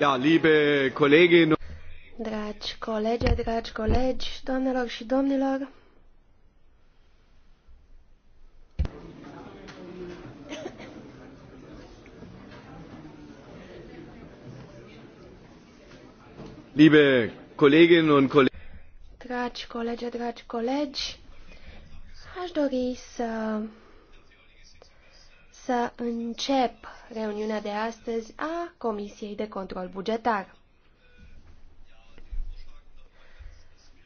Ja, liebe Kolleginnen Dragi colegi, dragi colegi, doamnelor și domnilor, Liebe Kolleginnen und Kollegen, dragi colegi, dragi colegi, aș dori să să încep reuniunea de astăzi a Comisiei de Control Bugetar.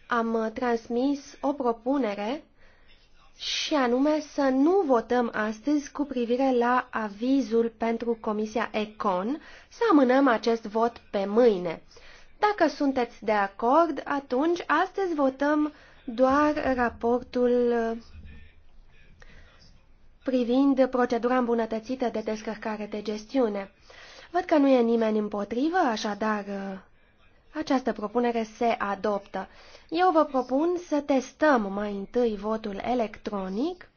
Am transmis o propunere și anume să nu votăm astăzi cu privire la avizul pentru Comisia Econ, să amânăm acest vot pe mâine. Dacă sunteți de acord, atunci astăzi votăm doar raportul privind procedura îmbunătățită de descărcare de gestiune. Văd că nu e nimeni împotrivă, așadar uh, această propunere se adoptă. Eu vă propun să testăm mai întâi votul electronic.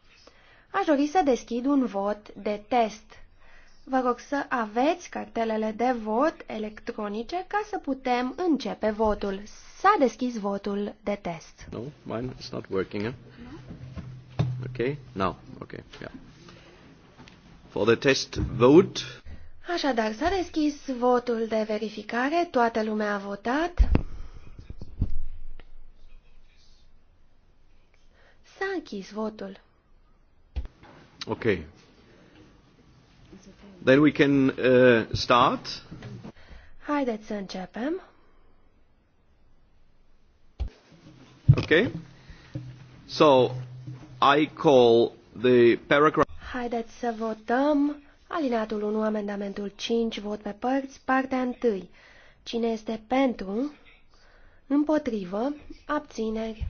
Aș dori să deschid un vot de test. Vă rog să aveți cartelele de vot electronice ca să putem începe votul. S-a deschis votul de test. No, mine is not working. Eh? No? Okay? Now. Okay. Yeah. For the test vote. Așadar, s-a deschis votul de verificare, toată lumea a votat. S-a închis votul. Ok. Then we can uh, start. Haideți să începem. Ok. So, I call the paragraph... Haideți să votăm. Alineatul 1, amendamentul 5, vot pe părți, partea 1. Cine este pentru? Împotrivă. Abțineri.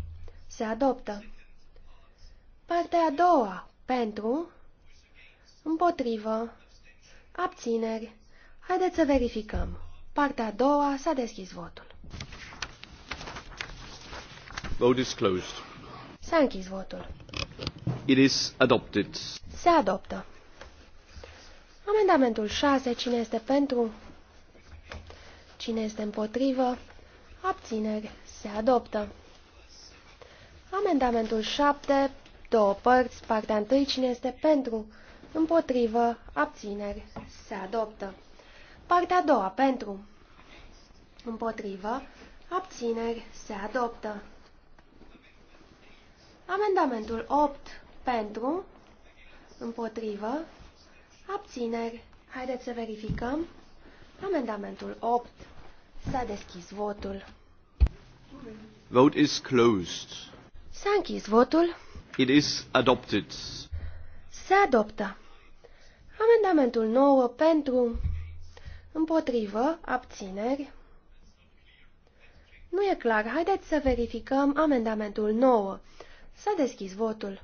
Se adoptă. Partea a doua. Pentru. Împotrivă. Abțineri. Haideți să verificăm. Partea a doua s-a deschis votul. Vote is closed. S-a închis votul. It is adopted. Se adoptă. Amendamentul 6. Cine este pentru? Cine este împotrivă? Abțineri. Se adoptă. Amendamentul 7. Două părți. Partea 1. Cine este pentru? Împotrivă. Abțineri. Se adoptă. Partea 2. Pentru. Împotrivă. Abțineri. Se adoptă. Amendamentul 8. Pentru, împotrivă, abțineri. Haideți să verificăm. Amendamentul 8. S-a deschis votul. Vote is closed. S-a închis votul. It is adopted. Se adoptă. Amendamentul 9 pentru, împotrivă, abțineri. Nu e clar. Haideți să verificăm amendamentul 9. S-a deschis votul.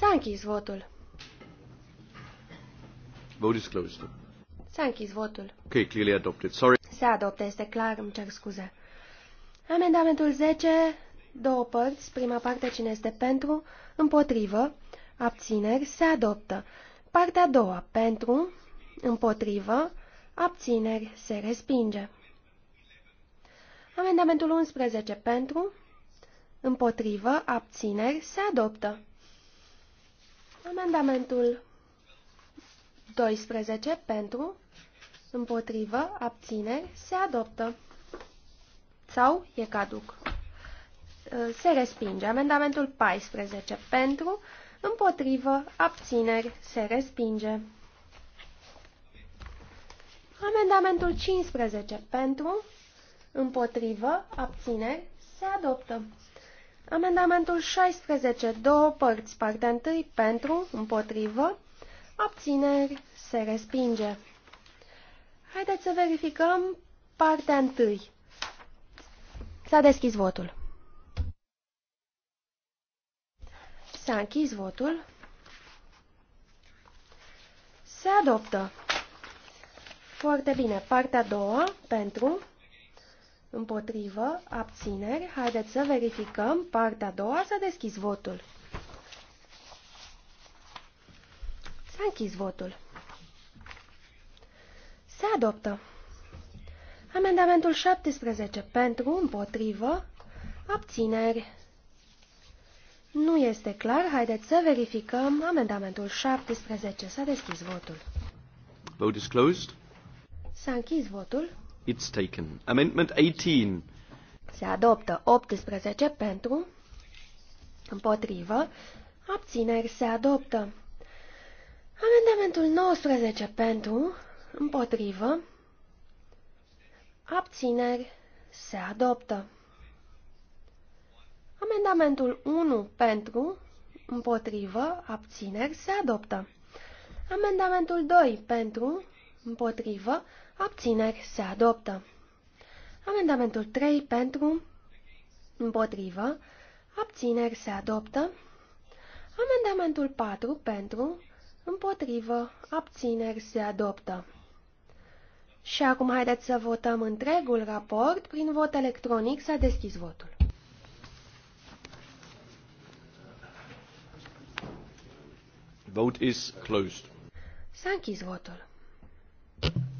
S-a închis votul. Vote is closed. S-a închis votul. Okay, clearly adopted. Sorry. Se adoptă, este clar, îmi cer scuze. Amendamentul 10, două părți, prima parte cine este pentru, împotrivă, abțineri, se adoptă. Partea a doua, pentru, împotrivă, abțineri, se respinge. Amendamentul 11, pentru, împotrivă, abțineri, se adoptă. Amendamentul 12 pentru, împotrivă, abțineri, se adoptă sau e caduc. Uh, se respinge. Amendamentul 14 pentru, împotrivă, abțineri, se respinge. Amendamentul 15 pentru, împotrivă, abțineri, se adoptă. Amendamentul 16, două părți, partea 1 pentru, împotrivă, abțineri, se respinge. Haideți să verificăm partea 1. S-a deschis votul. S-a închis votul. Se adoptă. Foarte bine. Partea a doua, pentru, Împotrivă, abțineri. Haideți să verificăm. Partea a doua s-a deschis votul. S-a închis votul. Se adoptă. Amendamentul 17 pentru, împotrivă, abțineri. Nu este clar. Haideți să verificăm. Amendamentul 17 s-a deschis votul. Vote is closed. S-a închis votul. It's taken. Amendment 18. Se adoptă 18 pentru, împotrivă, abțineri se adoptă. Amendamentul 19 pentru, împotrivă, abțineri se adoptă. Amendamentul 1 pentru, împotrivă, abțineri se adoptă. Amendamentul 2 pentru, împotrivă, abțineri Abțineri se adoptă. Amendamentul 3 pentru, împotrivă, abțineri se adoptă. Amendamentul 4 pentru, împotrivă, abțineri se adoptă. Și acum haideți să votăm întregul raport. Prin vot electronic s-a deschis votul. Vote is closed. S-a închis votul.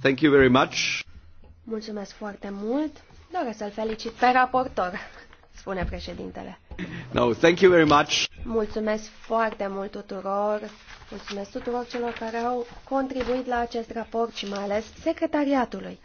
Thank you very much. Mulțumesc foarte mult. Doresc să-l felicit pe raportor, spune președintele. No, thank you very much. Mulțumesc foarte mult tuturor. Mulțumesc tuturor celor care au contribuit la acest raport și mai ales secretariatului.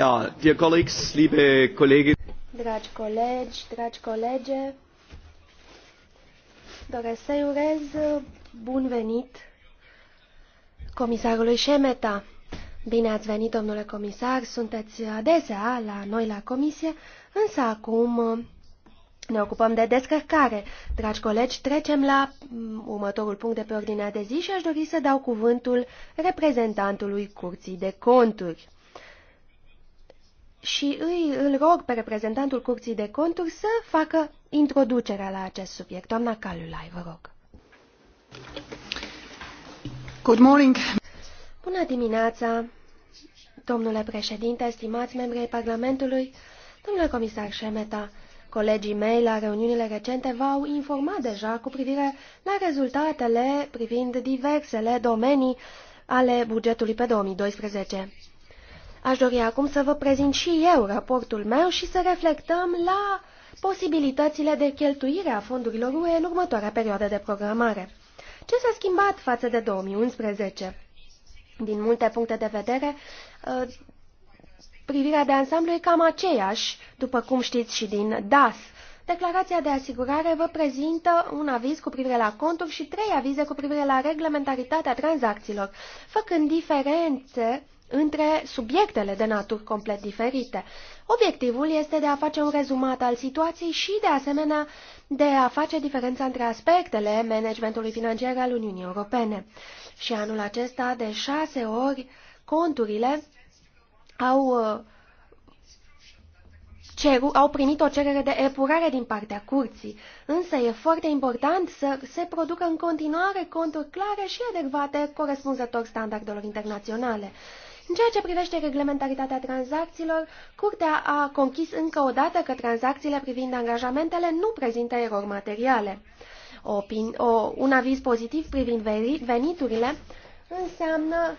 Ja, dear colleagues, liebe Dragi colegi, dragi colege, doresc să-i urez bun venit comisarului Șemeta. Bine ați venit, domnule comisar, sunteți adesea la noi la comisie, însă acum ne ocupăm de descărcare. Dragi colegi, trecem la mm, următorul punct de pe ordinea de zi și aș dori să dau cuvântul reprezentantului Curții de Conturi și îi, îl rog pe reprezentantul Curții de Conturi să facă introducerea la acest subiect. Doamna Calulai, vă rog. Good morning. Bună dimineața, domnule președinte, estimați membri ai Parlamentului, domnule comisar Șemeta, Colegii mei la reuniunile recente v-au informat deja cu privire la rezultatele privind diversele domenii ale bugetului pe 2012. Aș dori acum să vă prezint și eu raportul meu și să reflectăm la posibilitățile de cheltuire a fondurilor UE în următoarea perioadă de programare. Ce s-a schimbat față de 2011? Din multe puncte de vedere, uh, privirea de ansamblu e cam aceeași, după cum știți și din DAS. Declarația de asigurare vă prezintă un aviz cu privire la conturi și trei avize cu privire la reglementaritatea tranzacțiilor, făcând diferențe între subiectele de naturi complet diferite. Obiectivul este de a face un rezumat al situației și, de asemenea, de a face diferența între aspectele managementului financiar al Uniunii Europene. Și anul acesta, de șase ori, conturile au, ceru, au primit o cerere de epurare din partea curții, însă e foarte important să se producă în continuare conturi clare și adecvate corespunzător standardelor internaționale. În ceea ce privește reglementaritatea tranzacțiilor, Curtea a conchis încă o dată că tranzacțiile privind angajamentele nu prezintă erori materiale. O, o, un aviz pozitiv privind veniturile înseamnă,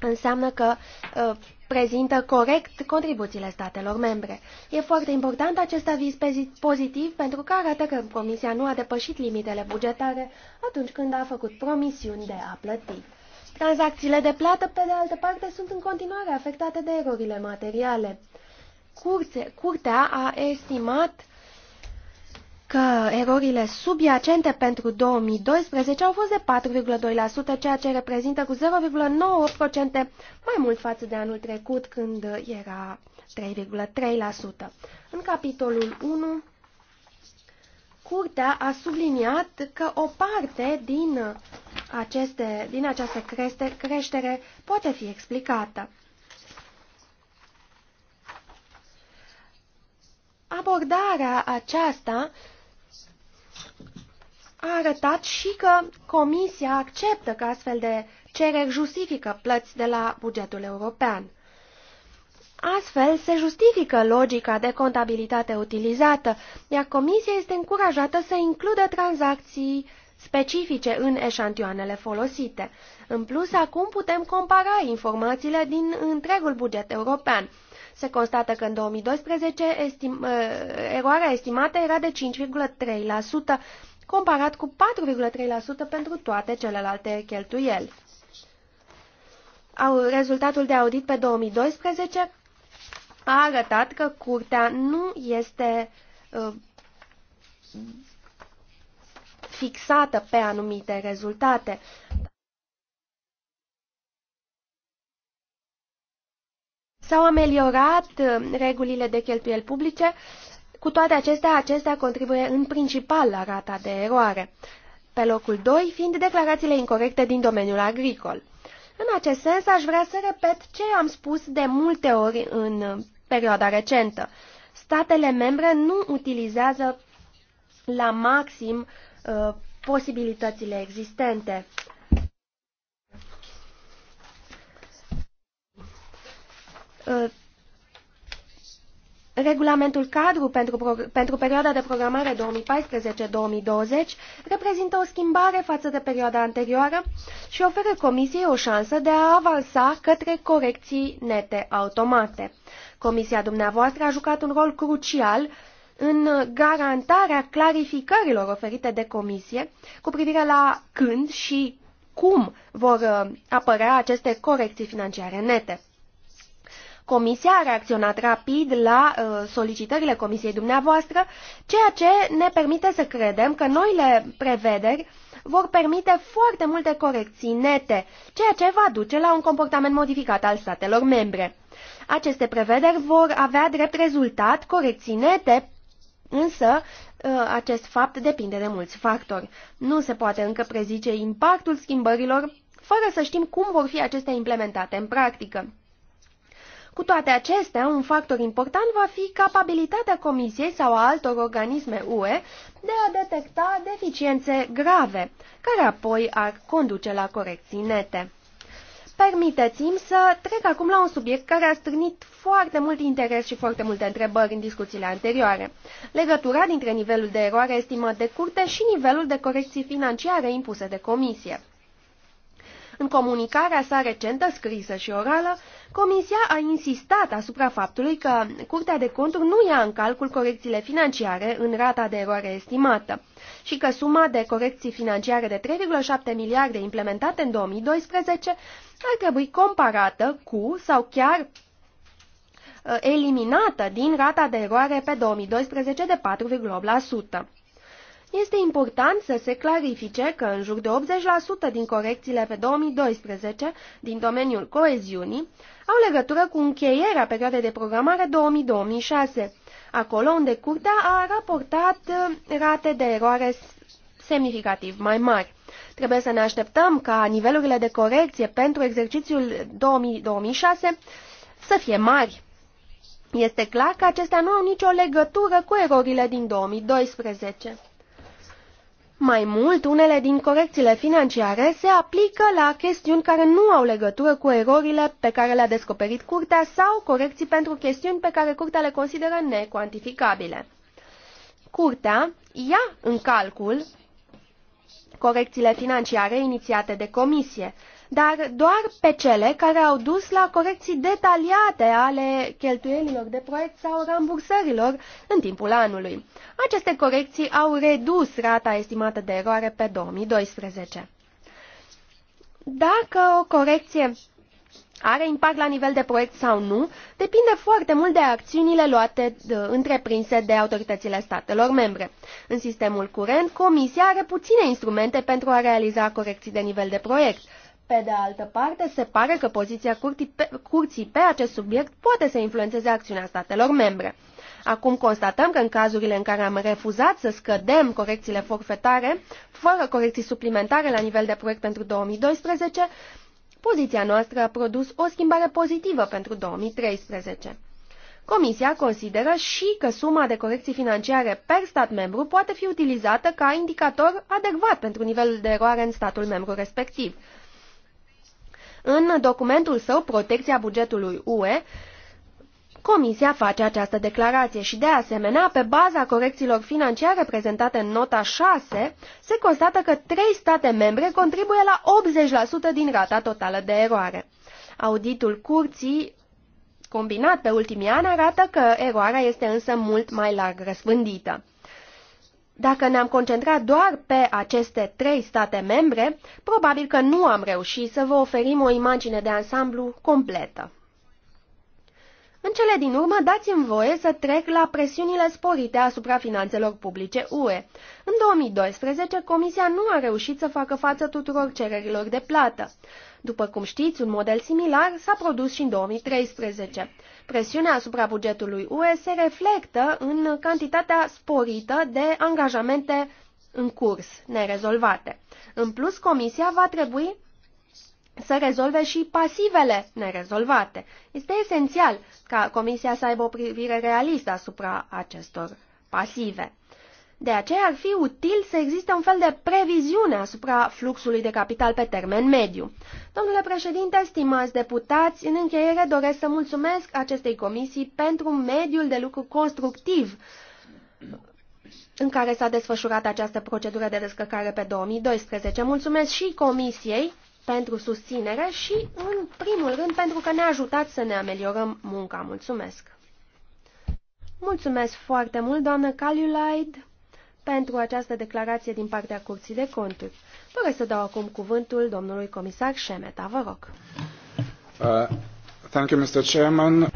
înseamnă că uh, prezintă corect contribuțiile statelor membre. E foarte important acest aviz pozitiv pentru că arată că Comisia nu a depășit limitele bugetare atunci când a făcut promisiuni de a plăti. Tranzacțiile de plată, pe de altă parte, sunt în continuare afectate de erorile materiale. Curte, curtea a estimat că erorile subiacente pentru 2012 au fost de 4,2%, ceea ce reprezintă cu 0,9% mai mult față de anul trecut, când era 3,3%. În capitolul 1 Curtea a subliniat că o parte din, aceste, din această crește, creștere poate fi explicată. Abordarea aceasta a arătat și că Comisia acceptă că astfel de cereri justifică plăți de la bugetul european. Astfel, se justifică logica de contabilitate utilizată, iar comisia este încurajată să includă tranzacții specifice în eșantioanele folosite. În plus, acum putem compara informațiile din întregul buget european. Se constată că în 2012 estim, ă, eroarea estimată era de 5,3%, comparat cu 4,3% pentru toate celelalte cheltuieli. Au, rezultatul de audit pe 2012 a arătat că curtea nu este uh, fixată pe anumite rezultate. S-au ameliorat uh, regulile de cheltuieli publice, cu toate acestea, acestea contribuie în principal la rata de eroare, pe locul 2 fiind declarațiile incorrecte din domeniul agricol. În acest sens, aș vrea să repet ce am spus de multe ori în uh, perioada recentă. Statele membre nu utilizează la maxim uh, posibilitățile existente. Uh, Regulamentul cadru pentru, pentru perioada de programare 2014-2020 reprezintă o schimbare față de perioada anterioară și oferă Comisiei o șansă de a avansa către corecții nete automate. Comisia dumneavoastră a jucat un rol crucial în garantarea clarificărilor oferite de comisie cu privire la când și cum vor uh, apărea aceste corecții financiare nete. Comisia a reacționat rapid la uh, solicitările Comisiei dumneavoastră, ceea ce ne permite să credem că noile prevederi vor permite foarte multe corecții nete, ceea ce va duce la un comportament modificat al statelor membre. Aceste prevederi vor avea drept rezultat corecții nete, însă ă, acest fapt depinde de mulți factori. Nu se poate încă prezice impactul schimbărilor fără să știm cum vor fi acestea implementate în practică. Cu toate acestea, un factor important va fi capabilitatea Comisiei sau a altor organisme UE de a detecta deficiențe grave, care apoi ar conduce la corecții nete. Permiteți-mi să trec acum la un subiect care a strânit foarte mult interes și foarte multe întrebări în discuțiile anterioare. Legătura dintre nivelul de eroare estimat de curte și nivelul de corecții financiare impuse de comisie. În comunicarea sa recentă, scrisă și orală, Comisia a insistat asupra faptului că Curtea de Conturi nu ia în calcul corecțiile financiare în rata de eroare estimată și că suma de corecții financiare de 3,7 miliarde implementate în 2012 ar trebui comparată cu sau chiar uh, eliminată din rata de eroare pe 2012 de 4,8%. Este important să se clarifice că în jur de 80% din corecțiile pe 2012 din domeniul coeziunii au legătură cu încheierea perioadei de programare 2006 acolo unde curtea a raportat uh, rate de eroare semnificativ mai mari. Trebuie să ne așteptăm ca nivelurile de corecție pentru exercițiul 2006 să fie mari. Este clar că acestea nu au nicio legătură cu erorile din 2012. Mai mult, unele din corecțiile financiare se aplică la chestiuni care nu au legătură cu erorile pe care le-a descoperit curtea sau corecții pentru chestiuni pe care curtea le consideră necuantificabile. Curtea ia în calcul corecțiile financiare inițiate de comisie, dar doar pe cele care au dus la corecții detaliate ale cheltuielilor de proiect sau rambursărilor în timpul anului. Aceste corecții au redus rata estimată de eroare pe 2012. Dacă o corecție are impact la nivel de proiect sau nu, depinde foarte mult de acțiunile luate întreprinse de autoritățile statelor membre. În sistemul curent, Comisia are puține instrumente pentru a realiza corecții de nivel de proiect. Pe de altă parte, se pare că poziția curții pe, curții pe acest subiect poate să influențeze acțiunea statelor membre. Acum constatăm că în cazurile în care am refuzat să scădem corecțiile forfetare, fără corecții suplimentare la nivel de proiect pentru 2012, Poziția noastră a produs o schimbare pozitivă pentru 2013. Comisia consideră și că suma de corecții financiare per stat membru poate fi utilizată ca indicator adecvat pentru nivelul de eroare în statul membru respectiv. În documentul său, Protecția bugetului UE, Comisia face această declarație și, de asemenea, pe baza corecțiilor financiare prezentate în nota 6, se constată că trei state membre contribuie la 80% din rata totală de eroare. Auditul curții combinat pe ultimii ani arată că eroarea este însă mult mai larg răspândită. Dacă ne-am concentrat doar pe aceste trei state membre, probabil că nu am reușit să vă oferim o imagine de ansamblu completă. În cele din urmă, dați-mi voie să trec la presiunile sporite asupra finanțelor publice UE. În 2012, Comisia nu a reușit să facă față tuturor cererilor de plată. După cum știți, un model similar s-a produs și în 2013. Presiunea asupra bugetului UE se reflectă în cantitatea sporită de angajamente în curs, nerezolvate. În plus, Comisia va trebui să rezolve și pasivele nerezolvate. Este esențial ca Comisia să aibă o privire realistă asupra acestor pasive. De aceea ar fi util să existe un fel de previziune asupra fluxului de capital pe termen mediu. Domnule președinte, stimați deputați, în încheiere doresc să mulțumesc acestei comisii pentru mediul de lucru constructiv în care s-a desfășurat această procedură de descărcare pe 2012. Mulțumesc și comisiei pentru susținere și, în primul rând, pentru că ne-a ajutat să ne ameliorăm munca. Mulțumesc! Mulțumesc foarte mult, doamnă Caliulaid, pentru această declarație din partea Curții de Conturi. Doresc să dau acum cuvântul domnului comisar Șemeta. Vă rog. Uh, thank you, Mr. Chairman.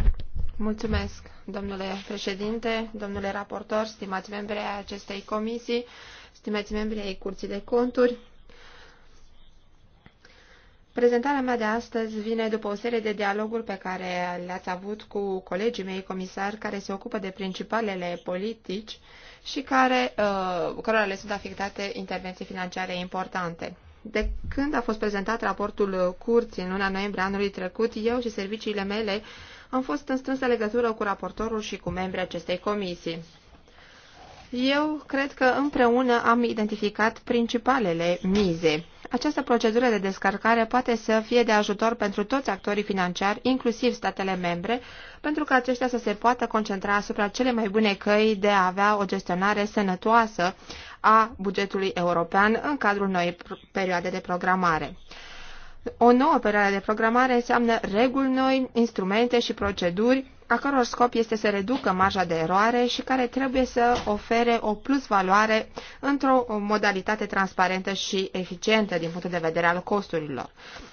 Mulțumesc, domnule președinte, domnule raportor, stimați membri ai acestei comisii, stimați membri ai Curții de Conturi. Prezentarea mea de astăzi vine după o serie de dialoguri pe care le-ați avut cu colegii mei comisari care se ocupă de principalele politici și care, uh, cărora le sunt afectate intervenții financiare importante. De când a fost prezentat raportul curții în luna noiembrie anului trecut, eu și serviciile mele am fost în strânsă legătură cu raportorul și cu membrii acestei comisii. Eu cred că împreună am identificat principalele mize această procedură de descărcare poate să fie de ajutor pentru toți actorii financiari, inclusiv statele membre, pentru că aceștia să se poată concentra asupra cele mai bune căi de a avea o gestionare sănătoasă a bugetului european în cadrul noii perioade de programare. O nouă perioadă de programare înseamnă reguli noi, instrumente și proceduri a căror scop este să reducă marja de eroare și care trebuie să ofere o plus valoare într-o modalitate transparentă și eficientă din punctul de vedere al costurilor.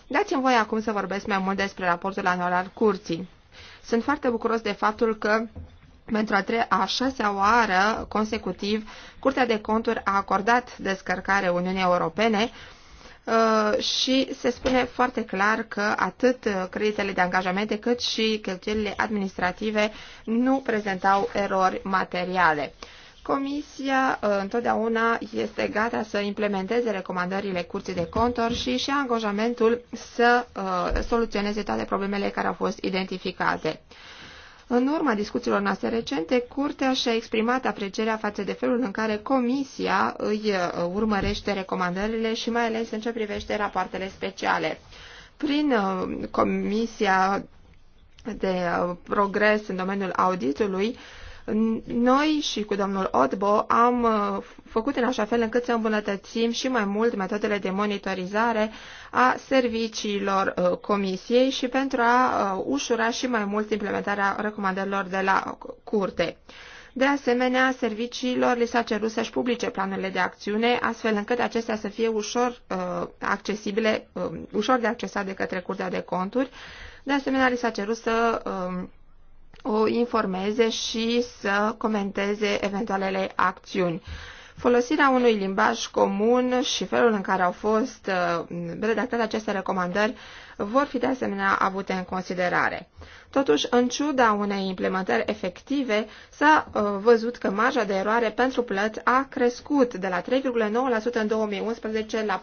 Dați-mi voi acum să vorbesc mai mult despre raportul anual al curții. Sunt foarte bucuros de faptul că pentru a, tre- a șasea oară consecutiv, Curtea de Conturi a acordat descărcare Uniunii Europene, Uh, și se spune foarte clar că atât creditele de angajamente cât și cheltuielile administrative nu prezentau erori materiale. Comisia uh, întotdeauna este gata să implementeze recomandările curții de contor și și angajamentul să uh, soluționeze toate problemele care au fost identificate. În urma discuțiilor noastre recente, Curtea și-a exprimat aprecierea față de felul în care Comisia îi uh, urmărește recomandările și mai ales în ce privește rapoartele speciale. Prin uh, Comisia de uh, progres în domeniul auditului, noi și cu domnul Odbo am uh, făcut în așa fel încât să îmbunătățim și mai mult metodele de monitorizare a serviciilor uh, comisiei și pentru a uh, ușura și mai mult implementarea recomandărilor de la curte. De asemenea, serviciilor li s-a cerut să-și publice planurile de acțiune, astfel încât acestea să fie ușor uh, accesibile, uh, ușor de accesat de către Curtea de Conturi. De asemenea, li s-a cerut să uh, o informeze și să comenteze eventualele acțiuni. Folosirea unui limbaj comun și felul în care au fost uh, redactate aceste recomandări vor fi de asemenea avute în considerare. Totuși, în ciuda unei implementări efective, s-a uh, văzut că marja de eroare pentru plăți a crescut de la 3,9% în 2011 la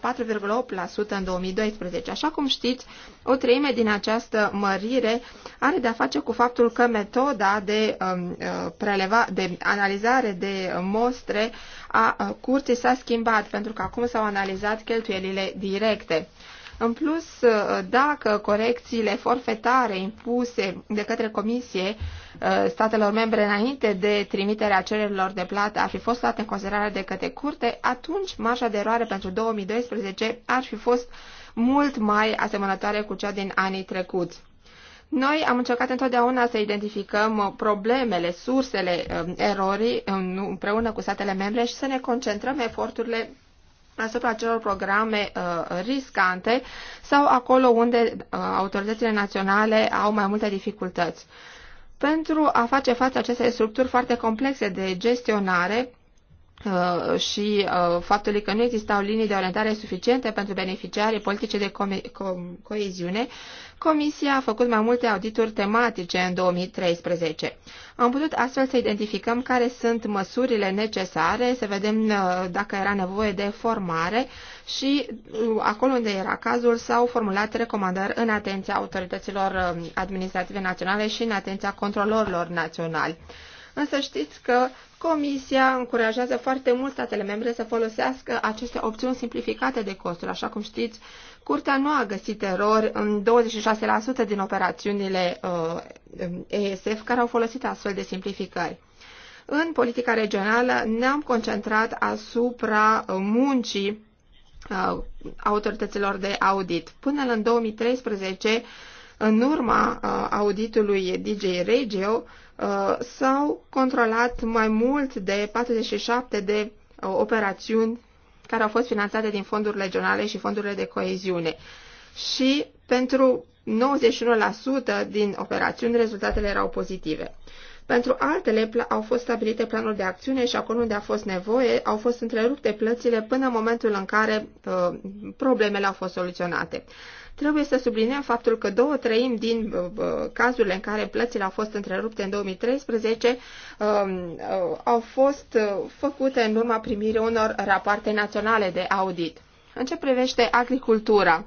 4,8% în 2012. Așa cum știți, o treime din această mărire are de-a face cu faptul că metoda de, um, uh, preleva, de analizare de mostre a uh, curții s-a schimbat, pentru că acum s-au analizat cheltuielile directe. În plus, uh, dacă corecțiile forfetare impuse de către Comisie uh, statelor membre înainte de trimiterea cererilor de plată ar fi fost luate în considerare de către curte, atunci marja de eroare pentru 2012 ar fi fost mult mai asemănătoare cu cea din anii trecuți. Noi am încercat întotdeauna să identificăm problemele, sursele um, erorii împreună cu statele membre și să ne concentrăm eforturile asupra celor programe uh, riscante sau acolo unde uh, autoritățile naționale au mai multe dificultăți. Pentru a face față acestei structuri foarte complexe de gestionare, Uh, și uh, faptului că nu existau linii de orientare suficiente pentru beneficiarii politice de coeziune, Comisia a făcut mai multe audituri tematice în 2013. Am putut astfel să identificăm care sunt măsurile necesare, să vedem uh, dacă era nevoie de formare și acolo unde era cazul s-au formulat recomandări în atenția autorităților administrative naționale și în atenția controlorilor naționali. Însă știți că uh, Comisia încurajează foarte mult statele membre să folosească aceste opțiuni simplificate de costuri. Așa cum știți, Curtea nu a găsit erori în 26% din operațiunile uh, ESF care au folosit astfel de simplificări. În politica regională ne-am concentrat asupra muncii uh, autorităților de audit. Până în 2013, în urma uh, auditului DJ Regio, uh, Uh, s-au controlat mai mult de 47 de uh, operațiuni care au fost finanțate din fonduri regionale și fondurile de coeziune. Și pentru 91% din operațiuni rezultatele erau pozitive. Pentru altele au fost stabilite planuri de acțiune și acolo unde a fost nevoie au fost întrerupte plățile până în momentul în care uh, problemele au fost soluționate. Trebuie să subliniem faptul că două treimi din uh, uh, cazurile în care plățile au fost întrerupte în 2013 um, uh, au fost făcute în urma primirii unor rapoarte naționale de audit. În ce privește agricultura,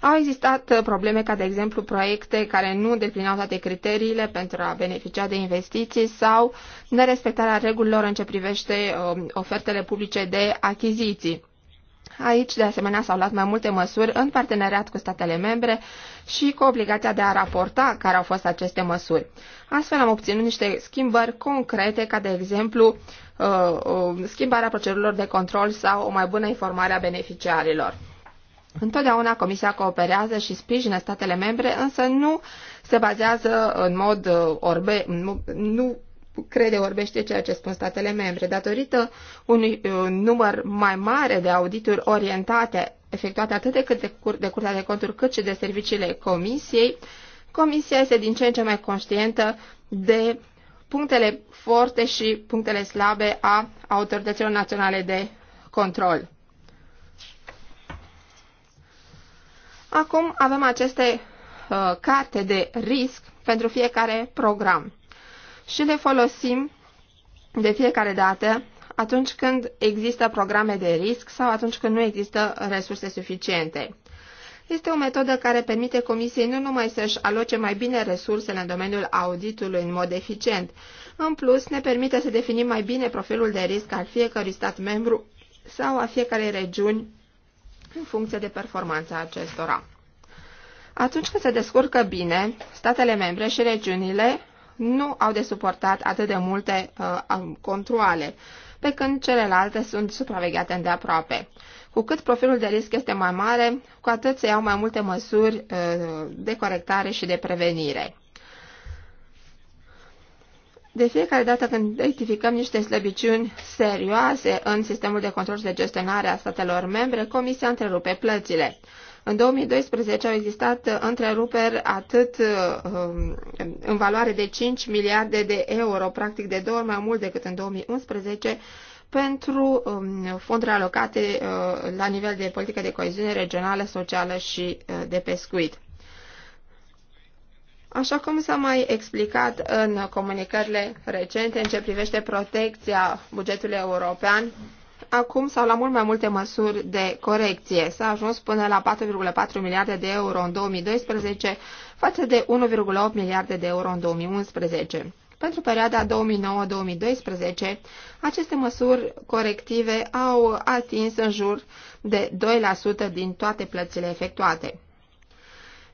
au existat probleme ca, de exemplu, proiecte care nu deplinau toate criteriile pentru a beneficia de investiții sau nerespectarea regulilor în ce privește um, ofertele publice de achiziții. Aici, de asemenea, s-au luat mai multe măsuri în parteneriat cu statele membre și cu obligația de a raporta care au fost aceste măsuri. Astfel am obținut niște schimbări concrete, ca de exemplu uh, uh, schimbarea procedurilor de control sau o mai bună informare a beneficiarilor. Întotdeauna Comisia cooperează și sprijină statele membre, însă nu se bazează în mod uh, orbe, nu, nu crede orbește ceea ce spun statele membre. Datorită unui un uh, număr mai mare de audituri orientate, efectuate atât de, cât de, cur, de Curtea de Conturi cât și de serviciile Comisiei, Comisia este din ce în ce mai conștientă de punctele forte și punctele slabe a autorităților naționale de control. Acum avem aceste uh, carte de risc pentru fiecare program și le folosim de fiecare dată atunci când există programe de risc sau atunci când nu există resurse suficiente. Este o metodă care permite Comisiei nu numai să-și aloce mai bine resursele în domeniul auditului în mod eficient, în plus ne permite să definim mai bine profilul de risc al fiecărui stat membru sau a fiecarei regiuni în funcție de performanța acestora. Atunci când se descurcă bine, statele membre și regiunile nu au de suportat atât de multe uh, um, controle, pe când celelalte sunt supravegheate îndeaproape. Cu cât profilul de risc este mai mare, cu atât se iau mai multe măsuri uh, de corectare și de prevenire. De fiecare dată când identificăm niște slăbiciuni serioase în sistemul de control și de gestionare a statelor membre, Comisia întrerupe plățile. În 2012 au existat întreruperi atât um, în valoare de 5 miliarde de euro, practic de două ori mai mult decât în 2011, pentru um, fonduri alocate uh, la nivel de politică de coeziune regională, socială și uh, de pescuit. Așa cum s-a mai explicat în comunicările recente în ce privește protecția bugetului european, acum sau la mult mai multe măsuri de corecție. S-a ajuns până la 4,4 miliarde de euro în 2012 față de 1,8 miliarde de euro în 2011. Pentru perioada 2009-2012, aceste măsuri corective au atins în jur de 2% din toate plățile efectuate.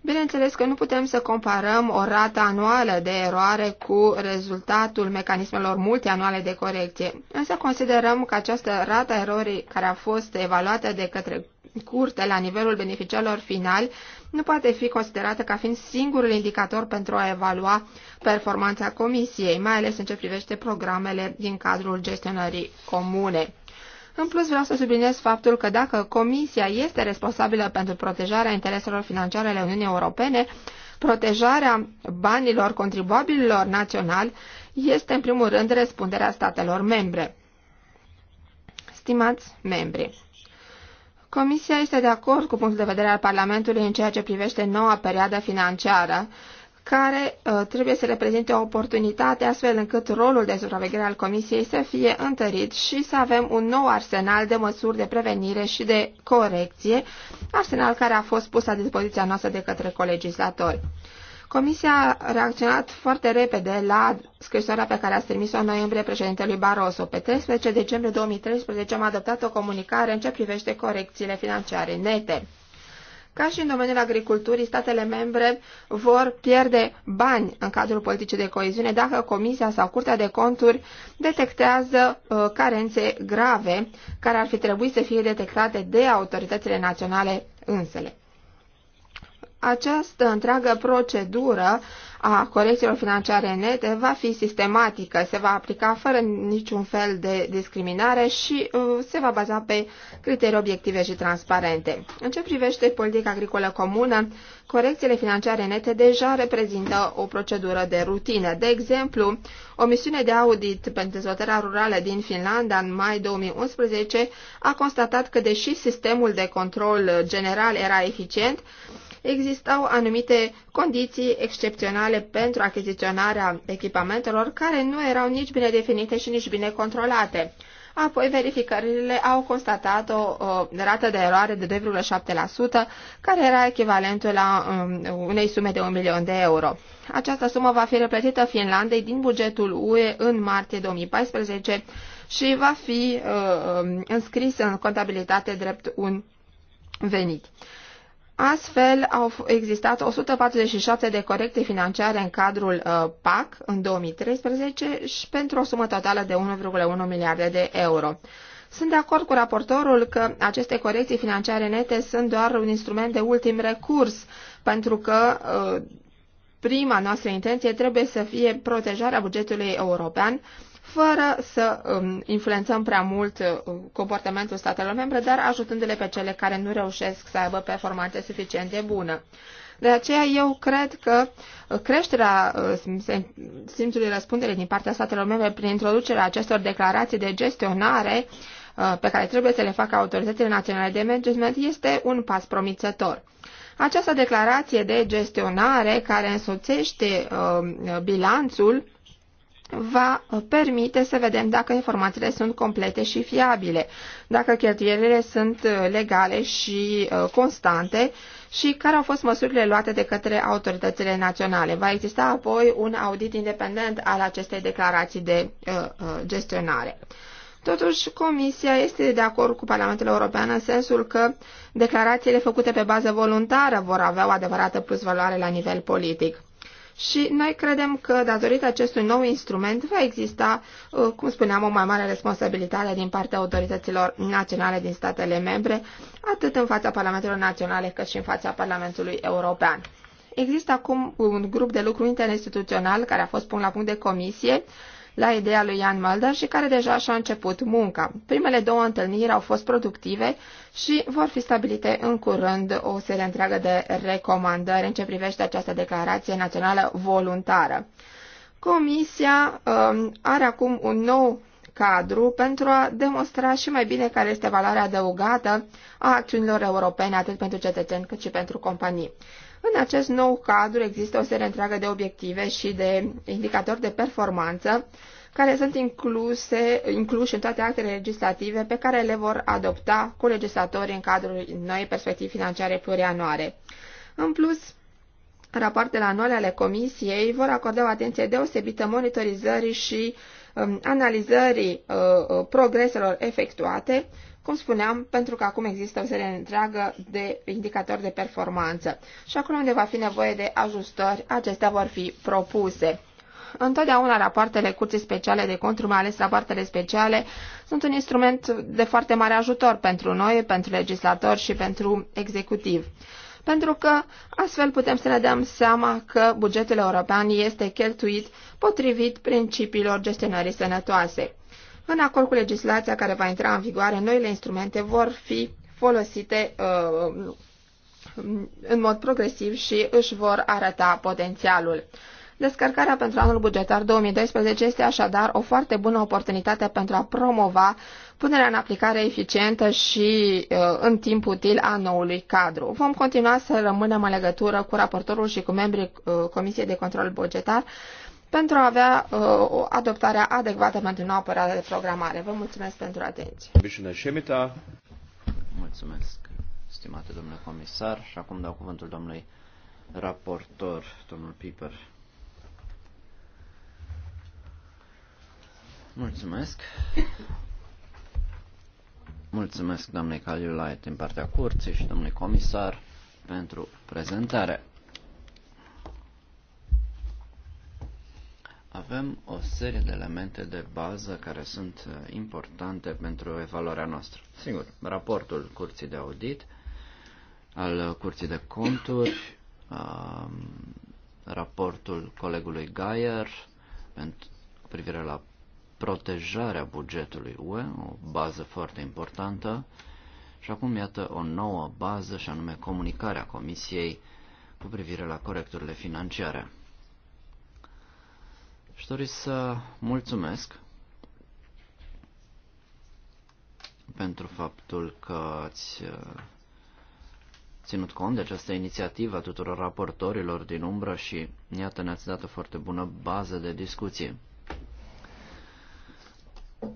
Bineînțeles că nu putem să comparăm o rată anuală de eroare cu rezultatul mecanismelor multianuale de corecție, însă considerăm că această rată erorii care a fost evaluată de către curte la nivelul beneficiarilor finali nu poate fi considerată ca fiind singurul indicator pentru a evalua performanța comisiei, mai ales în ce privește programele din cadrul gestionării comune. În plus, vreau să subliniez faptul că dacă Comisia este responsabilă pentru protejarea intereselor financiare ale Uniunii Europene, protejarea banilor contribuabililor naționali este, în primul rând, răspunderea statelor membre. Stimați membri, Comisia este de acord cu punctul de vedere al Parlamentului în ceea ce privește noua perioadă financiară care uh, trebuie să reprezinte o oportunitate astfel încât rolul de supraveghere al Comisiei să fie întărit și să avem un nou arsenal de măsuri de prevenire și de corecție, arsenal care a fost pus la dispoziția noastră de către colegislatori. Comisia a reacționat foarte repede la scrisoarea pe care a trimis-o în noiembrie președintelui Barroso. Pe 13 decembrie 2013 am adoptat o comunicare în ce privește corecțiile financiare nete. Ca și în domeniul agriculturii, statele membre vor pierde bani în cadrul politicii de coeziune dacă Comisia sau Curtea de Conturi detectează uh, carențe grave care ar fi trebuit să fie detectate de autoritățile naționale însele. Această întreagă procedură a corecțiilor financiare nete va fi sistematică, se va aplica fără niciun fel de discriminare și uh, se va baza pe criterii obiective și transparente. În ce privește politica agricolă comună, corecțiile financiare nete deja reprezintă o procedură de rutină. De exemplu, o misiune de audit pentru dezvoltarea rurală din Finlanda în mai 2011 a constatat că, deși sistemul de control general era eficient, existau anumite condiții excepționale pentru achiziționarea echipamentelor care nu erau nici bine definite și nici bine controlate. Apoi verificările au constatat o, o rată de eroare de 2,7%, care era echivalentul la um, unei sume de 1 milion de euro. Această sumă va fi replătită Finlandei din bugetul UE în martie 2014 și va fi uh, um, înscrisă în contabilitate drept un venit. Astfel, au existat 147 de corecte financiare în cadrul uh, PAC în 2013 și pentru o sumă totală de 1,1 miliarde de euro. Sunt de acord cu raportorul că aceste corecții financiare nete sunt doar un instrument de ultim recurs, pentru că uh, prima noastră intenție trebuie să fie protejarea bugetului european fără să um, influențăm prea mult uh, comportamentul statelor membre, dar ajutându-le pe cele care nu reușesc să aibă performanțe suficient de bună. De aceea eu cred că uh, creșterea uh, simțului răspundere din partea statelor membre prin introducerea acestor declarații de gestionare pe care trebuie să le facă autoritățile naționale de management este un pas promițător. Această declarație de gestionare care însoțește um, bilanțul va uh, permite să vedem dacă informațiile sunt complete și fiabile, dacă cheltuielile sunt uh, legale și uh, constante și care au fost măsurile luate de către autoritățile naționale. Va exista apoi un audit independent al acestei declarații de gestionare. Totuși, Comisia este de acord cu Parlamentul European în sensul că declarațiile făcute pe bază voluntară vor avea o adevărată plusvaloare la nivel politic și noi credem că, datorită acestui nou instrument, va exista, uh, cum spuneam, o mai mare responsabilitate din partea autorităților naționale din statele membre, atât în fața Parlamentelor Naționale cât și în fața Parlamentului European. Există acum un grup de lucru interinstituțional care a fost pus la punct de comisie, la ideea lui Ian Mulder și care deja și-a început munca. Primele două întâlniri au fost productive și vor fi stabilite în curând o serie întreagă de recomandări în ce privește această declarație națională voluntară. Comisia um, are acum un nou cadru pentru a demonstra și mai bine care este valoarea adăugată a acțiunilor europene atât pentru cetățeni cât și pentru companii. În acest nou cadru există o serie întreagă de obiective și de indicatori de performanță care sunt incluse, incluși în toate actele legislative pe care le vor adopta cu legislatorii în cadrul noii perspectivi financiare plurianuare. În plus, rapoartele anuale ale Comisiei vor acorda o atenție deosebită monitorizării și um, analizării uh, uh progreselor efectuate cum spuneam, pentru că acum există o serie întreagă de indicatori de performanță. Și acolo unde va fi nevoie de ajustări, acestea vor fi propuse. Întotdeauna rapoartele curții speciale de conturi, mai ales rapoartele speciale, sunt un instrument de foarte mare ajutor pentru noi, pentru legislatori și pentru executiv. Pentru că astfel putem să ne dăm seama că bugetul european este cheltuit potrivit principiilor gestionării sănătoase în acord cu legislația care va intra în vigoare, noile instrumente vor fi folosite uh, în mod progresiv și își vor arăta potențialul. Descărcarea pentru anul bugetar 2012 este așadar o foarte bună oportunitate pentru a promova punerea în aplicare eficientă și uh, în timp util a noului cadru. Vom continua să rămânem în legătură cu raportorul și cu membrii uh, Comisiei de Control Bugetar pentru a avea uh, o adoptare adecvată pentru noua perioadă de programare. Vă mulțumesc pentru atenție. Mulțumesc, stimate domnule comisar. Și acum dau cuvântul domnului raportor, domnul Piper. Mulțumesc. Mulțumesc, doamnei Caliulait, din partea curții și domnului comisar pentru prezentare. Avem o serie de elemente de bază care sunt uh, importante pentru evaluarea noastră. Sigur, raportul curții de audit, al uh, curții de conturi, um, raportul colegului Gaier pentru privire la protejarea bugetului UE, o bază foarte importantă, și acum iată o nouă bază și anume comunicarea Comisiei cu privire la corecturile financiare. Și dori să mulțumesc pentru faptul că ați uh, ținut cont de această inițiativă a tuturor raportorilor din umbră și iată ne-ați dat o foarte bună bază de discuție.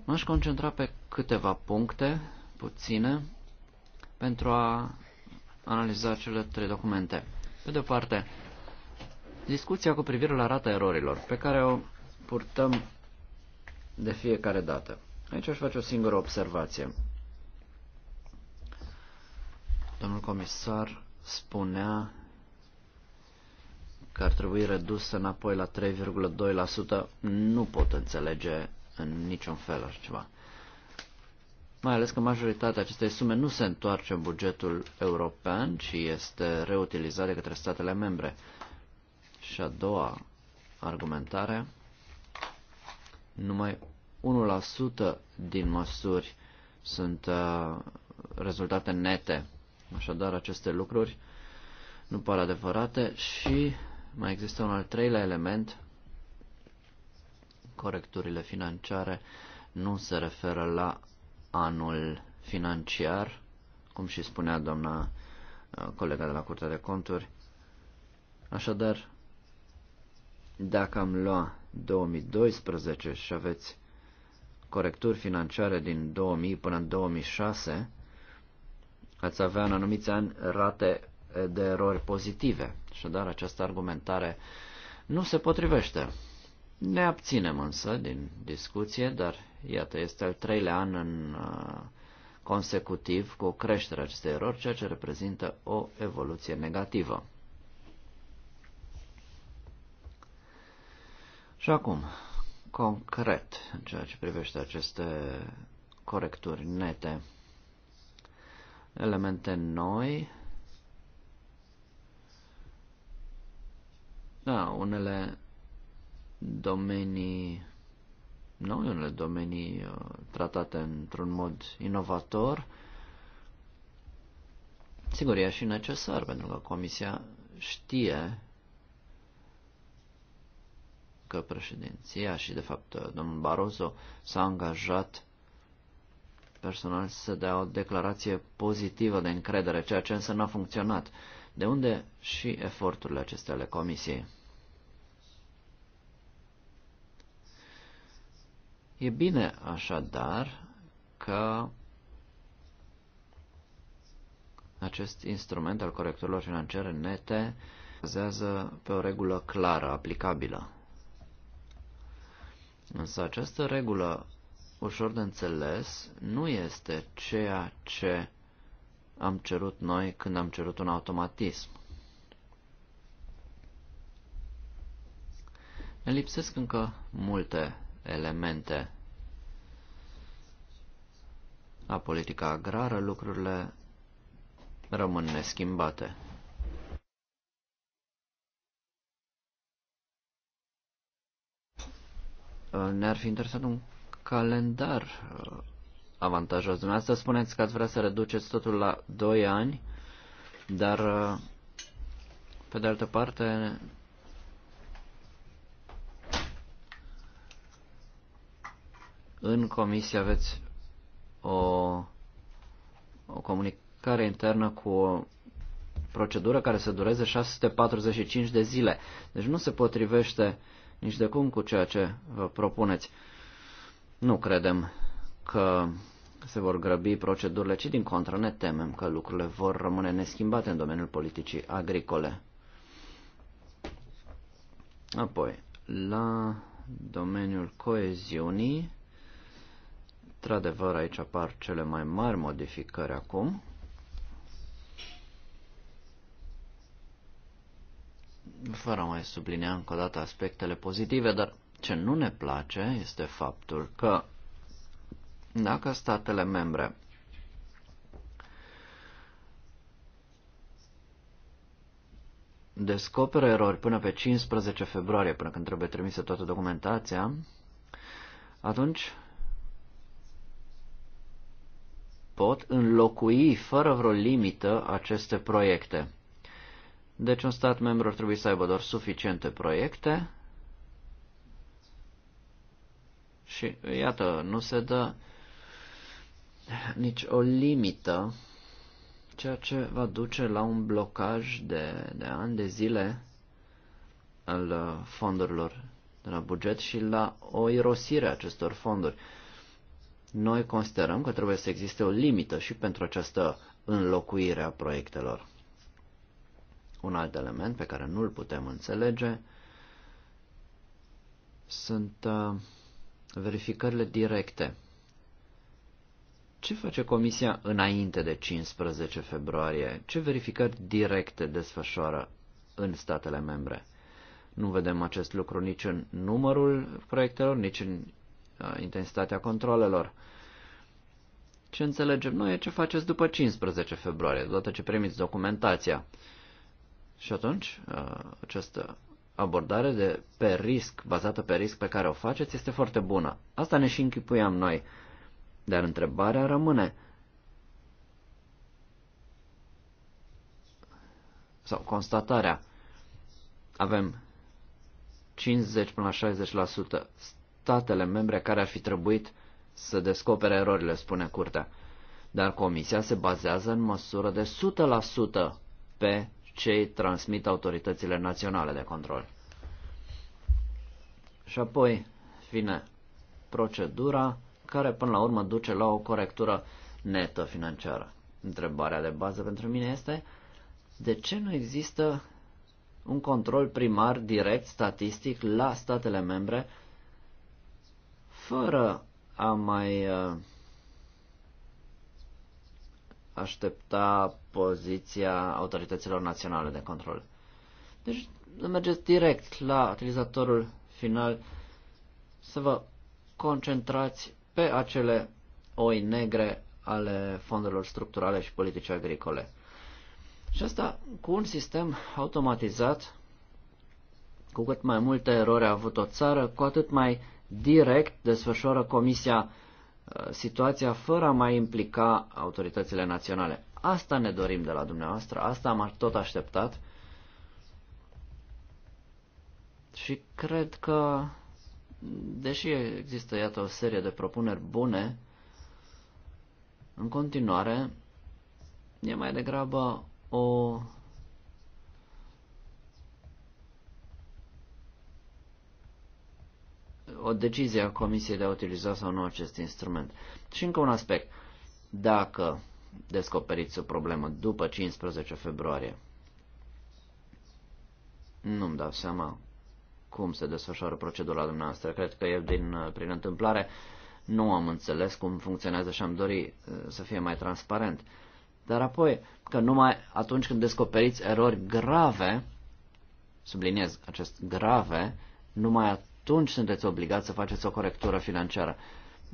M-aș concentra pe câteva puncte, puține, pentru a analiza cele trei documente. Pe de o parte, discuția cu privire la rata erorilor, pe care o purtăm de fiecare dată. Aici aș face o singură observație. Domnul comisar spunea că ar trebui redusă înapoi la 3,2%. Nu pot înțelege în niciun fel așa ceva. Mai ales că majoritatea acestei sume nu se întoarce în bugetul european, ci este reutilizată de către statele membre. Și a doua argumentare numai 1% din măsuri sunt uh, rezultate nete. Așadar, aceste lucruri nu par adevărate și mai există un al treilea element. Corecturile financiare nu se referă la anul financiar, cum și spunea doamna uh, colega de la Curtea de Conturi. Așadar, dacă am lua 2012 și aveți corecturi financiare din 2000 până în 2006, ați avea în anumiți ani rate de erori pozitive. Și dar această argumentare nu se potrivește. Ne abținem însă din discuție, dar iată, este al treilea an în uh, consecutiv cu o creștere a acestei erori, ceea ce reprezintă o evoluție negativă. Și acum, concret, în ceea ce privește aceste corecturi nete, elemente noi, da, unele domenii noi, unele domenii uh, tratate într-un mod inovator, sigur, e și necesar, pentru că Comisia știe că președinția și, de fapt, domnul Barroso s-a angajat personal să dea o declarație pozitivă de încredere, ceea ce însă n-a funcționat. De unde și eforturile acestea ale Comisiei? E bine așadar că acest instrument al corectorilor financiare nete bazează pe o regulă clară, aplicabilă. Însă această regulă ușor de înțeles nu este ceea ce am cerut noi când am cerut un automatism. Ne lipsesc încă multe elemente. La politica agrară lucrurile rămân neschimbate. Uh, ne-ar fi interesat un calendar uh, avantajos. Dumneavoastră spuneți că ați vrea să reduceți totul la 2 ani, dar uh, pe de altă parte în comisie aveți o, o comunicare internă cu o procedură care să dureze 645 de zile. Deci nu se potrivește uh, nici de cum cu ceea ce vă propuneți. Nu credem că se vor grăbi procedurile, ci din contră ne temem că lucrurile vor rămâne neschimbate în domeniul politicii agricole. Apoi, la domeniul coeziunii, într-adevăr aici apar cele mai mari modificări acum, fără mai sublinea încă o dată aspectele pozitive, dar ce nu ne place este faptul că dacă statele membre descoperă erori până pe 15 februarie, până când trebuie trimisă toată documentația, atunci pot înlocui fără vreo limită aceste proiecte. Deci un stat membru ar trebui să aibă doar suficiente proiecte și iată, nu se dă nici o limită, ceea ce va duce la un blocaj de, de ani de zile al uh, fondurilor de la buget și la o irosire a acestor fonduri. Noi considerăm că trebuie să existe o limită și pentru această înlocuire a proiectelor. Un alt element pe care nu-l putem înțelege sunt uh, verificările directe. Ce face Comisia înainte de 15 februarie? Ce verificări directe desfășoară în statele membre? Nu vedem acest lucru nici în numărul proiectelor, nici în uh, intensitatea controlelor. Ce înțelegem noi e ce faceți după 15 februarie, odată ce primiți documentația. Și atunci, uh, această abordare de pe risc, bazată pe risc pe care o faceți, este foarte bună. Asta ne și închipuiam noi. Dar întrebarea rămâne. Sau constatarea. Avem 50 până la 60% statele membre care ar fi trebuit să descopere erorile, spune curtea. Dar comisia se bazează în măsură de 100% pe ce îi transmit autoritățile naționale de control. Și apoi vine procedura care până la urmă duce la o corectură netă financiară. Întrebarea de bază pentru mine este de ce nu există un control primar direct statistic la statele membre fără a mai uh, aștepta poziția autorităților naționale de control. Deci mergeți direct la utilizatorul final să vă concentrați pe acele oi negre ale fondurilor structurale și politice agricole. Și asta cu un sistem automatizat, cu cât mai multe erori a avut o țară, cu atât mai direct desfășoară comisia Uh, situația fără a mai implica autoritățile naționale. Asta ne dorim de la dumneavoastră, asta am tot așteptat și cred că, deși există, iată, o serie de propuneri bune, în continuare e mai degrabă o o decizie a Comisiei de a utiliza sau nu acest instrument. Și încă un aspect. Dacă descoperiți o problemă după 15 februarie, nu-mi dau seama cum se desfășoară procedura dumneavoastră. Cred că eu, din, prin întâmplare, nu am înțeles cum funcționează și am dori uh, să fie mai transparent. Dar apoi, că numai atunci când descoperiți erori grave, subliniez acest grave, numai atunci sunteți obligați să faceți o corectură financiară.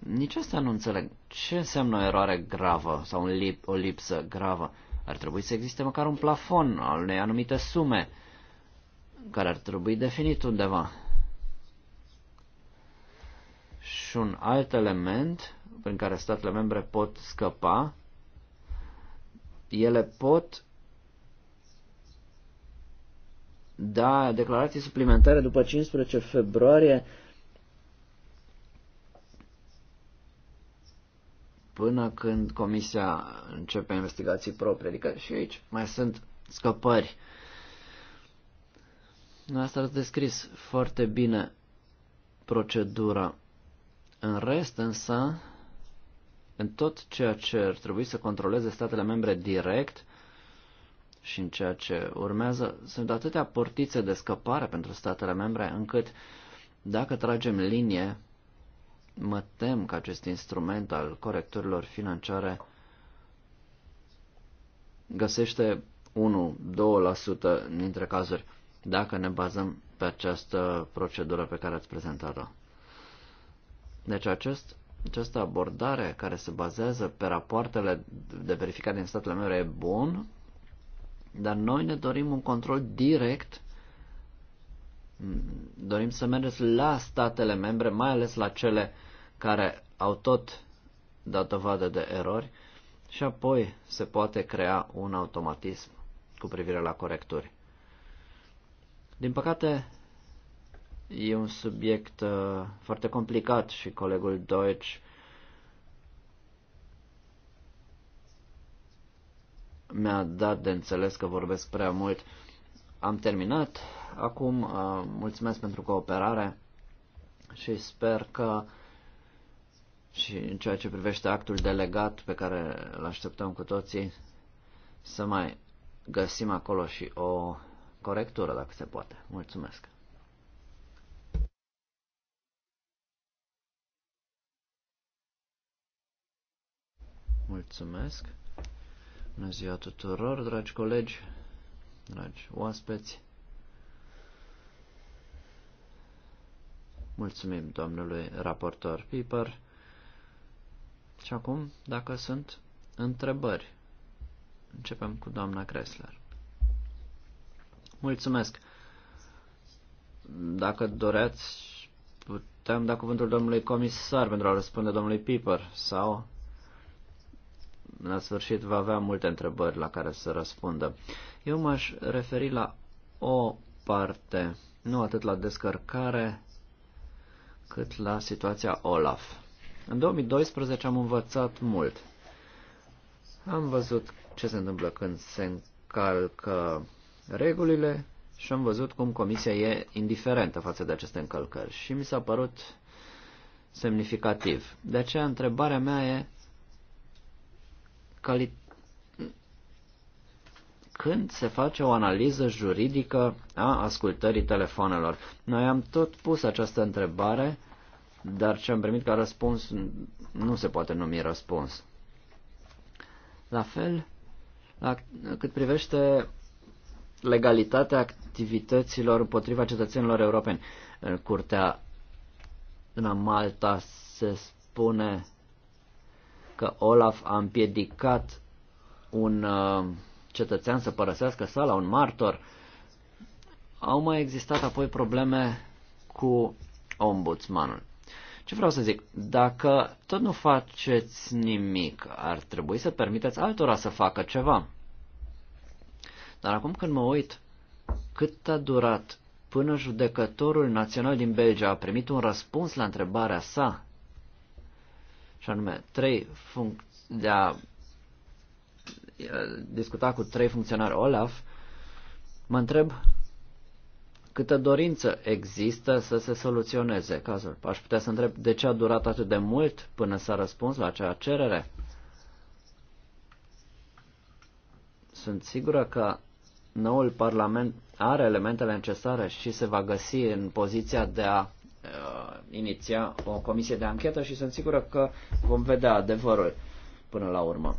Nici asta nu înțeleg. Ce înseamnă o eroare gravă sau un lip, o lipsă gravă? Ar trebui să existe măcar un plafon al unei anumite sume care ar trebui definit undeva. Și un alt element prin care statele membre pot scăpa, ele pot Da, declarații suplimentare după 15 februarie. până când comisia începe investigații proprii. Adică și aici mai sunt scăpări. Asta ați descris foarte bine procedura. În rest, însă, în tot ceea ce ar trebui să controleze statele membre direct, și în ceea ce urmează, sunt atâtea portițe de scăpare pentru statele membre încât dacă tragem linie, mă tem că acest instrument al corecturilor financiare găsește 1-2% dintre cazuri dacă ne bazăm pe această procedură pe care ați prezentat-o. Deci acest, această abordare care se bazează pe rapoartele de verificare din statele membre e bun, dar noi ne dorim un control direct, dorim să mergem la statele membre, mai ales la cele care au tot dat dovadă de erori și apoi se poate crea un automatism cu privire la corecturi. Din păcate, e un subiect uh, foarte complicat și colegul Deutsch mi-a dat de înțeles că vorbesc prea mult. Am terminat. Acum uh, mulțumesc pentru cooperare și sper că și în ceea ce privește actul delegat pe care îl așteptăm cu toții, să mai găsim acolo și o corectură, dacă se poate. Mulțumesc! Mulțumesc! Bună ziua tuturor, dragi colegi, dragi oaspeți. Mulțumim domnului raportor Piper. Și acum, dacă sunt întrebări, începem cu doamna Kressler. Mulțumesc. Dacă doreați, putem da cuvântul domnului comisar pentru a răspunde domnului Piper sau la sfârșit va avea multe întrebări la care să răspundă. Eu m-aș referi la o parte, nu atât la descărcare, cât la situația Olaf. În 2012 am învățat mult. Am văzut ce se întâmplă când se încalcă regulile și am văzut cum comisia e indiferentă față de aceste încălcări și mi s-a părut semnificativ. De aceea întrebarea mea e cali... când se face o analiză juridică a ascultării telefonelor. Noi am tot pus această întrebare, dar ce am primit ca răspuns nu se poate numi răspuns. La fel, la, cât privește legalitatea activităților împotriva cetățenilor europeni. În curtea în Malta se spune că Olaf a împiedicat un uh, cetățean să părăsească sala, un martor. Au mai existat apoi probleme cu ombudsmanul. Ce vreau să zic? Dacă tot nu faceți nimic, ar trebui să permiteți altora să facă ceva. Dar acum când mă uit, cât a durat până judecătorul național din Belgia a primit un răspuns la întrebarea sa, și anume trei func- de a discuta cu trei funcționari Olaf, mă întreb câtă dorință există să se soluționeze cazul. Aș putea să întreb de ce a durat atât de mult până s-a răspuns la acea cerere. Sunt sigură că noul Parlament are elementele necesare și se va găsi în poziția de a uh, iniția o comisie de anchetă și sunt sigură că vom vedea adevărul până la urmă.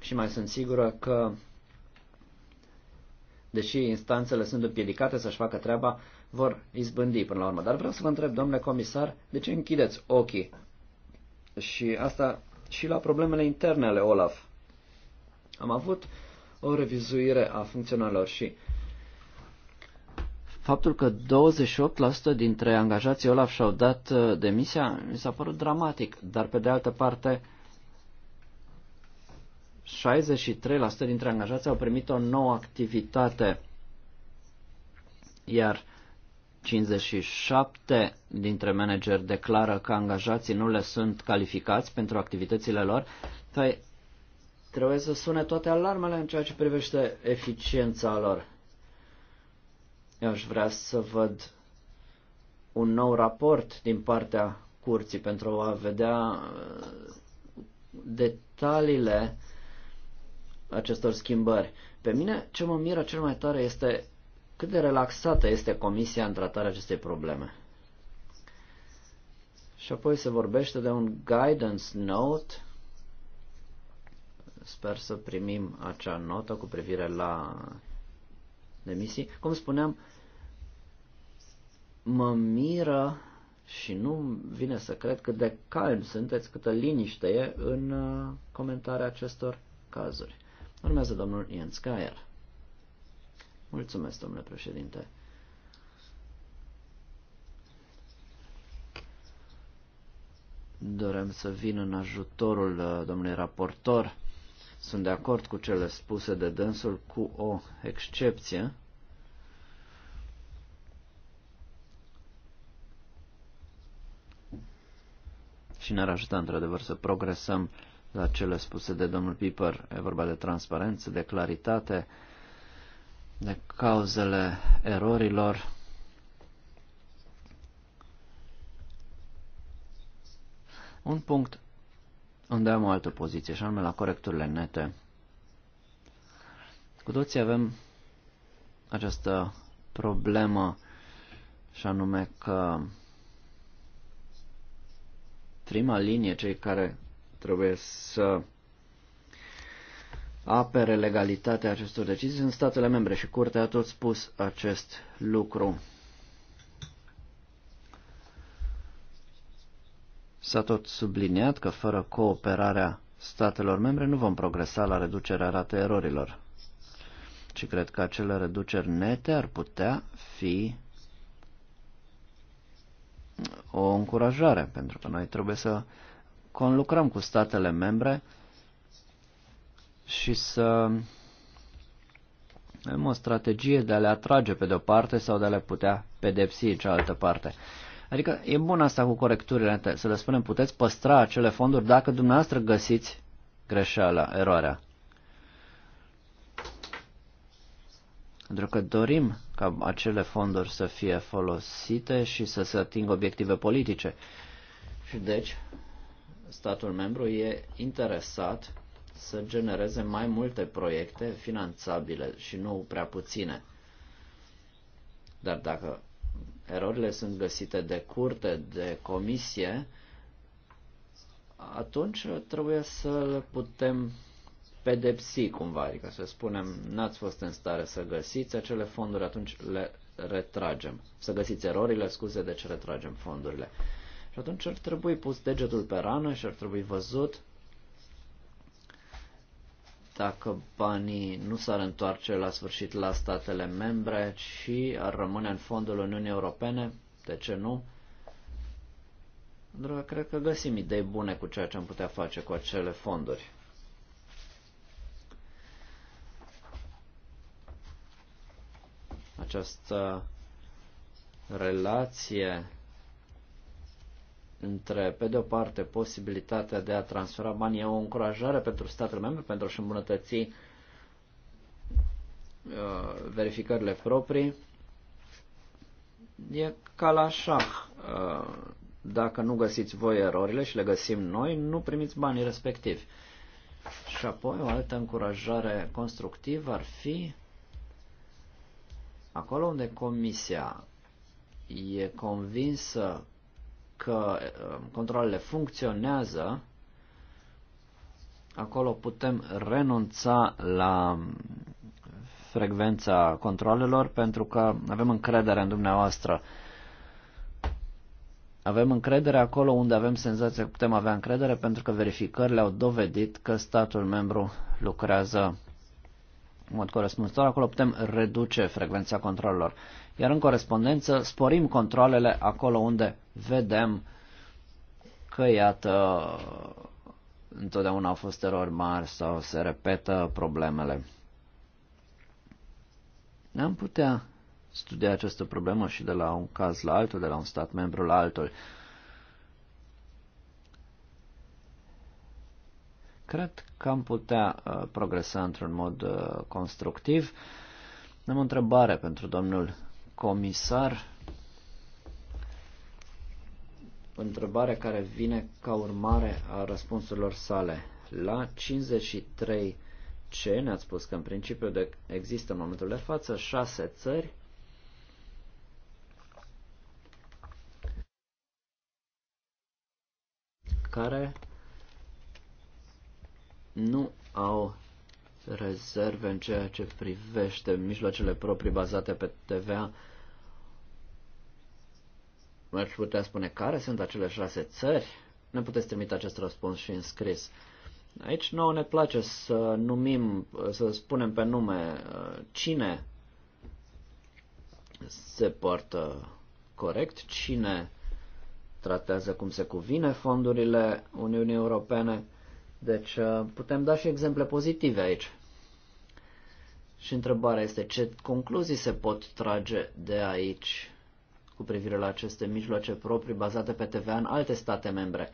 Și mai sunt sigură că, deși instanțele sunt împiedicate să-și facă treaba, vor izbândi până la urmă. Dar vreau să vă întreb, domnule comisar, de ce închideți ochii? Și asta și la problemele interne ale Olaf. Am avut o revizuire a funcționalilor și uh, faptul că 28% dintre angajații Olaf și-au dat uh, demisia mi s-a părut dramatic, dar pe de altă parte 63% dintre angajați au primit o nouă activitate, iar 57 dintre manageri declară că angajații nu le sunt calificați pentru activitățile lor, păi, trebuie să sune toate alarmele în ceea ce privește eficiența lor. Eu aș vrea să văd un nou raport din partea curții pentru a vedea uh, detaliile acestor schimbări. Pe mine ce mă miră cel mai tare este cât de relaxată este comisia în tratarea acestei probleme. Și apoi se vorbește de un guidance note. Sper să primim acea notă cu privire la de misii. Cum spuneam, mă miră și nu vine să cred cât de calm sunteți, câtă liniște e în uh, comentarea acestor cazuri. Urmează domnul Ian Skyer. Mulțumesc, domnule președinte. Dorem să vin în ajutorul uh, domnului raportor sunt de acord cu cele spuse de dânsul, cu o excepție. Și ne-ar ajuta, într-adevăr, să progresăm la cele spuse de domnul Piper. E vorba de transparență, de claritate, de cauzele erorilor. Un punct unde am o altă poziție, și anume la corecturile nete. Cu toții avem această problemă, și anume că prima linie, cei care trebuie să apere legalitatea acestor decizii sunt statele membre și curtea a tot spus acest lucru. S-a tot subliniat că fără cooperarea statelor membre nu vom progresa la reducerea ratei erorilor. Și cred că acele reduceri nete ar putea fi o încurajare, pentru că noi trebuie să conlucrăm cu statele membre și să avem o strategie de a le atrage pe de-o parte sau de a le putea pedepsi în cealaltă parte. Adică e bun asta cu corecturile, să le spunem, puteți păstra acele fonduri dacă dumneavoastră găsiți greșeala, eroarea. Pentru că dorim ca acele fonduri să fie folosite și să se atingă obiective politice. Și deci, statul membru e interesat să genereze mai multe proiecte finanțabile și nu prea puține. Dar dacă erorile sunt găsite de curte, de comisie, atunci trebuie să le putem pedepsi cumva, adică să spunem, n-ați fost în stare să găsiți acele fonduri, atunci le retragem. Să găsiți erorile, scuze, de deci retragem fondurile. Și atunci ar trebui pus degetul pe rană și ar trebui văzut dacă banii nu s-ar întoarce la sfârșit la statele membre, și ar rămâne în fondul Uniunii Europene, de ce nu? Dar cred că găsim idei bune cu ceea ce am putea face cu acele fonduri. Această relație între, pe de o parte, posibilitatea de a transfera banii e o încurajare pentru statele membre pentru a-și îmbunătăți uh, verificările proprii. E ca la șah. Uh, dacă nu găsiți voi erorile și le găsim noi, nu primiți banii respectivi. Și apoi o altă încurajare constructivă ar fi acolo unde comisia e convinsă că um, controlele funcționează, acolo putem renunța la um, frecvența controlelor pentru că avem încredere în dumneavoastră. Avem încredere acolo unde avem senzația că putem avea încredere pentru că verificările au dovedit că statul membru lucrează în mod corespunzător, acolo putem reduce frecvența controlelor. Iar în corespondență sporim controlele acolo unde vedem că, iată, întotdeauna au fost erori mari sau se repetă problemele. Am putea studia această problemă și de la un caz la altul, de la un stat membru la altul. Cred că am putea uh, progresa într-un mod uh, constructiv. Am o întrebare pentru domnul comisar. O întrebare care vine ca urmare a răspunsurilor sale. La 53 c, ne-ați spus că în principiu de, există în momentul de față șase țări care nu au rezerve în ceea ce privește mijloacele proprii bazate pe TVA. Mi-aș putea spune care sunt acele șase țări? Ne puteți trimite acest răspuns și în scris. Aici nouă ne place să numim, să spunem pe nume uh, cine se poartă corect, cine tratează cum se cuvine fondurile Uniunii Europene deci uh, putem da și exemple pozitive aici. Și întrebarea este ce concluzii se pot trage de aici cu privire la aceste mijloace proprii bazate pe TVA în alte state membre.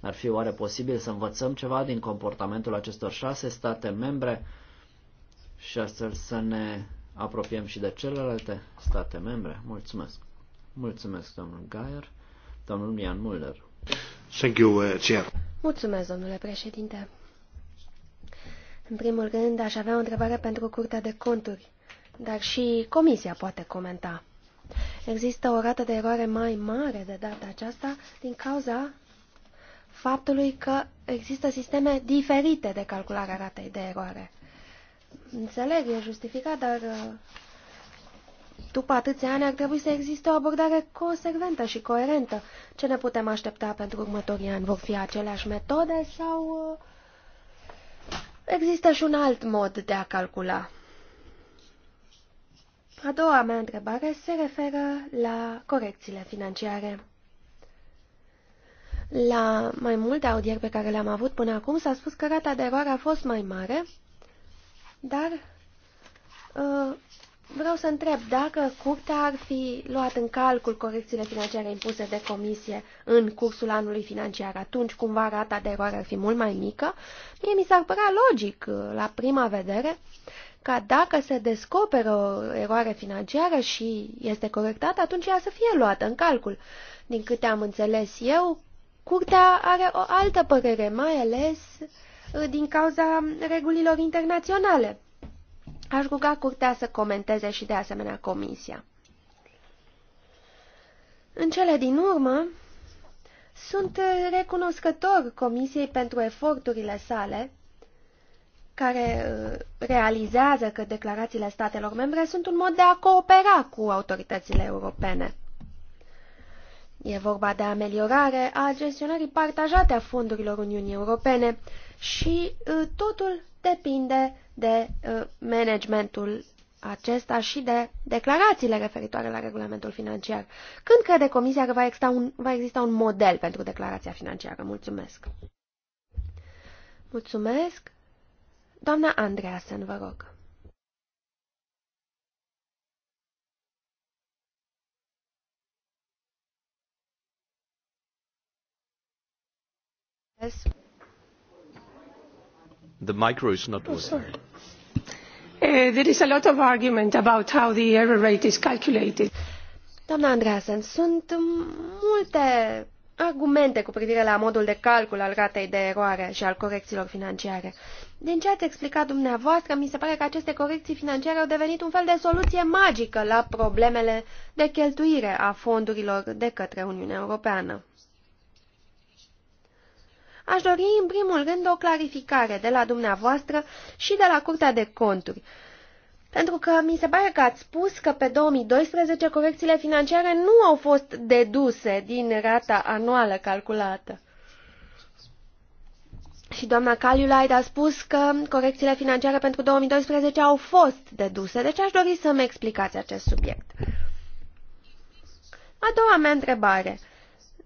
Ar fi oare posibil să învățăm ceva din comportamentul acestor șase state membre și astfel să ne apropiem și de celelalte state membre? Mulțumesc! Mulțumesc, domnul Gaier, domnul Mian Muller. Thank you, uh, Chair. Mulțumesc, domnule președinte. În primul rând, aș avea o întrebare pentru Curtea de Conturi, dar și Comisia poate comenta. Există o rată de eroare mai mare de data aceasta din cauza faptului că există sisteme diferite de calculare a ratei de eroare. Înțeleg, e justificat, dar după atâția ani ar trebui să existe o abordare consecventă și coerentă. Ce ne putem aștepta pentru următorii ani? Vor fi aceleași metode sau uh, există și un alt mod de a calcula? A doua mea întrebare se referă la corecțiile financiare. La mai multe audieri pe care le-am avut până acum s-a spus că rata de eroare a fost mai mare, dar uh, Vreau să întreb dacă curtea ar fi luat în calcul corecțiile financiare impuse de comisie în cursul anului financiar, atunci cumva rata de eroare ar fi mult mai mică, mie mi s-ar părea logic, la prima vedere, ca dacă se descoperă o eroare financiară și este corectată, atunci ea să fie luată în calcul. Din câte am înțeles eu, curtea are o altă părere, mai ales uh, din cauza regulilor internaționale. Aș ruga curtea să comenteze și de asemenea comisia. În cele din urmă, sunt recunoscător comisiei pentru eforturile sale, care uh, realizează că declarațiile statelor membre sunt un mod de a coopera cu autoritățile europene. E vorba de ameliorare a gestionării partajate a fondurilor Uniunii Europene și uh, totul depinde de uh, managementul acesta și de declarațiile referitoare la regulamentul financiar. Când crede Comisia că va exista un, va exista un model pentru declarația financiară? Mulțumesc! Mulțumesc! Doamna Andreasen, vă rog. Yes doamnă oh, eh, there is a lot of argument about how the error rate is calculated. Andreasen, sunt multe argumente cu privire la modul de calcul al ratei de eroare și al corecțiilor financiare. Din ce ați explicat dumneavoastră, mi se pare că aceste corecții financiare au devenit un fel de soluție magică la problemele de cheltuire a fondurilor de către Uniunea Europeană. Aș dori, în primul rând, o clarificare de la dumneavoastră și de la Curtea de Conturi. Pentru că mi se pare că ați spus că pe 2012 corecțiile financiare nu au fost deduse din rata anuală calculată. Și doamna Caliulaid a spus că corecțiile financiare pentru 2012 au fost deduse, deci aș dori să-mi explicați acest subiect. A doua mea întrebare.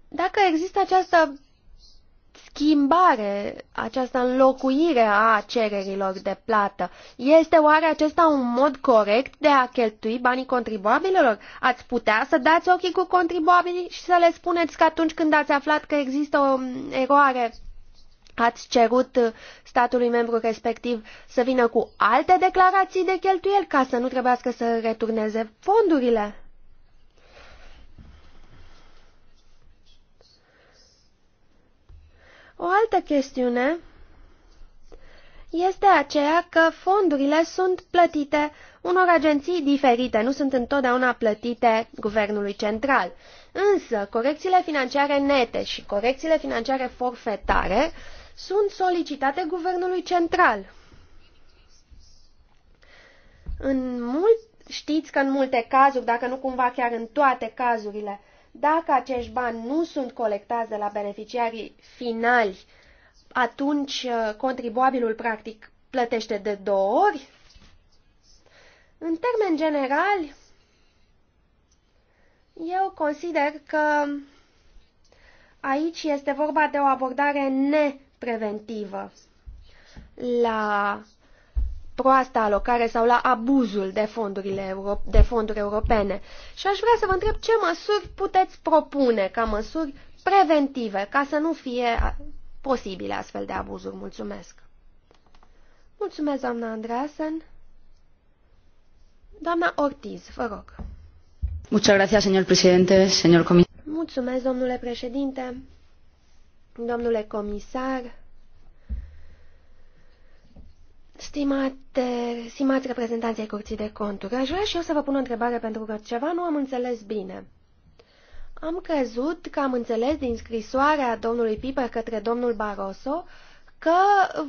Dacă există această schimbare, această înlocuire a cererilor de plată. Este oare acesta un mod corect de a cheltui banii contribuabililor? Ați putea să dați ochii cu contribuabilii și să le spuneți că atunci când ați aflat că există o eroare ați cerut uh, statului membru respectiv să vină cu alte declarații de cheltuieli ca să nu trebuiască să returneze fondurile? O altă chestiune este aceea că fondurile sunt plătite unor agenții diferite, nu sunt întotdeauna plătite guvernului central. Însă, corecțiile financiare nete și corecțiile financiare forfetare sunt solicitate guvernului central. În mult, știți că în multe cazuri, dacă nu cumva chiar în toate cazurile, dacă acești bani nu sunt colectați de la beneficiarii finali, atunci uh, contribuabilul practic plătește de două ori. În termen general, eu consider că aici este vorba de o abordare nepreventivă la proasta alocare sau la abuzul de, fondurile euro de fonduri europene. Și aș vrea să vă întreb ce măsuri puteți propune ca măsuri preventive ca să nu fie posibile astfel de abuzuri. Mulțumesc! Mulțumesc, doamna Andreasen. Doamna Ortiz, vă rog. Muchas gracias, señor presidente, señor comisar. Mulțumesc, domnule președinte, domnule comisar. Stimate, stimați reprezentanții Curții de Conturi, aș vrea și eu să vă pun o întrebare pentru că ceva nu am înțeles bine. Am crezut că am înțeles din scrisoarea domnului Piper către domnul Barroso că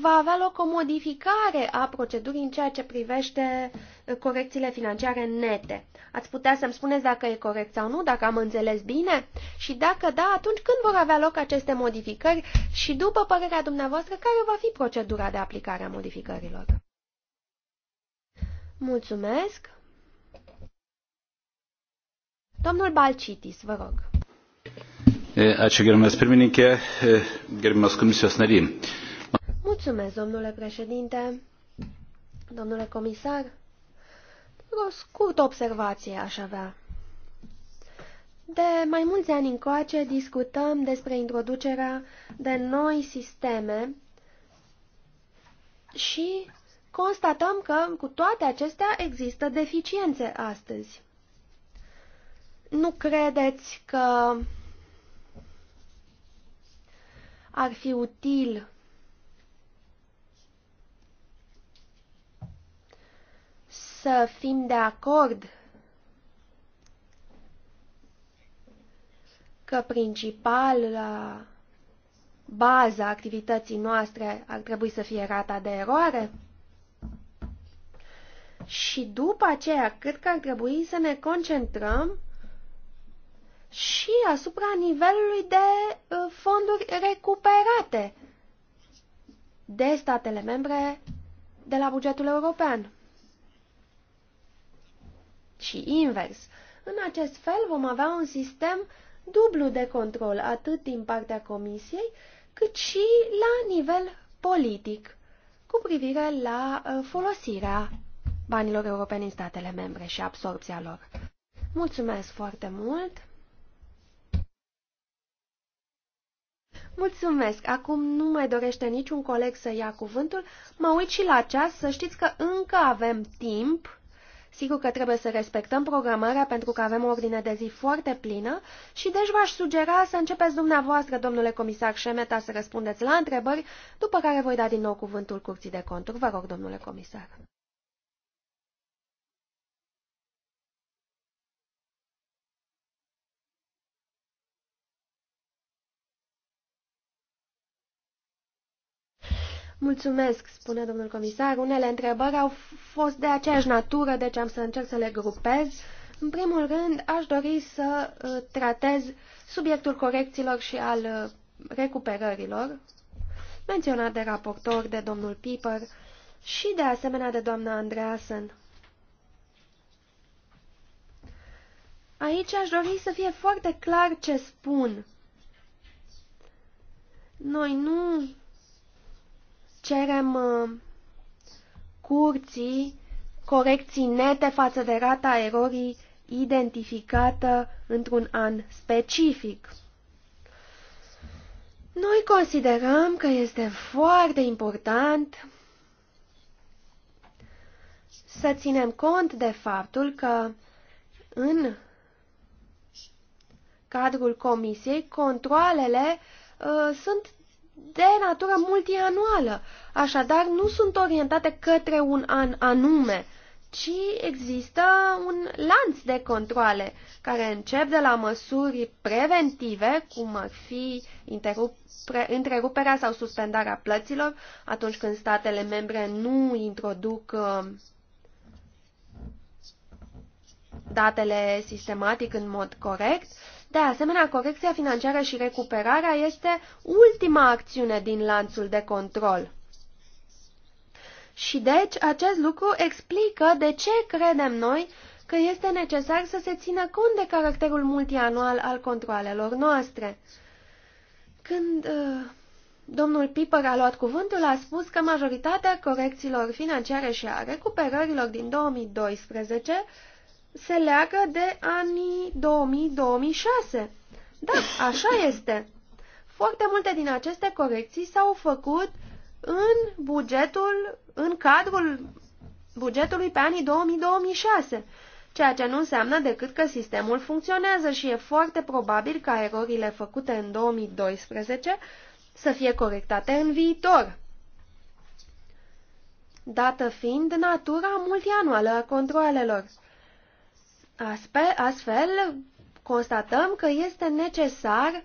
va avea loc o modificare a procedurii în ceea ce privește uh, corecțiile financiare nete. Ați putea să-mi spuneți dacă e corect sau nu, dacă am înțeles bine? Și dacă da, atunci când vor avea loc aceste modificări și, după părerea dumneavoastră, care va fi procedura de aplicare a modificărilor? Mulțumesc! Domnul Balcitis, vă rog. Ačiū, gerbiamas pirmininkė, gerbiamas komisijos nariai Mulțumesc, domnule președinte, domnule comisar. O scurtă observație aș avea. De mai mulți ani încoace discutăm despre introducerea de noi sisteme și constatăm că cu toate acestea există deficiențe astăzi. Nu credeți că ar fi util să fim de acord că principala baza activității noastre ar trebui să fie rata de eroare? Și după aceea, cred că ar trebui să ne concentrăm și asupra nivelului de ă, fonduri recuperate de statele membre de la bugetul european și invers. În acest fel vom avea un sistem dublu de control, atât din partea Comisiei, cât și la nivel politic, cu privire la uh, folosirea banilor europeni în statele membre și absorpția lor. Mulțumesc foarte mult! Mulțumesc! Acum nu mai dorește niciun coleg să ia cuvântul. Mă uit și la ceas, să știți că încă avem timp Sigur că trebuie să respectăm programarea pentru că avem o ordine de zi foarte plină și deci v-aș sugera să începeți dumneavoastră, domnule comisar Șemeta, să răspundeți la întrebări, după care voi da din nou cuvântul Curții de Conturi. Vă rog, domnule comisar. Mulțumesc, spune domnul comisar. Unele întrebări au fost de aceeași natură, deci am să încerc să le grupez. În primul rând, aș dori să uh, tratez subiectul corecțiilor și al uh, recuperărilor, menționat de raportor, de domnul Piper și de asemenea de doamna Andreasen. Aici aș dori să fie foarte clar ce spun. Noi nu cerem uh, curții corecții nete față de rata erorii identificată într-un an specific. Noi considerăm că este foarte important să ținem cont de faptul că în cadrul comisiei controlele uh, sunt de natură multianuală, așadar nu sunt orientate către un an anume, ci există un lanț de controle care încep de la măsuri preventive, cum ar fi întreruperea sau suspendarea plăților atunci când statele membre nu introduc uh, datele sistematic în mod corect, de asemenea, corecția financiară și recuperarea este ultima acțiune din lanțul de control. Și deci, acest lucru explică de ce credem noi că este necesar să se țină cont de caracterul multianual al controalelor noastre. Când uh, domnul Piper a luat cuvântul, a spus că majoritatea corecțiilor financiare și a recuperărilor din 2012 se leagă de anii 2000-2006. Da, așa este. Foarte multe din aceste corecții s-au făcut în bugetul, în cadrul bugetului pe anii 2000-2006, ceea ce nu înseamnă decât că sistemul funcționează și e foarte probabil ca erorile făcute în 2012 să fie corectate în viitor. Dată fiind natura multianuală a controalelor. Astfel, constatăm că este necesar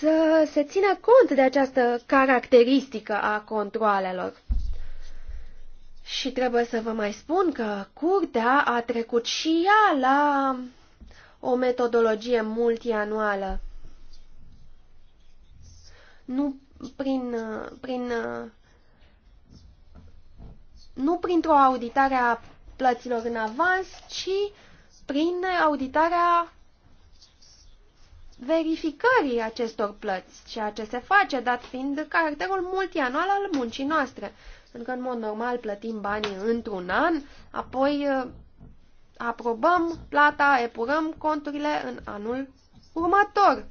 să se țină cont de această caracteristică a controalelor. Și trebuie să vă mai spun că curtea a trecut și ea la o metodologie multianuală. Nu prin, prin nu printr-o auditare a plăților în avans, ci prin auditarea verificării acestor plăți, ceea ce se face, dat fiind caracterul multianual al muncii noastre. Pentru că, în mod normal, plătim banii într-un an, apoi uh, aprobăm plata, epurăm conturile în anul următor.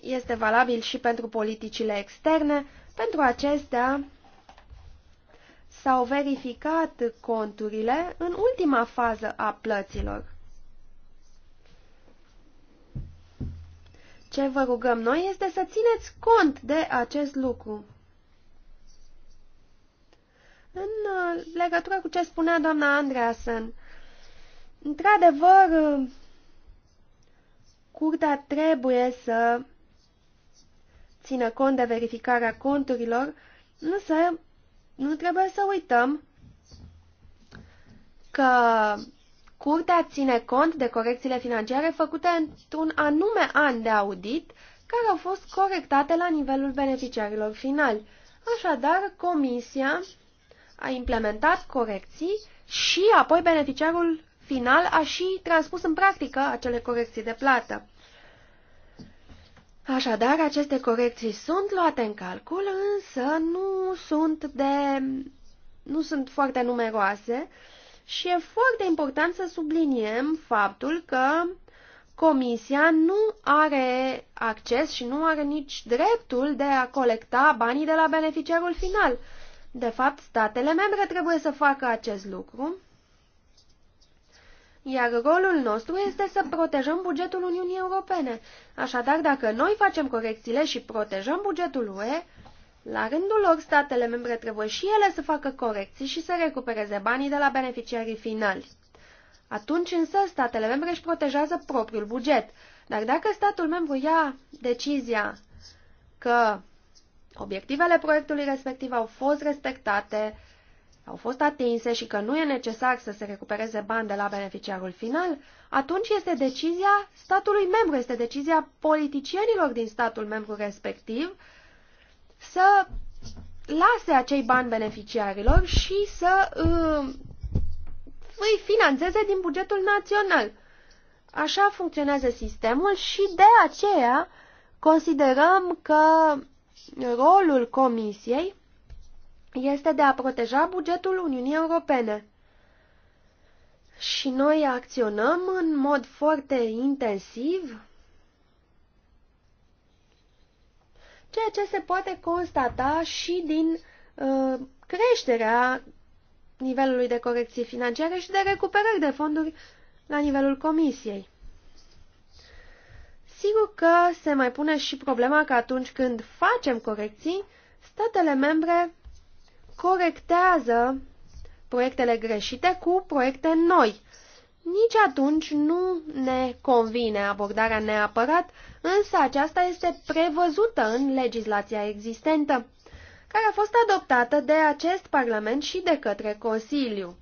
Este valabil și pentru politicile externe. Pentru acestea, s-au verificat conturile în ultima fază a plăților. Ce vă rugăm noi este să țineți cont de acest lucru. În uh, legătură cu ce spunea doamna Andreasen, într-adevăr, uh, curtea trebuie să țină cont de verificarea conturilor, însă nu trebuie să uităm că Curtea ține cont de corecțiile financiare făcute într-un anume an de audit, care au fost corectate la nivelul beneficiarilor finali. Așadar, Comisia a implementat corecții și apoi beneficiarul final a și transpus în practică acele corecții de plată. Așadar, aceste corecții sunt luate în calcul, însă nu sunt, de, nu sunt foarte numeroase și e foarte important să subliniem faptul că Comisia nu are acces și nu are nici dreptul de a colecta banii de la beneficiarul final. De fapt, statele membre trebuie să facă acest lucru iar rolul nostru este să protejăm bugetul Uniunii Europene. Așadar, dacă noi facem corecțiile și protejăm bugetul UE, la rândul lor, statele membre trebuie și ele să facă corecții și să recupereze banii de la beneficiarii finali. Atunci însă, statele membre își protejează propriul buget. Dar dacă statul membru ia decizia că obiectivele proiectului respectiv au fost respectate, au fost atinse și că nu e necesar să se recupereze bani de la beneficiarul final, atunci este decizia statului membru, este decizia politicienilor din statul membru respectiv să lase acei bani beneficiarilor și să uh, îi financeze din bugetul național. Așa funcționează sistemul și de aceea considerăm că rolul comisiei este de a proteja bugetul Uniunii Europene. Și noi acționăm în mod foarte intensiv, ceea ce se poate constata și din uh, creșterea nivelului de corecții financiare și de recuperări de fonduri la nivelul Comisiei. Sigur că se mai pune și problema că atunci când facem corecții, statele membre corectează proiectele greșite cu proiecte noi. Nici atunci nu ne convine abordarea neapărat, însă aceasta este prevăzută în legislația existentă, care a fost adoptată de acest Parlament și de către Consiliu.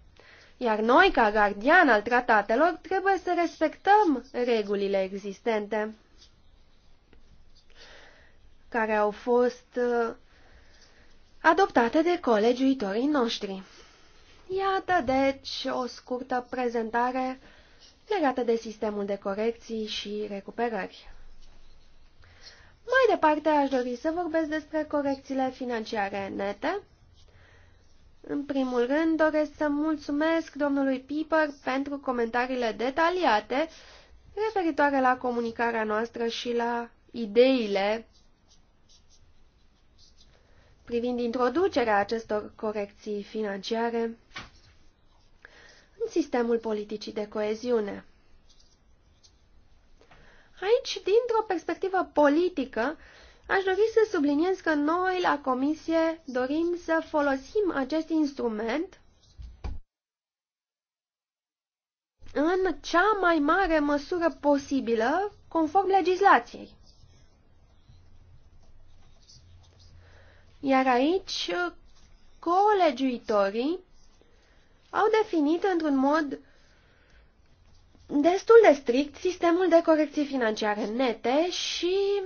Iar noi, ca gardian al tratatelor, trebuie să respectăm regulile existente, care au fost uh, adoptate de colegiuitorii noștri. Iată, deci, o scurtă prezentare legată de sistemul de corecții și recuperări. Mai departe, aș dori să vorbesc despre corecțiile financiare nete. În primul rând, doresc să mulțumesc domnului Piper pentru comentariile detaliate referitoare la comunicarea noastră și la ideile privind introducerea acestor corecții financiare în sistemul politicii de coeziune. Aici, dintr-o perspectivă politică, aș dori să subliniez că noi, la Comisie, dorim să folosim acest instrument în cea mai mare măsură posibilă, conform legislației. Iar aici, colegiuitorii au definit într-un mod destul de strict sistemul de corecții financiare nete și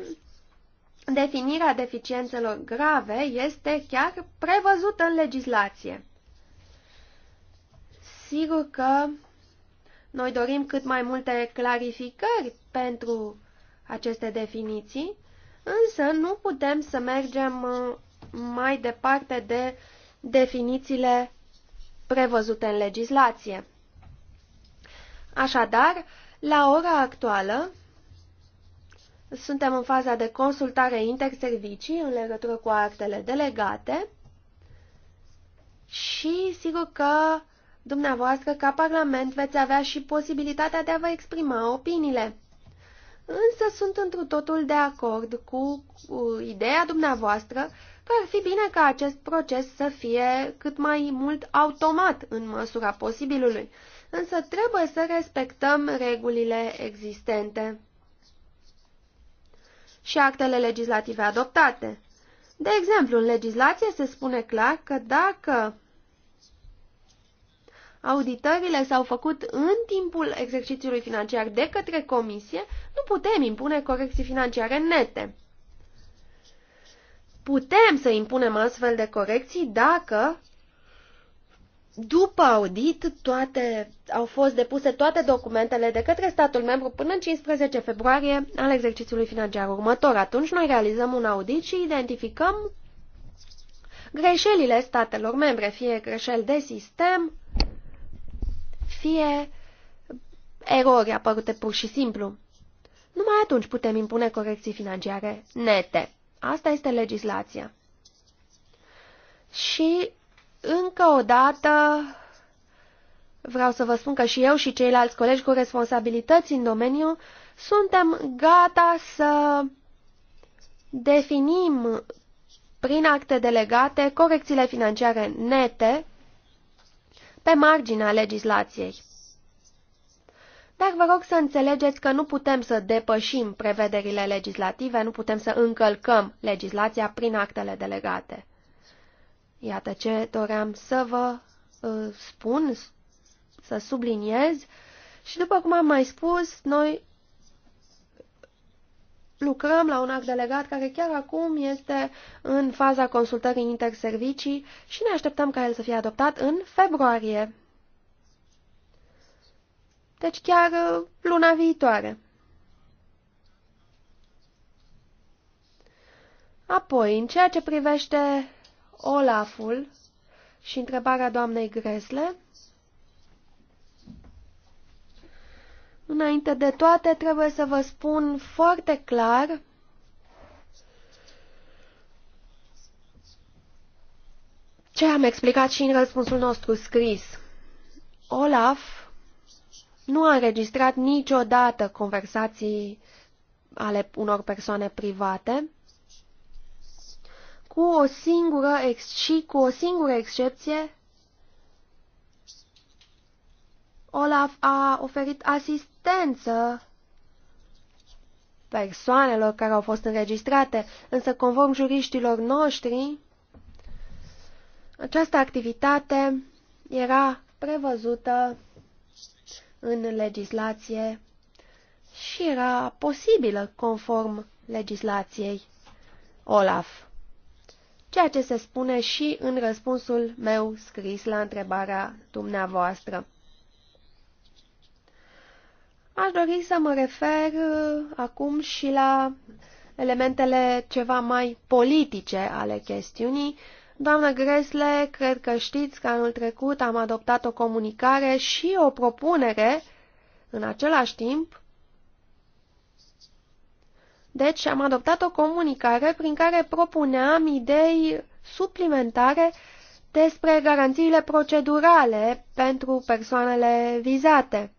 definirea deficiențelor grave este chiar prevăzută în legislație. Sigur că noi dorim cât mai multe clarificări pentru aceste definiții, însă nu putem să mergem uh, mai departe de definițiile prevăzute în legislație. Așadar, la ora actuală, suntem în faza de consultare interservicii în legătură cu actele delegate și sigur că dumneavoastră ca Parlament veți avea și posibilitatea de a vă exprima opiniile. Însă sunt întru totul de acord cu, cu ideea dumneavoastră că ar fi bine ca acest proces să fie cât mai mult automat în măsura posibilului, însă trebuie să respectăm regulile existente și actele legislative adoptate. De exemplu, în legislație se spune clar că dacă auditările s-au făcut în timpul exercițiului financiar de către comisie, nu putem impune corecții financiare nete. Putem să impunem astfel de corecții dacă după audit toate, au fost depuse toate documentele de către statul membru până în 15 februarie al exercițiului financiar următor. Atunci noi realizăm un audit și identificăm greșelile statelor membre, fie greșeli de sistem, fie erori apărute pur și simplu. Numai atunci putem impune corecții financiare nete. Asta este legislația. Și încă o dată vreau să vă spun că și eu și ceilalți colegi cu responsabilități în domeniu suntem gata să definim prin acte delegate corecțiile financiare nete pe marginea legislației. Dar vă rog să înțelegeți că nu putem să depășim prevederile legislative, nu putem să încălcăm legislația prin actele delegate. Iată ce doream să vă uh, spun, să subliniez. Și după cum am mai spus, noi lucrăm la un act delegat care chiar acum este în faza consultării interservicii și ne așteptăm ca el să fie adoptat în februarie deci chiar uh, luna viitoare. Apoi, în ceea ce privește Olaful și întrebarea doamnei Gresle, înainte de toate trebuie să vă spun foarte clar ce am explicat și în răspunsul nostru scris. Olaf nu a înregistrat niciodată conversații ale unor persoane private, cu o singură ex și cu o singură excepție, Olaf a oferit asistență persoanelor care au fost înregistrate, însă conform juriștilor noștri, această activitate era prevăzută în legislație și era posibilă conform legislației OLAF, ceea ce se spune și în răspunsul meu scris la întrebarea dumneavoastră. Aș dori să mă refer uh, acum și la elementele ceva mai politice ale chestiunii, Doamna Gresle, cred că știți că anul trecut am adoptat o comunicare și o propunere în același timp. Deci am adoptat o comunicare prin care propuneam idei suplimentare despre garanțiile procedurale pentru persoanele vizate.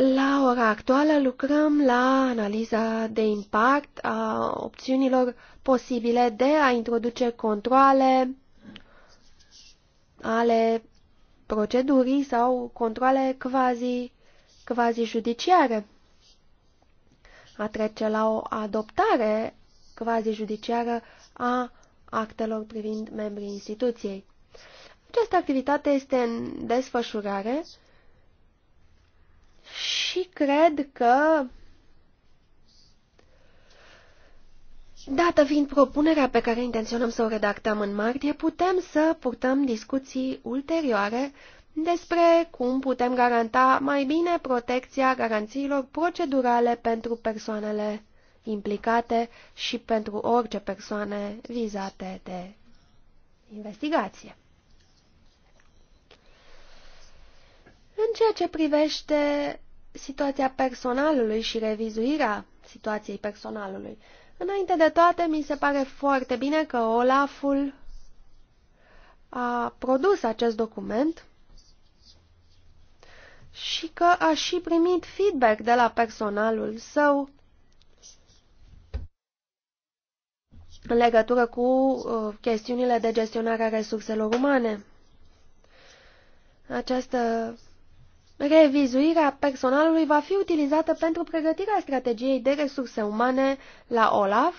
La ora actuală lucrăm la analiza de impact a opțiunilor posibile de a introduce controle ale procedurii sau controle quasi, quasi judiciare. A trece la o adoptare quasi judiciară a actelor privind membrii instituției. Această activitate este în desfășurare și cred că Dată fiind propunerea pe care intenționăm să o redactăm în martie, putem să purtăm discuții ulterioare despre cum putem garanta mai bine protecția garanțiilor procedurale pentru persoanele implicate și pentru orice persoane vizate de investigație. În ceea ce privește situația personalului și revizuirea situației personalului. Înainte de toate, mi se pare foarte bine că Olaful a produs acest document și că a și primit feedback de la personalul său în legătură cu uh, chestiunile de gestionare a resurselor umane. Această Revizuirea personalului va fi utilizată pentru pregătirea strategiei de resurse umane la OLAF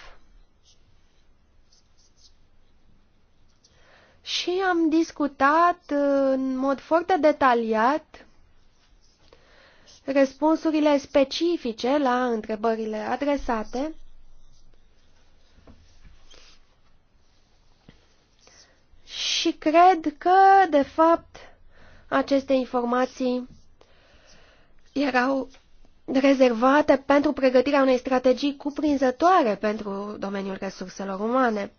și am discutat uh, în mod foarte detaliat răspunsurile specifice la întrebările adresate și cred că, de fapt, aceste informații erau rezervate pentru pregătirea unei strategii cuprinzătoare pentru domeniul resurselor umane.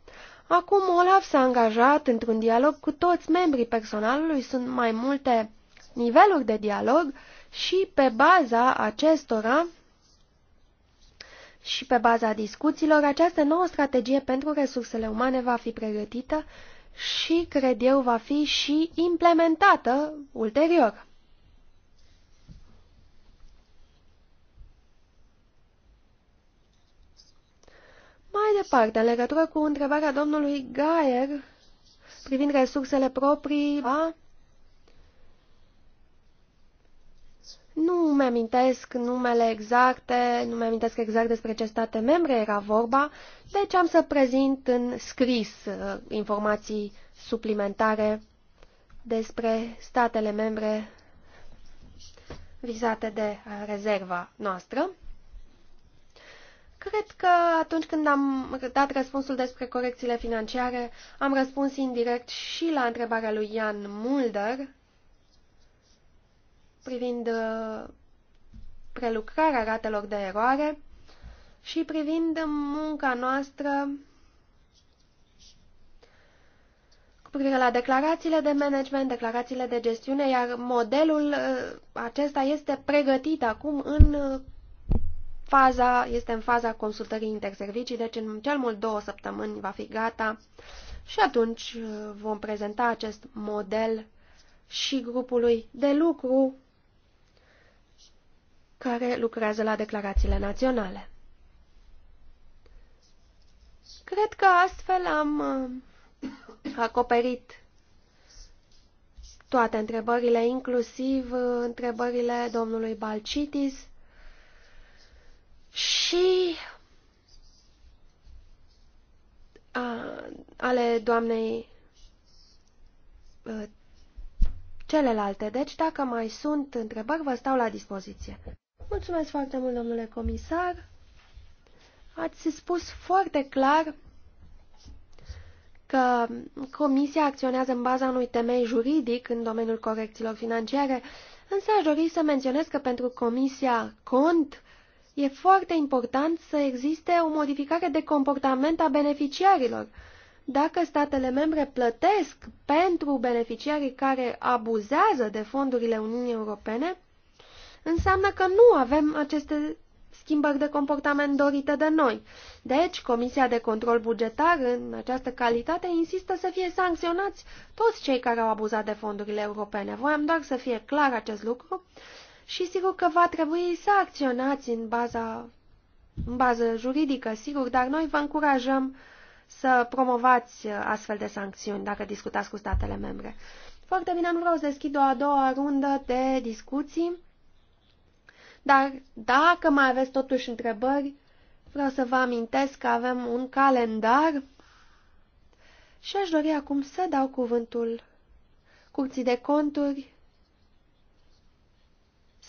Acum Olaf s-a angajat într-un dialog cu toți membrii personalului, sunt mai multe niveluri de dialog și pe baza acestora și pe baza discuțiilor, această nouă strategie pentru resursele umane va fi pregătită și, cred eu, va fi și implementată ulterior. Mai departe, în legătură cu întrebarea domnului Gaier privind resursele proprii, a... Nu mi-amintesc numele exacte, nu mi-amintesc exact despre ce state membre era vorba, deci am să prezint în scris uh, informații suplimentare despre statele membre vizate de uh, rezerva noastră. Cred că atunci când am dat răspunsul despre corecțiile financiare, am răspuns indirect și la întrebarea lui Ian Mulder privind uh, prelucrarea ratelor de eroare și privind munca noastră cu privire la declarațiile de management, declarațiile de gestiune, iar modelul uh, acesta este pregătit acum în uh, Faza este în faza consultării interservicii, deci în cel mult două săptămâni va fi gata și atunci uh, vom prezenta acest model și grupului de lucru care lucrează la declarațiile naționale. Cred că astfel am uh, acoperit toate întrebările, inclusiv uh, întrebările domnului Balcitis și a, ale doamnei a, celelalte. Deci, dacă mai sunt întrebări, vă stau la dispoziție. Mulțumesc foarte mult, domnule comisar. Ați spus foarte clar că Comisia acționează în baza unui temei juridic în domeniul corecțiilor financiare, însă aș dori să menționez că pentru Comisia Cont E foarte important să existe o modificare de comportament a beneficiarilor. Dacă statele membre plătesc pentru beneficiarii care abuzează de fondurile Uniunii Europene, înseamnă că nu avem aceste schimbări de comportament dorite de noi. Deci, Comisia de Control Bugetar, în această calitate, insistă să fie sancționați toți cei care au abuzat de fondurile europene. Voiam doar să fie clar acest lucru și sigur că va trebui să acționați în baza în baza juridică, sigur, dar noi vă încurajăm să promovați astfel de sancțiuni dacă discutați cu statele membre. Foarte bine, nu vreau să deschid o a doua rundă de discuții, dar dacă mai aveți totuși întrebări, vreau să vă amintesc că avem un calendar și aș dori acum să dau cuvântul Curții de Conturi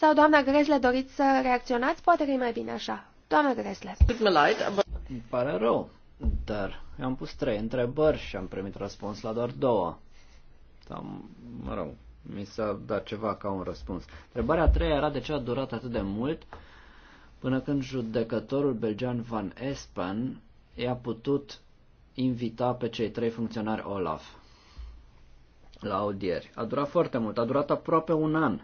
sau, doamna Gresle, doriți să reacționați? Poate că e mai bine așa. Doamna Gresle. Îmi pare rău, dar eu am pus trei întrebări și am primit răspuns la doar două. Sau, mă rog, mi s-a dat ceva ca un răspuns. Întrebarea a treia era de ce a durat atât de mult până când judecătorul belgean Van Espen i-a putut invita pe cei trei funcționari Olaf la audieri. A durat foarte mult, a durat aproape un an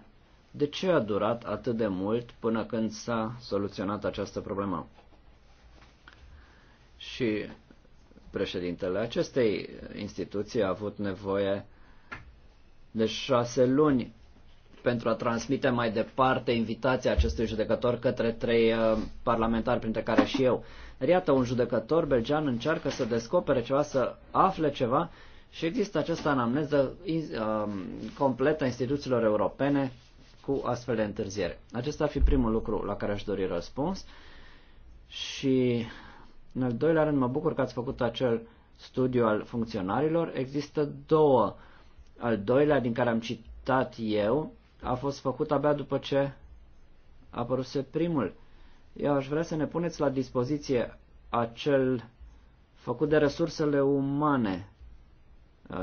de ce a durat atât de mult până când s-a soluționat această problemă? Și președintele acestei instituții a avut nevoie de șase luni pentru a transmite mai departe invitația acestui judecător către trei uh, parlamentari, printre care și eu. iată, un judecător belgean încearcă să descopere ceva, să afle ceva și există această anamneză uh, completă a instituțiilor europene cu astfel de întârziere. Acesta ar fi primul lucru la care aș dori răspuns și în al doilea rând mă bucur că ați făcut acel studiu al funcționarilor. Există două. Al doilea din care am citat eu a fost făcut abia după ce a apărut primul. Eu aș vrea să ne puneți la dispoziție acel făcut de resursele umane,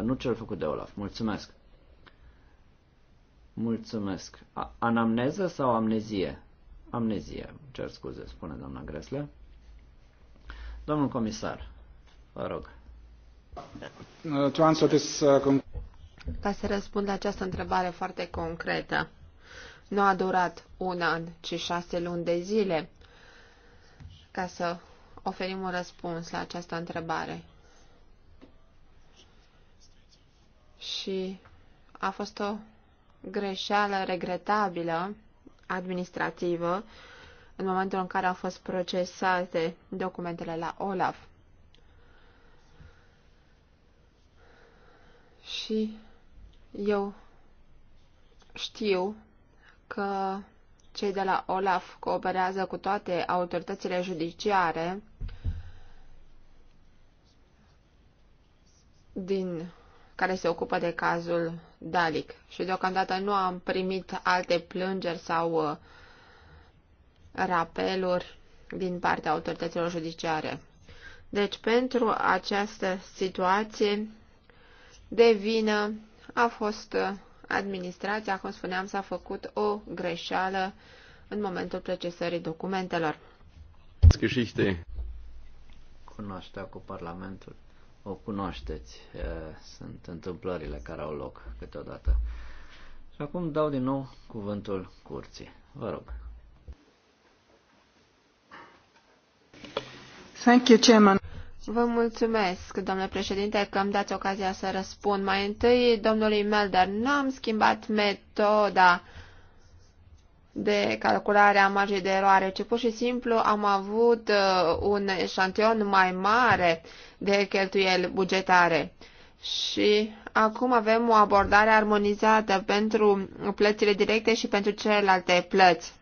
nu cel făcut de Olaf. Mulțumesc! Mulțumesc. A- anamneză sau amnezie? Amnezie, cer scuze, spune doamna Gresle. Domnul comisar, vă rog. Ca să răspund la această întrebare foarte concretă, nu a durat un an, ci șase luni de zile ca să oferim un răspuns la această întrebare. Și a fost o greșeală regretabilă administrativă în momentul în care au fost procesate documentele la Olaf. Și eu știu că cei de la Olaf cooperează cu toate autoritățile judiciare din care se ocupă de cazul Dalic și deocamdată nu am primit alte plângeri sau uh, rapeluri din partea autorităților judiciare. Deci, pentru această situație de vină a fost uh, administrația, cum spuneam, s-a făcut o greșeală în momentul procesării documentelor. Cunoaștea cu Parlamentul o cunoașteți. Sunt întâmplările care au loc câteodată. Și acum dau din nou cuvântul curții. Vă rog. Thank you, Chairman. Vă mulțumesc, domnule președinte, că îmi dați ocazia să răspund. Mai întâi, domnului Melder, n-am schimbat metoda de calculare a marjei de eroare, ci pur și simplu am avut uh, un eșantion mai mare de cheltuieli bugetare. Și acum avem o abordare armonizată pentru plățile directe și pentru celelalte plăți.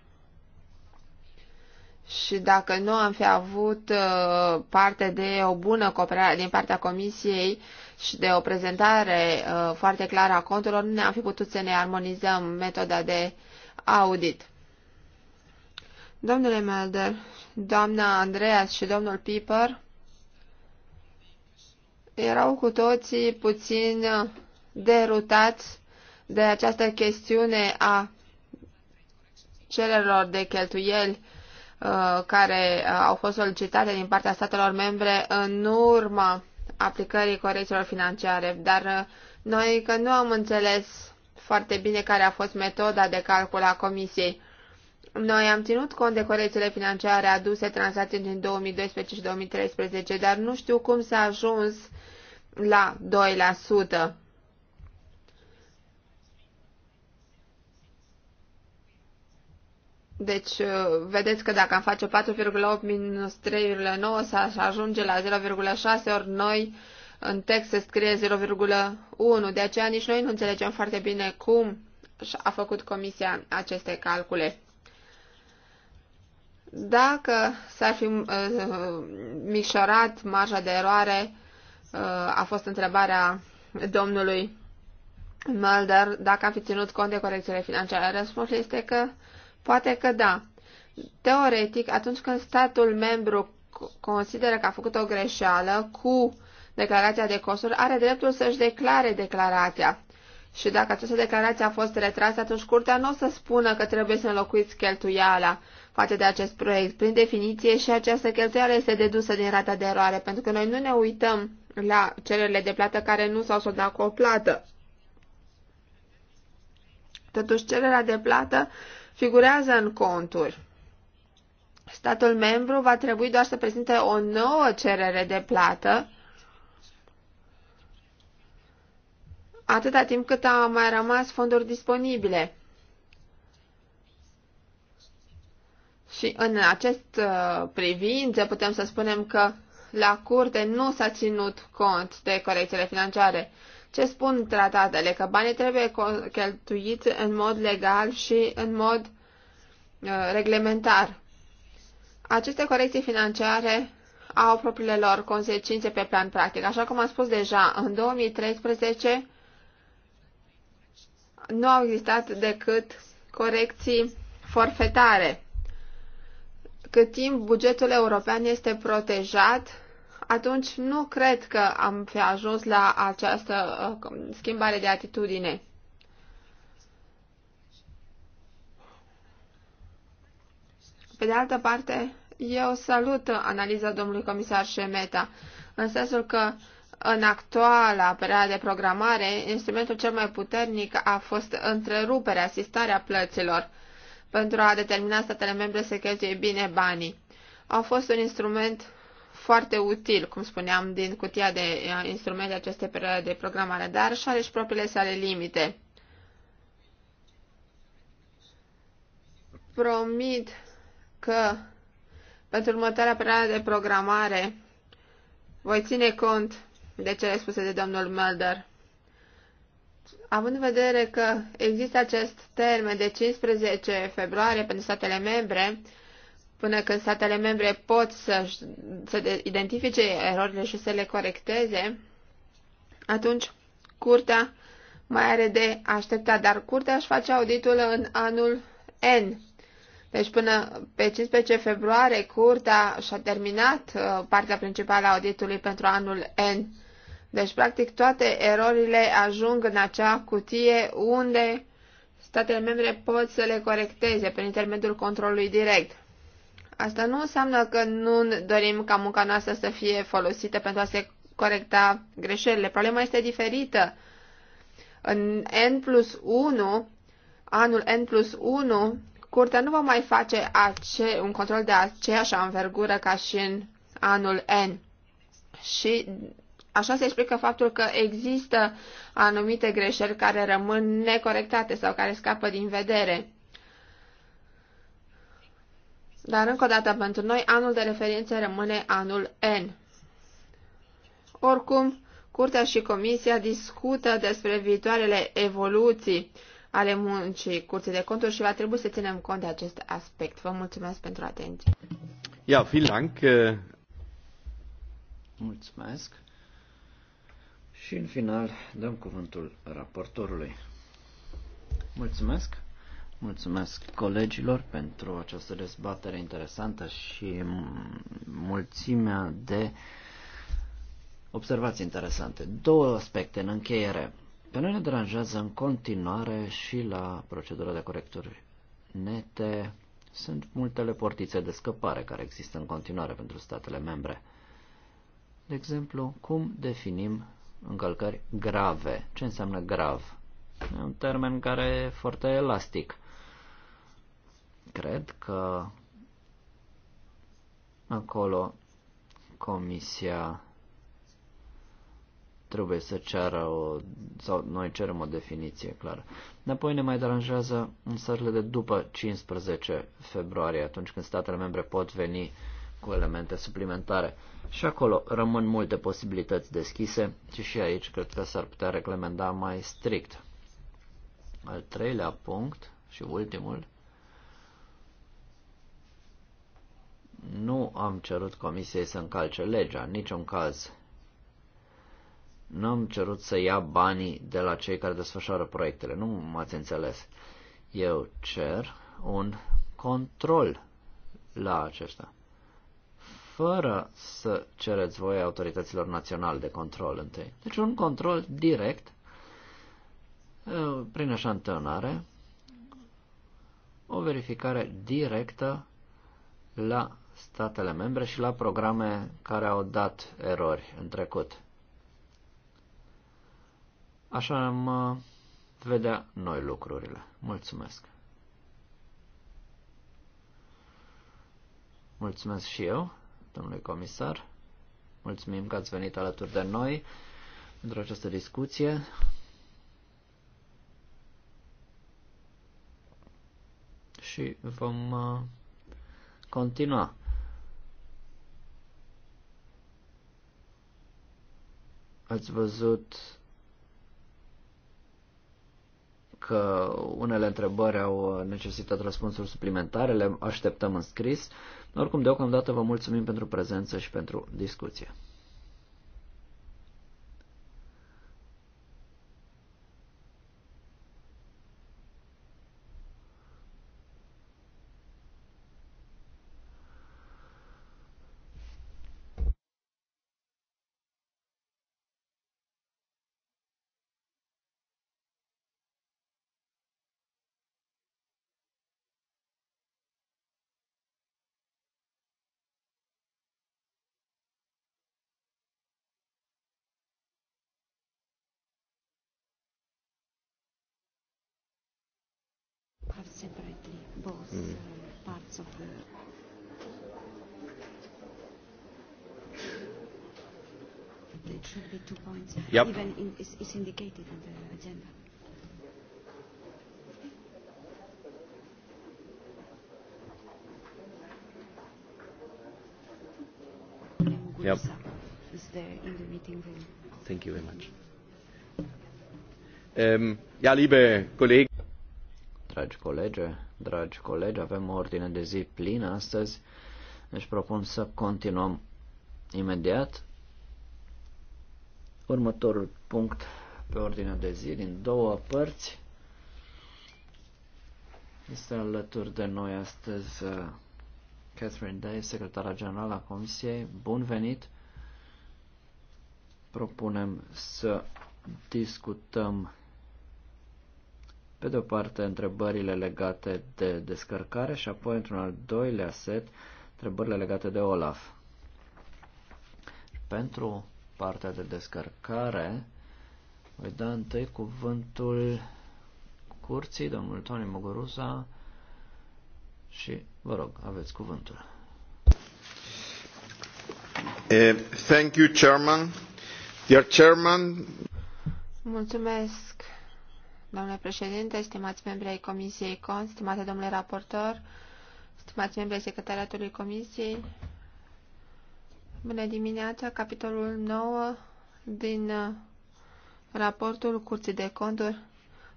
Și dacă nu am fi avut uh, parte de o bună cooperare din partea Comisiei și de o prezentare uh, foarte clară a conturilor, nu ne-am fi putut să ne armonizăm metoda de uh, audit. Domnule Melder, doamna Andreas și domnul Piper erau cu toții puțin derutați de această chestiune a cererilor de cheltuieli uh, care au fost solicitate din partea statelor membre în urma aplicării corecțiilor financiare, dar uh, noi că nu am înțeles foarte bine care a fost metoda de calcul a comisiei. Noi am ținut cont de corecțiile financiare aduse tranzacției din 2012 și 2013, dar nu știu cum s-a ajuns la 2%. Deci, uh, vedeți că dacă am face 4,8 minus 3,9, s-aș ajunge la 0,6, ori noi în text se scrie 0,1, de aceea nici noi nu înțelegem foarte bine cum a făcut comisia aceste calcule. Dacă s-ar fi uh, micșorat marja de eroare, uh, a fost întrebarea domnului Mulder dacă a fi ținut cont de corecțiile financiare. Răspunsul este că poate că da. Teoretic, atunci când statul membru consideră că a făcut o greșeală cu declarația de costuri, are dreptul să-și declare declarația. Și dacă această declarație a fost retrasă, atunci curtea nu o să spună că trebuie să înlocuiți cheltuiala față de acest proiect. Prin definiție și această cheltuială este dedusă din rata de eroare, pentru că noi nu ne uităm la cererile de plată care nu s-au soldat cu o plată. Totuși, cererea de plată figurează în conturi. Statul membru va trebui doar să prezinte o nouă cerere de plată atâta timp cât au mai rămas fonduri disponibile. Și în acest uh, privință putem să spunem că la curte nu s-a ținut cont de corecțiile financiare. Ce spun tratatele? Că banii trebuie cheltuiți în mod legal și în mod uh, reglementar. Aceste corecții financiare au propriile lor consecințe pe plan practic. Așa cum am spus deja, în 2013 nu au existat decât corecții forfetare. Cât timp bugetul european este protejat, atunci nu cred că am fi ajuns la această uh, schimbare de atitudine. Pe de altă parte, eu salut analiza domnului comisar Șemeta, în sensul că în actuala perioadă de programare, instrumentul cel mai puternic a fost întreruperea, asistarea plăților pentru a determina statele membre să cheltuie bine banii. A fost un instrument foarte util, cum spuneam, din cutia de uh, instrumente aceste perioade de programare, dar și are și propriile sale limite. Promit că pentru următoarea perioadă de programare voi ține cont de cele spuse de domnul Mulder. Având în vedere că există acest termen de 15 februarie pentru statele membre, până când statele membre pot să, să identifice erorile și să le corecteze, atunci curtea mai are de așteptat, dar curtea își face auditul în anul N. Deci până pe 15 februarie curtea și-a terminat uh, partea principală a auditului pentru anul N deci, practic, toate erorile ajung în acea cutie unde statele membre pot să le corecteze prin intermediul controlului direct. Asta nu înseamnă că nu dorim ca munca noastră să fie folosită pentru a se corecta greșelile. Problema este diferită. În N plus 1, anul N plus 1, curtea nu va mai face ace- un control de aceeași învergură ca și în anul N. Și Așa se explică faptul că există anumite greșeli care rămân necorectate sau care scapă din vedere. Dar, încă o dată, pentru noi, anul de referință rămâne anul N. Oricum, Curtea și Comisia discută despre viitoarele evoluții ale muncii Curții de Conturi și va trebui să ținem cont de acest aspect. Vă mulțumesc pentru atenție. Ja, vielen Dank. Äh, mulțumesc. Și în final dăm cuvântul raportorului. Mulțumesc! Mulțumesc colegilor pentru această dezbatere interesantă și mulțimea de observații interesante. Două aspecte în încheiere. Pe noi ne deranjează în continuare și la procedura de corecturi nete. Sunt multele portițe de scăpare care există în continuare pentru statele membre. De exemplu, cum definim încălcări grave. Ce înseamnă grav? E un termen care e foarte elastic. Cred că acolo comisia trebuie să ceară o, sau noi cerem o definiție clară. Apoi ne mai deranjează în sările de după 15 februarie, atunci când statele membre pot veni cu elemente suplimentare. Și acolo rămân multe posibilități deschise și și aici cred că s-ar putea reglementa mai strict. Al treilea punct și ultimul, nu am cerut comisiei să încalce legea, în niciun caz. Nu am cerut să ia banii de la cei care desfășoară proiectele, nu m-ați înțeles. Eu cer un control la acesta fără să cereți voie autorităților naționale de control întâi. Deci un control direct, prin eșantionare, o verificare directă la statele membre și la programe care au dat erori în trecut. Așa am vedea noi lucrurile. Mulțumesc! Mulțumesc și eu! Domnule comisar. Mulțumim că ați venit alături de noi pentru această discuție. Și vom uh, continua. Ați văzut că unele întrebări au necesitat răspunsuri suplimentare, le așteptăm în scris. Oricum, deocamdată vă mulțumim pentru prezență și pentru discuție. parts of the It deci, should be two points. Yep. Even in, it's, it's indicated in the agenda. Yep. Is there in the meeting room. Thank you very much. Ähm, ja, liebe Kollegen dragi colege, dragi colegi, avem o ordine de zi plină astăzi, deci propun să continuăm imediat. Următorul punct pe ordinea de zi din două părți este alături de noi astăzi uh, Catherine Day, secretara generală a Comisiei. Bun venit! Propunem să discutăm pe de o parte întrebările legate de descărcare și apoi într-un al doilea set întrebările legate de OLAF. Pentru partea de descărcare voi da întâi cuvântul curții, domnul Tony Muguruza și vă rog, aveți cuvântul. Uh, thank you, Chairman. Dear Chairman. Mulțumesc, Domnule președinte, stimați membri ai Comisiei CON, stimate domnule raportor, stimați membri ai Secretariatului Comisiei, bună dimineața, capitolul 9 din uh, raportul Curții de Conturi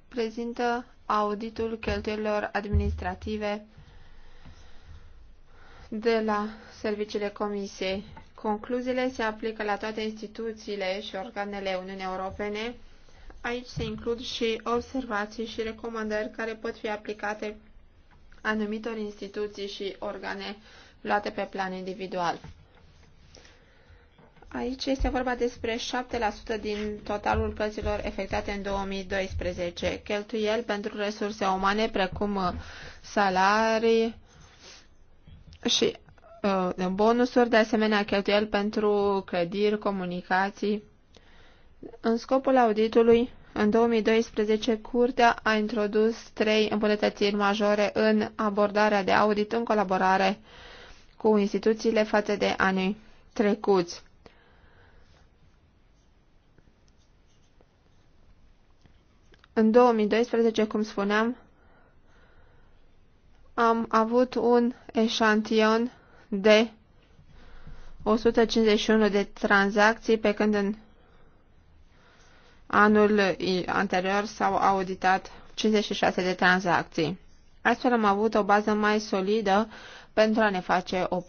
prezintă auditul cheltuielor administrative de la serviciile Comisiei. Concluziile se aplică la toate instituțiile și organele Uniunii Europene Aici se includ și observații și recomandări care pot fi aplicate anumitor instituții și organe luate pe plan individual. Aici este vorba despre 7% din totalul plăților efectate în 2012, Cheltuiel pentru resurse umane precum uh, salarii și uh, bonusuri, de asemenea cheltuiel pentru clădiri, comunicații în scopul auditului, în 2012, Curtea a introdus trei îmbunătățiri majore în abordarea de audit în colaborare cu instituțiile față de anii trecuți. În 2012, cum spuneam, am avut un eșantion de 151 de tranzacții, pe când în Anul anterior s-au auditat 56 de tranzacții. Astfel am avut o bază mai solidă pentru a ne face o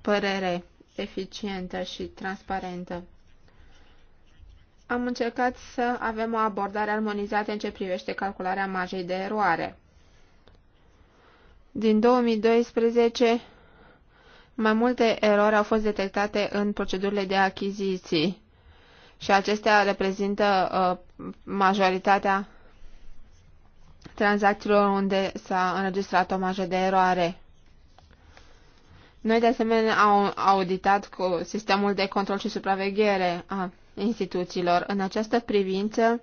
părere eficientă și transparentă. Am încercat să avem o abordare armonizată în ce privește calcularea marjei de eroare. Din 2012, mai multe erori au fost detectate în procedurile de achiziții și acestea reprezintă uh, majoritatea tranzacțiilor unde s-a înregistrat o marjă de eroare. Noi, de asemenea, am auditat cu sistemul de control și supraveghere a instituțiilor. În această privință,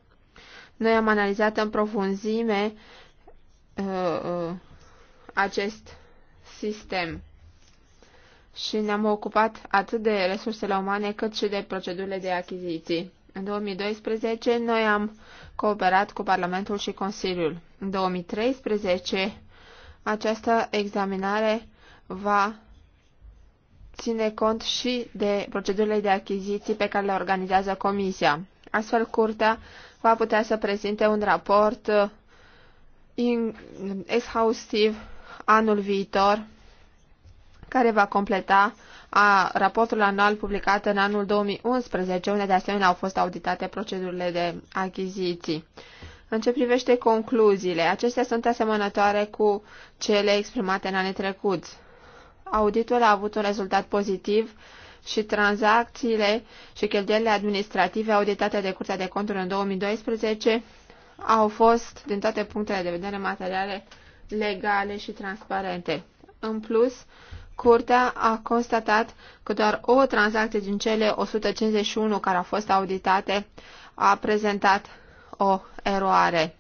noi am analizat în profunzime uh, uh, acest sistem și ne-am ocupat atât de resursele umane cât și de procedurile de achiziții. În 2012 noi am cooperat cu Parlamentul și Consiliul. În 2013 această examinare va ține cont și de procedurile de achiziții pe care le organizează Comisia. Astfel, Curtea va putea să prezinte un raport uh, exhaustiv anul viitor care va completa a raportul anual publicat în anul 2011, unde de asemenea au fost auditate procedurile de achiziții. În ce privește concluziile, acestea sunt asemănătoare cu cele exprimate în anii trecuți. Auditul a avut un rezultat pozitiv și tranzacțiile și cheltuielile administrative auditate de Curtea de Conturi în 2012 au fost, din toate punctele de vedere, materiale legale și transparente. În plus, Curtea a constatat că doar o tranzacție din cele 151 care au fost auditate a prezentat o eroare.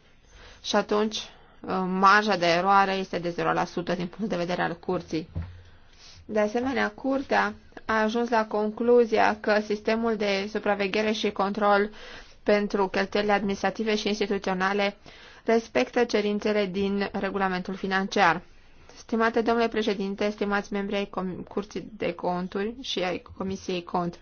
Și atunci uh, marja de eroare este de 0% din punct de vedere al curții. De asemenea, curtea a ajuns la concluzia că sistemul de supraveghere și control pentru cheltuielile administrative și instituționale respectă cerințele din regulamentul financiar. Stimate domnule președinte, stimați membri ai Curții de Conturi și ai Comisiei Cont,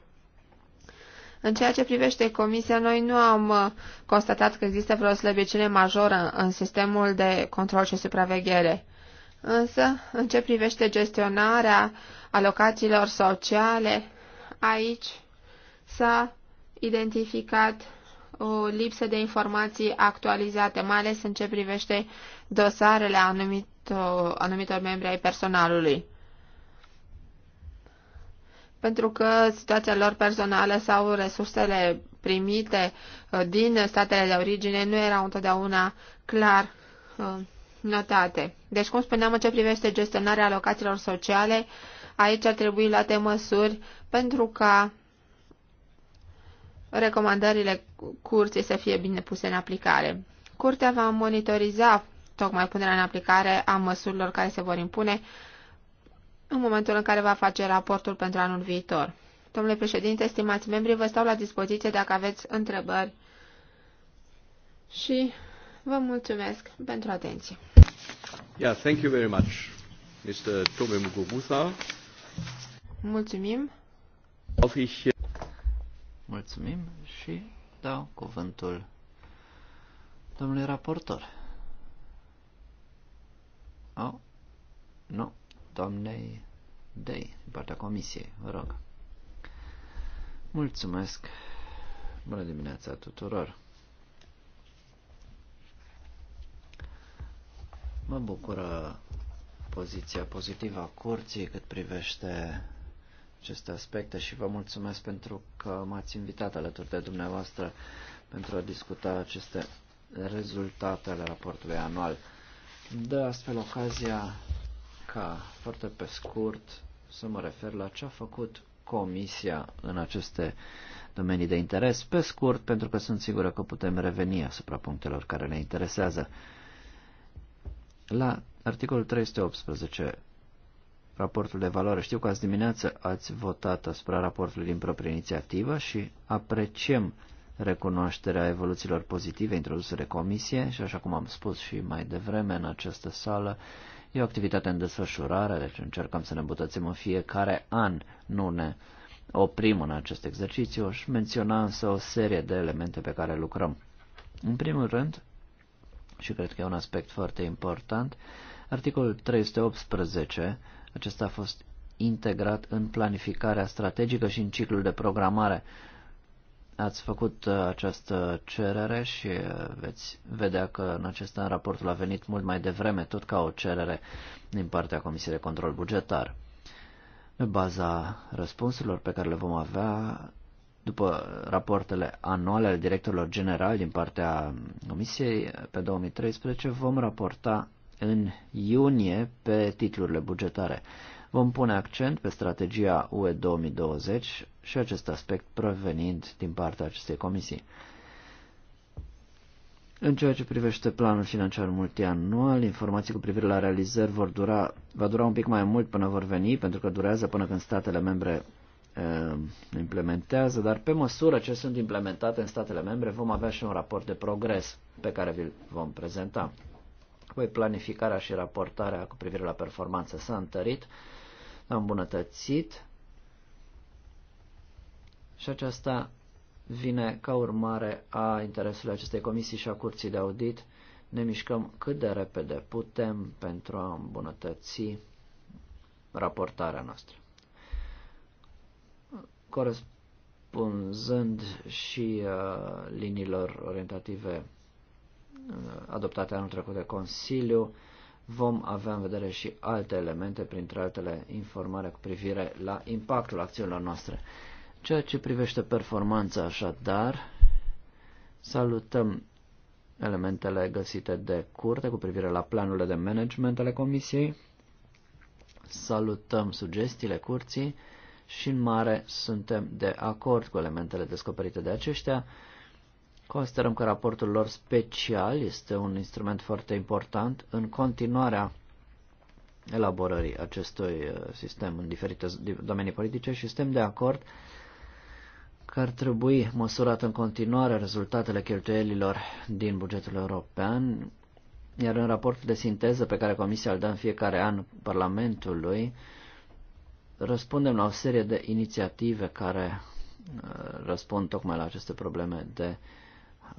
în ceea ce privește Comisia, noi nu am uh, constatat că există vreo slăbiciune majoră în sistemul de control și supraveghere. Însă, în ce privește gestionarea alocațiilor sociale, aici s-a identificat o lipsă de informații actualizate, mai ales în ce privește dosarele anumite. Uh, anumitor membri ai personalului pentru că situația lor personală sau resursele primite uh, din statele de origine nu erau întotdeauna clar uh, notate. Deci, cum spuneam, în ce privește gestionarea alocațiilor sociale, aici ar trebui luate măsuri pentru ca recomandările curții să fie bine puse în aplicare. Curtea va monitoriza tocmai punerea în aplicare a măsurilor care se vor impune în momentul în care va face raportul pentru anul viitor. Domnule președinte, stimați membri, vă stau la dispoziție dacă aveți întrebări și vă mulțumesc pentru atenție. Yeah, thank you very much, Mr. Tome Mugubuza. Mulțumim. Mulțumim și dau cuvântul domnului raportor. Oh, nu, doamnei Dei, din partea comisiei, vă rog. Mulțumesc. Bună dimineața tuturor. Mă bucură poziția pozitivă a curții cât privește aceste aspecte și vă mulțumesc pentru că m-ați invitat alături de dumneavoastră pentru a discuta aceste rezultate ale raportului anual dă astfel ocazia ca, foarte pe scurt, să mă refer la ce a făcut Comisia în aceste domenii de interes, pe scurt, pentru că sunt sigură că putem reveni asupra punctelor care ne interesează. La articolul 318, raportul de valoare, știu că azi dimineață ați votat asupra raportului din proprie inițiativă și apreciem recunoașterea evoluțiilor pozitive introduse de comisie și, așa cum am spus și mai devreme în această sală, e o activitate în desfășurare, deci încercăm să ne îmbutățim în fiecare an, nu ne oprim în acest exercițiu și menționa însă o serie de elemente pe care lucrăm. În primul rând, și cred că e un aspect foarte important, articolul 318, acesta a fost integrat în planificarea strategică și în ciclul de programare. Ați făcut uh, această cerere și uh, veți vedea că în acest an raportul a venit mult mai devreme, tot ca o cerere din partea Comisiei de Control Bugetar. Pe baza răspunsurilor pe care le vom avea după rapoartele anuale ale directorilor generali din partea Comisiei pe 2013, vom raporta în iunie pe titlurile bugetare. Vom pune accent pe strategia UE 2020 și acest aspect provenind din partea acestei comisii. În ceea ce privește planul financiar multianual, informații cu privire la realizări vor dura, va dura un pic mai mult până vor veni, pentru că durează până când statele membre uh, implementează, dar pe măsură ce sunt implementate în statele membre vom avea și un raport de progres pe care vi-l vom prezenta. Apoi planificarea și raportarea cu privire la performanță s-a întărit îmbunătățit și aceasta vine ca urmare a interesului acestei comisii și a curții de audit. Ne mișcăm cât de repede putem pentru a îmbunătăți raportarea noastră. Corespunzând și uh, liniilor orientative uh, adoptate anul trecut de Consiliu, vom avea în vedere și alte elemente, printre altele informare cu privire la impactul acțiunilor noastre. Ceea ce privește performanța, așadar, salutăm elementele găsite de curte cu privire la planurile de management ale comisiei, salutăm sugestiile curții și în mare suntem de acord cu elementele descoperite de aceștia, Considerăm că raportul lor special este un instrument foarte important în continuarea elaborării acestui uh, sistem în diferite domenii politice și suntem de acord că ar trebui măsurat în continuare rezultatele cheltuielilor din bugetul european, iar în raportul de sinteză pe care Comisia îl dă în fiecare an Parlamentului, răspundem la o serie de inițiative care uh, răspund tocmai la aceste probleme de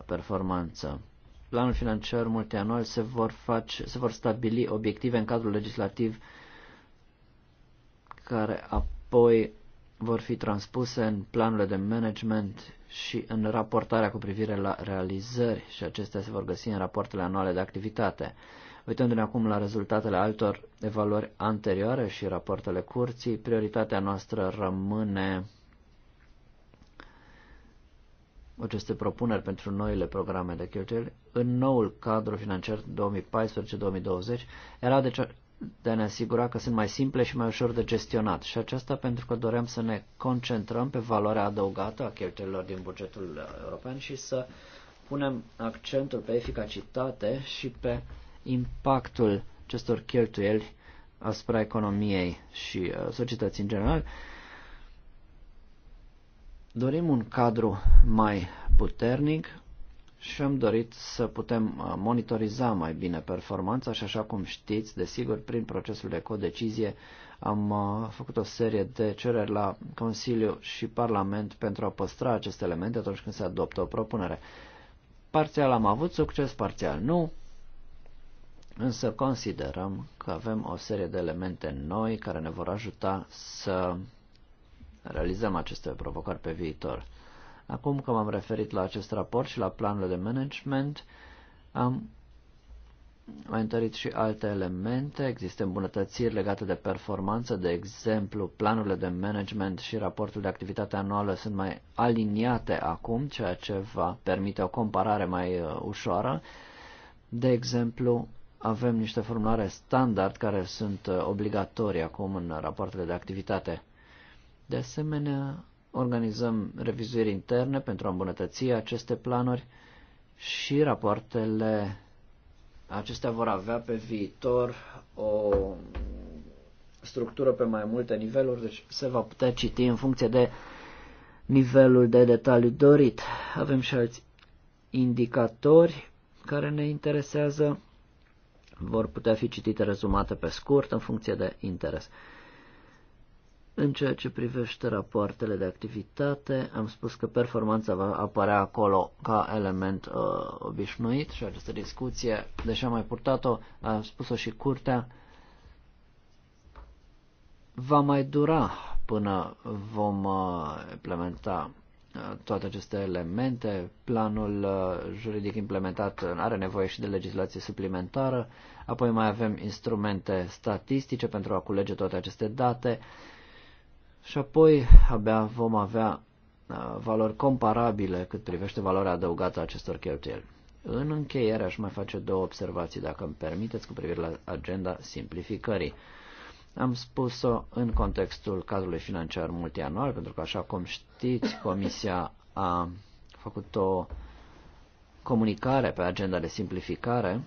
performanță. Planul financiar multianual se vor, face, se vor stabili obiective în cadrul legislativ care apoi vor fi transpuse în planurile de management și în raportarea cu privire la realizări și acestea se vor găsi în rapoartele anuale de activitate. Uitându-ne acum la rezultatele altor evaluări anterioare și rapoartele curții, prioritatea noastră rămâne aceste propuneri pentru noile programe de cheltuieli în noul cadru financiar 2014-2020 era deci de a ne asigura că sunt mai simple și mai ușor de gestionat. Și aceasta pentru că doream să ne concentrăm pe valoarea adăugată a cheltuielilor din bugetul uh, european și să punem accentul pe eficacitate și pe impactul acestor cheltuieli asupra economiei și uh, societății în general Dorim un cadru mai puternic și am dorit să putem uh, monitoriza mai bine performanța și așa cum știți, desigur, prin procesul de codecizie am uh, făcut o serie de cereri la Consiliu și Parlament pentru a păstra aceste elemente atunci când se adoptă o propunere. Parțial am avut succes, parțial nu, însă considerăm că avem o serie de elemente noi care ne vor ajuta să realizăm aceste provocări pe viitor. Acum că m-am referit la acest raport și la planurile de management, am mai întărit și alte elemente. Există îmbunătățiri legate de performanță, de exemplu, planurile de management și raportul de activitate anuală sunt mai aliniate acum, ceea ce va permite o comparare mai uh, ușoară. De exemplu, avem niște formulare standard care sunt uh, obligatorii acum în rapoartele de activitate. De asemenea, organizăm revizuiri interne pentru a îmbunătăți aceste planuri și rapoartele acestea vor avea pe viitor o structură pe mai multe niveluri, deci se va putea citi în funcție de nivelul de detaliu dorit. Avem și alți indicatori care ne interesează, vor putea fi citite rezumate pe scurt în funcție de interes. În ceea ce privește rapoartele de activitate, am spus că performanța va apărea acolo ca element uh, obișnuit și această discuție, deși am mai purtat-o, a spus-o și curtea, va mai dura până vom uh, implementa uh, toate aceste elemente. Planul uh, juridic implementat uh, are nevoie și de legislație suplimentară, apoi mai avem instrumente statistice pentru a culege toate aceste date și apoi abia vom avea uh, valori comparabile cât privește valoarea adăugată a acestor cheltuieli. În încheiere aș mai face două observații, dacă îmi permiteți, cu privire la agenda simplificării. Am spus-o în contextul cadrului financiar multianual, pentru că, așa cum știți, Comisia a făcut o comunicare pe agenda de simplificare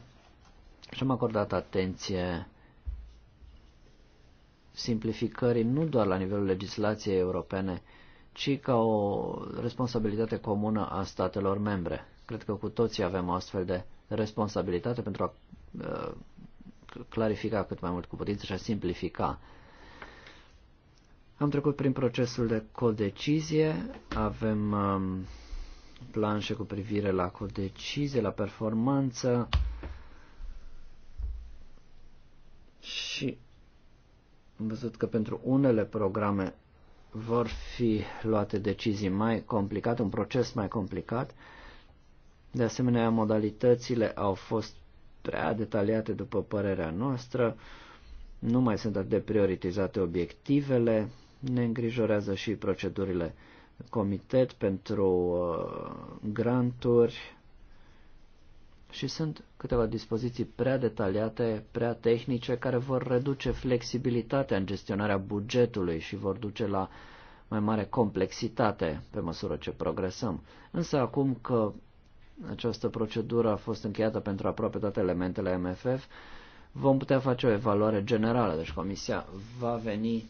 și am acordat atenție simplificării nu doar la nivelul legislației europene, ci ca o responsabilitate comună a statelor membre. Cred că cu toții avem o astfel de responsabilitate pentru a uh, clarifica cât mai mult cu putință și a simplifica. Am trecut prin procesul de codecizie, avem um, planșe cu privire la codecizie, la performanță și am văzut că pentru unele programe vor fi luate decizii mai complicate, un proces mai complicat. De asemenea, modalitățile au fost prea detaliate după părerea noastră, nu mai sunt atât de prioritizate obiectivele, ne îngrijorează și procedurile comitet pentru uh, granturi, și sunt câteva dispoziții prea detaliate, prea tehnice, care vor reduce flexibilitatea în gestionarea bugetului și vor duce la mai mare complexitate pe măsură ce progresăm. Însă acum că această procedură a fost încheiată pentru aproape toate elementele MFF, vom putea face o evaluare generală. Deci Comisia va veni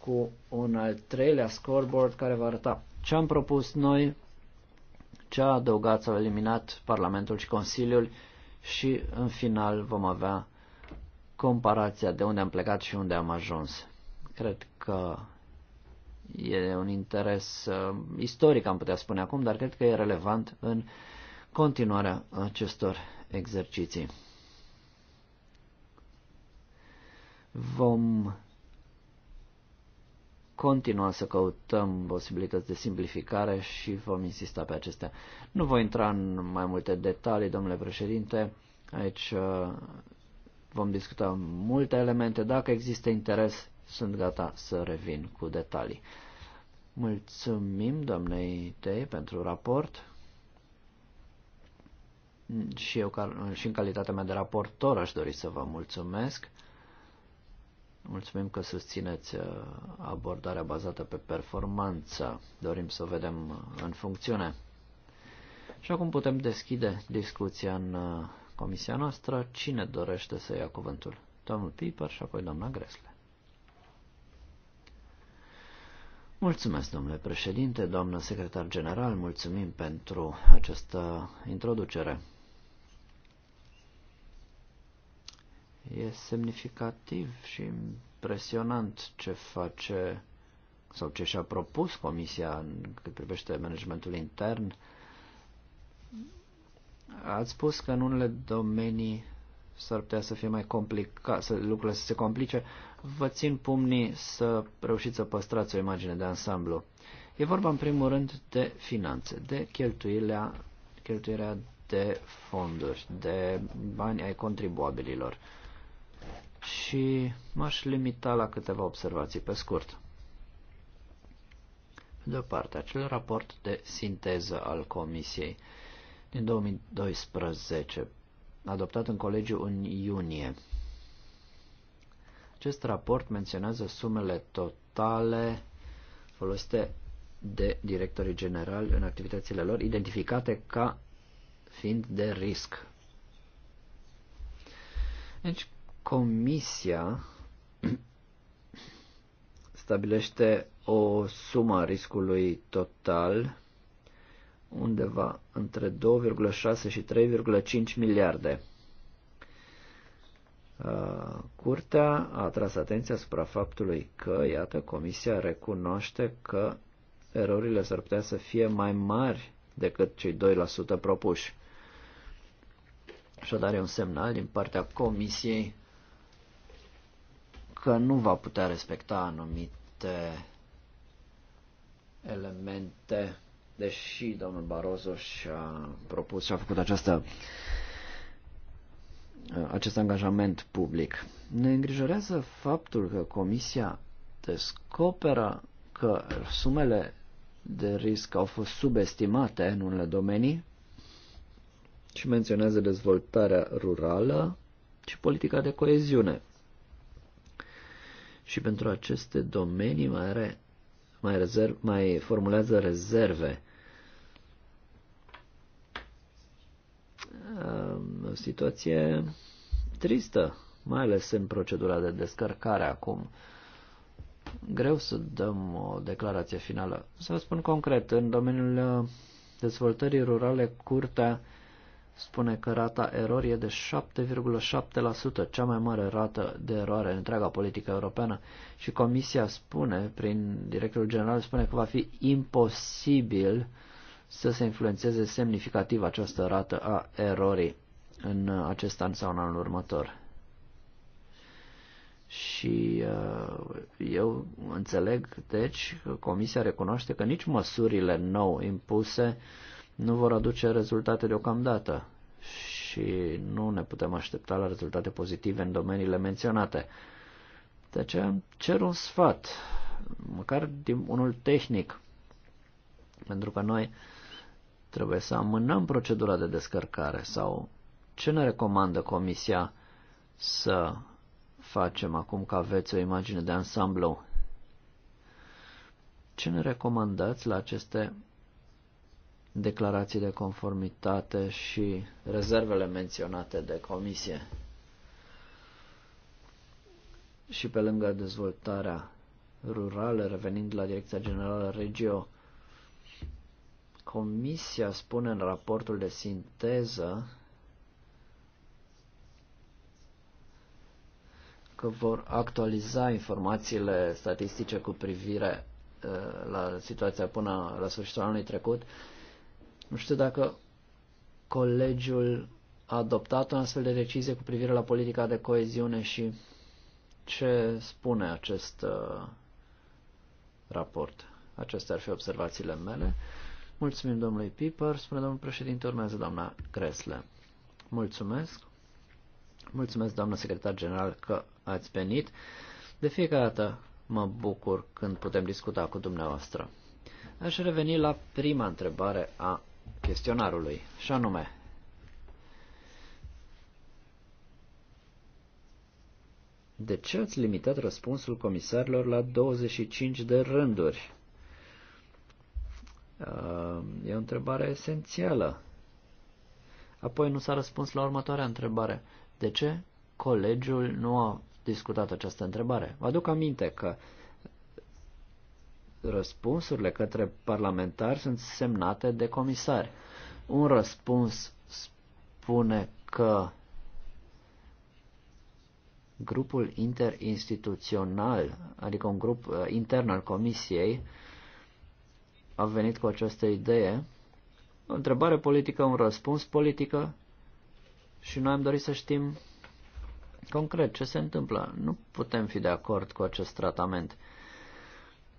cu un al treilea scoreboard care va arăta ce am propus noi, ce a adăugat sau eliminat Parlamentul și Consiliul și în final vom avea comparația de unde am plecat și unde am ajuns. Cred că e un interes uh, istoric, am putea spune acum, dar cred că e relevant în continuarea acestor exerciții. Vom continuăm să căutăm posibilități de simplificare și vom insista pe acestea. Nu voi intra în mai multe detalii, domnule președinte. Aici uh, vom discuta multe elemente. Dacă există interes, sunt gata să revin cu detalii. Mulțumim, doamnei Tei, pentru raport. Și eu, și în calitatea mea de raportor, aș dori să vă mulțumesc. Mulțumim că susțineți uh, abordarea bazată pe performanță. Dorim să o vedem uh, în funcțiune. Și acum putem deschide discuția în uh, comisia noastră. Cine dorește să ia cuvântul? Domnul Piper și apoi doamna Gresle. Mulțumesc, domnule președinte, doamnă secretar general, mulțumim pentru această introducere. E semnificativ și impresionant ce face sau ce și-a propus Comisia în cât privește managementul intern. Ați spus că în unele domenii s-ar putea să fie mai complicat, să lucrurile să se complice. Vă țin pumnii să reușiți să păstrați o imagine de ansamblu. E vorba în primul rând de finanțe, de cheltuirea, cheltuirea de fonduri, de bani ai contribuabililor și m-aș limita la câteva observații pe scurt. Pe de o parte, acel raport de sinteză al Comisiei din 2012, adoptat în colegiu în iunie. Acest raport menționează sumele totale folosite de directorii generali în activitățile lor, identificate ca fiind de risc. Deci, Comisia stabilește o sumă a riscului total undeva între 2,6 și 3,5 miliarde. Uh, curtea a atras atenția asupra faptului că, iată, Comisia recunoaște că erorile s-ar putea să fie mai mari decât cei 2% propuși. Așadar, e un semnal din partea Comisiei că nu va putea respecta anumite elemente, deși domnul Barozo și-a propus și a făcut această, acest angajament public. Ne îngrijorează faptul că Comisia descoperă că sumele de risc au fost subestimate în unele domenii și menționează dezvoltarea rurală și politica de coeziune și pentru aceste domenii mai, are, mai, rezerv, mai formulează rezerve. O situație tristă, mai ales în procedura de descărcare acum. Greu să dăm o declarație finală. Să vă spun concret, în domeniul uh, dezvoltării rurale, curtea spune că rata erorii e de 7,7%, cea mai mare rată de eroare în întreaga politică europeană și Comisia spune, prin directorul general, spune că va fi imposibil să se influențeze semnificativ această rată a erorii în acest an sau în anul următor. Și uh, eu înțeleg, deci, că Comisia recunoaște că nici măsurile nou impuse uh, nu vor aduce rezultate deocamdată și nu ne putem aștepta la rezultate pozitive în domeniile menționate. De aceea cer un sfat, măcar din unul tehnic, pentru că noi trebuie să amânăm procedura de descărcare sau ce ne recomandă Comisia să facem acum că aveți o imagine de ansamblu? Ce ne recomandați la aceste declarații de conformitate și rezervele menționate de comisie. Și pe lângă dezvoltarea rurală, revenind la Direcția Generală Regio, Comisia spune în raportul de sinteză că vor actualiza informațiile statistice cu privire uh, la situația până la sfârșitul anului trecut nu știu dacă colegiul a adoptat o astfel de decizie cu privire la politica de coeziune și ce spune acest uh, raport. Acestea ar fi observațiile mele. Mulțumim domnului Piper. Spune domnul președinte, urmează doamna Cresle. Mulțumesc. Mulțumesc, doamnă secretar general, că ați venit. De fiecare dată mă bucur când putem discuta cu dumneavoastră. Aș reveni la prima întrebare a chestionarului, și anume, de ce ați limitat răspunsul comisarilor la 25 de rânduri? Uh, e o întrebare esențială. Apoi nu s-a răspuns la următoarea întrebare. De ce colegiul nu a discutat această întrebare? Vă aduc aminte că răspunsurile către parlamentari sunt semnate de comisari. Un răspuns spune că grupul interinstituțional, adică un grup uh, intern al comisiei, a venit cu această idee. O întrebare politică, un răspuns politică și noi am dorit să știm concret ce se întâmplă. Nu putem fi de acord cu acest tratament.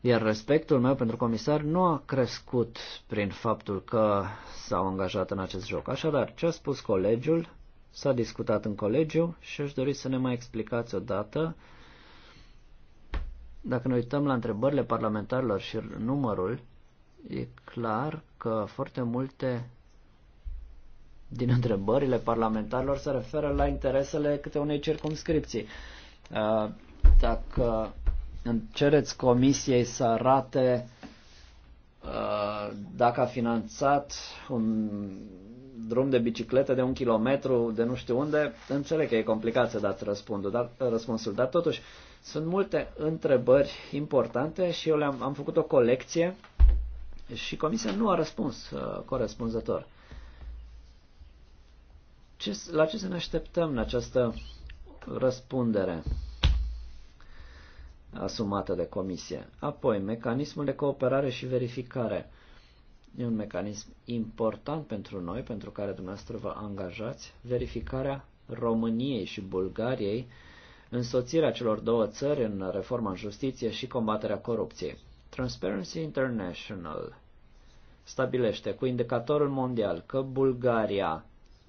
Iar respectul meu pentru comisar nu a crescut prin faptul că s-au angajat în acest joc. Așadar, ce a spus colegiul s-a discutat în colegiu și aș dori să ne mai explicați odată dacă ne uităm la întrebările parlamentarilor și numărul, e clar că foarte multe din întrebările parlamentarilor se referă la interesele câte unei circumscripții. Uh, dacă cereți comisiei să arate uh, dacă a finanțat un drum de bicicletă de un kilometru de nu știu unde, înțeleg că e complicat să dați răspundul, dar, răspunsul, dar totuși sunt multe întrebări importante și eu le-am am făcut o colecție și comisia nu a răspuns uh, corespunzător. Ce, la ce să ne așteptăm în această răspundere? asumată de comisie. Apoi, mecanismul de cooperare și verificare. E un mecanism important pentru noi, pentru care dumneavoastră vă angajați, verificarea României și Bulgariei, însoțirea celor două țări în reforma în justiție și combaterea corupției. Transparency International stabilește cu indicatorul mondial că Bulgaria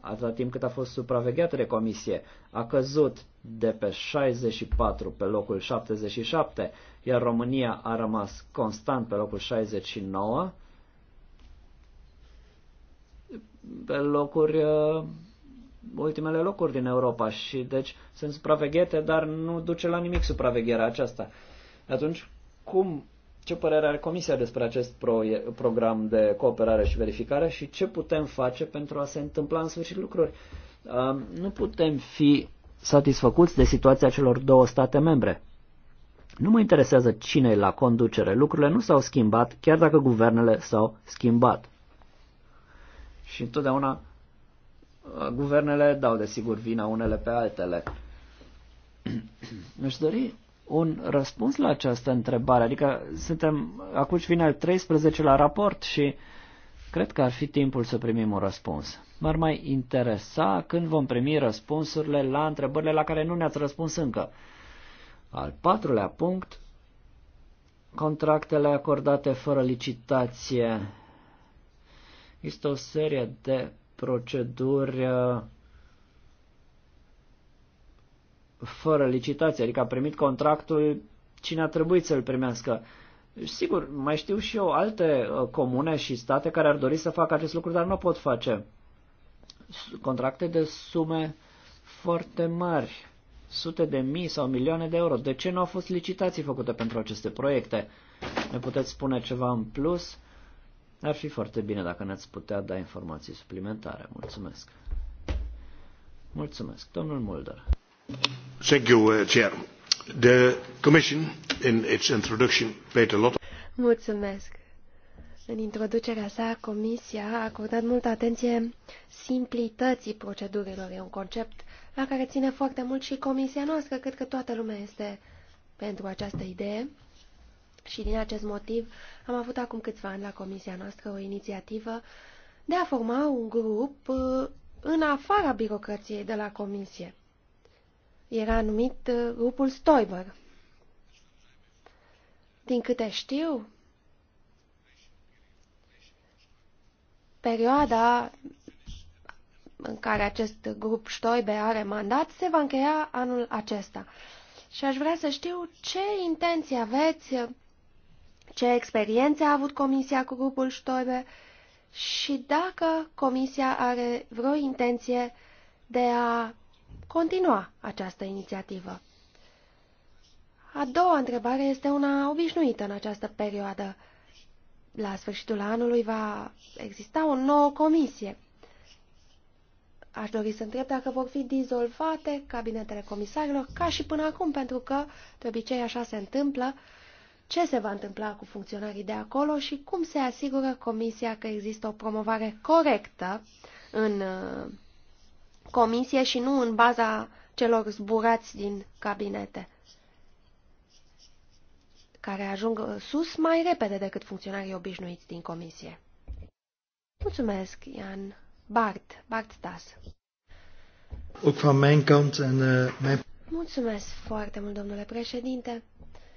atâta timp cât a fost supravegheată de comisie, a căzut de pe 64 pe locul 77, iar România a rămas constant pe locul 69, pe locuri, uh, ultimele locuri din Europa și deci sunt supraveghete, dar nu duce la nimic supravegherea aceasta. Atunci, cum ce părere are Comisia despre acest pro program de cooperare și verificare și ce putem face pentru a se întâmpla în sfârșit lucruri. Um, nu putem fi satisfăcuți de situația celor două state membre. Nu mă interesează cine e la conducere, lucrurile nu s-au schimbat, chiar dacă guvernele s-au schimbat. Și întotdeauna uh, guvernele dau desigur vina unele pe altele. Aș dori un răspuns la această întrebare. Adică suntem, acum vine al 13 la raport și cred că ar fi timpul să primim un răspuns. M-ar mai interesa când vom primi răspunsurile la întrebările la care nu ne-ați răspuns încă. Al patrulea punct, contractele acordate fără licitație. Este o serie de proceduri uh, fără licitație, adică a primit contractul cine a trebuit să-l primească. Sigur, mai știu și eu alte uh, comune și state care ar dori să facă acest lucru, dar nu pot face. Contracte de sume foarte mari, sute de mii sau milioane de euro. De ce nu au fost licitații făcute pentru aceste proiecte? Ne puteți spune ceva în plus? Ar fi foarte bine dacă ne-ați putea da informații suplimentare. Mulțumesc. Mulțumesc. Domnul Mulder. Uh, The Commission, in its introduction, a lot Mulțumesc. În introducerea sa, Comisia a acordat multă atenție simplității procedurilor. E un concept la care ține foarte mult și Comisia noastră. Cred că toată lumea este pentru această idee. Și din acest motiv am avut acum câțiva ani la Comisia noastră o inițiativă de a forma un grup uh, în afara birocrației de la Comisie. Era numit uh, grupul Stoiber. Din câte știu, perioada în care acest grup Stoibe are mandat se va încheia anul acesta. Și aș vrea să știu ce intenții aveți, ce experiențe a avut Comisia cu grupul Stoibe și dacă Comisia are vreo intenție de a continua această inițiativă. A doua întrebare este una obișnuită în această perioadă. La sfârșitul anului va exista o nouă comisie. Aș dori să întreb dacă vor fi dizolvate cabinetele comisarilor, ca și până acum, pentru că, de obicei, așa se întâmplă, ce se va întâmpla cu funcționarii de acolo și cum se asigură comisia că există o promovare corectă în uh, comisie și nu în baza celor zburați din cabinete, care ajung sus mai repede decât funcționarii obișnuiți din comisie. Mulțumesc, Ian. Bart, Bart Stas. Mulțumesc foarte mult, domnule președinte.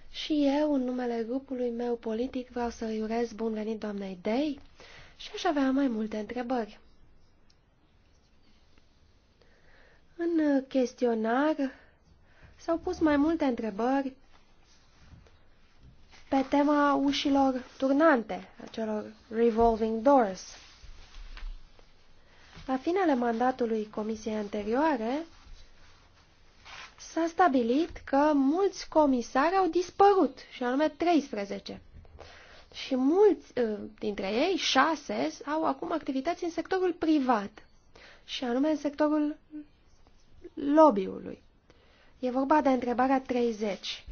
Și eu, în numele grupului meu politic, vreau să-i urez bun venit doamnei Dei și aș avea mai multe întrebări. În uh, chestionar s-au pus mai multe întrebări pe tema ușilor turnante, acelor revolving doors. La finele mandatului comisiei anterioare, s-a stabilit că mulți comisari au dispărut, și anume 13. Și mulți uh, dintre ei, șase, au acum activități în sectorul privat, și anume în sectorul lobby-ului. E vorba de întrebarea 30.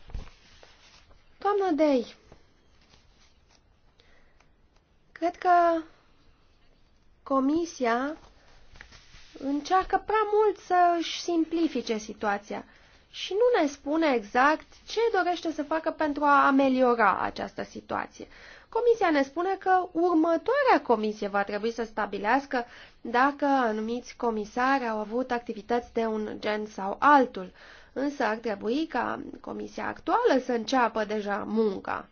Doamnă Dei, cred că comisia încearcă prea mult să își simplifice situația și nu ne spune exact ce dorește să facă pentru a ameliora această situație. Comisia ne spune că următoarea comisie va trebui să stabilească dacă anumiți comisari au avut activități de un gen sau altul, însă ar trebui ca comisia actuală să înceapă deja munca.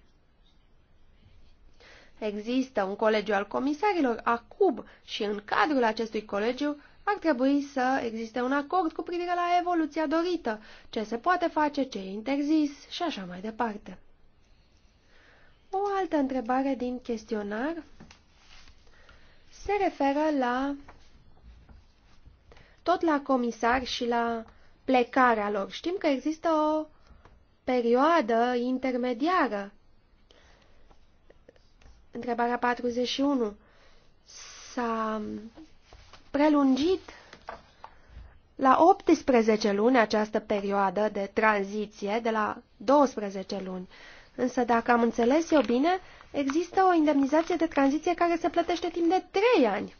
Există un colegiu al comisarilor acum și în cadrul acestui colegiu ar trebui să existe un acord cu privire la evoluția dorită, ce se poate face, ce e interzis și așa mai departe. O altă întrebare din chestionar se referă la tot la comisar și la plecarea lor. Știm că există o perioadă intermediară. Întrebarea 41. S-a prelungit la 18 luni această perioadă de tranziție, de la 12 luni. Însă, dacă am înțeles eu bine, există o indemnizație de tranziție care se plătește timp de trei ani.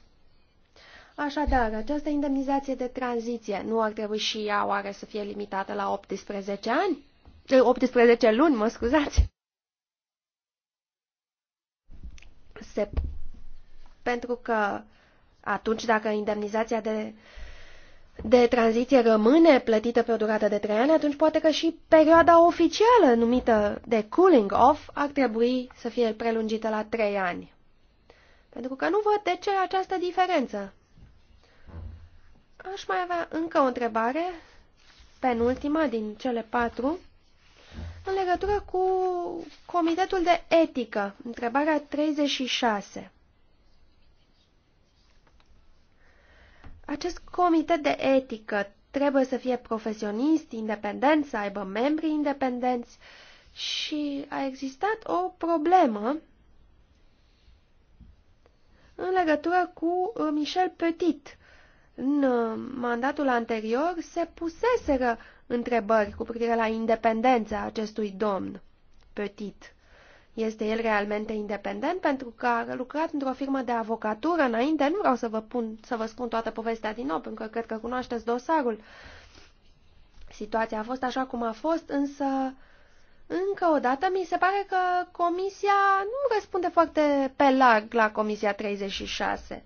Așadar, această indemnizație de tranziție nu ar trebui și ea oare să fie limitată la 18 ani? 18 eh, luni, mă scuzați. Se... Pentru că atunci dacă indemnizația de de tranziție rămâne plătită pe o durată de trei ani, atunci poate că și perioada oficială numită de cooling off ar trebui să fie prelungită la trei ani. Pentru că nu văd de ce această diferență. Aș mai avea încă o întrebare, penultima din cele patru, în legătură cu Comitetul de Etică, întrebarea 36. Acest comitet de etică trebuie să fie profesionist, independent, să aibă membri independenți și a existat o problemă în legătură cu uh, Michel Petit. În uh, mandatul anterior se puseseră întrebări cu privire la independența acestui domn Petit. Este el realmente independent? Pentru că a lucrat într-o firmă de avocatură înainte. Nu vreau să vă, pun, să vă spun toată povestea din nou, pentru că cred că cunoașteți dosarul. Situația a fost așa cum a fost, însă încă o dată mi se pare că comisia nu răspunde foarte pe larg la comisia 36.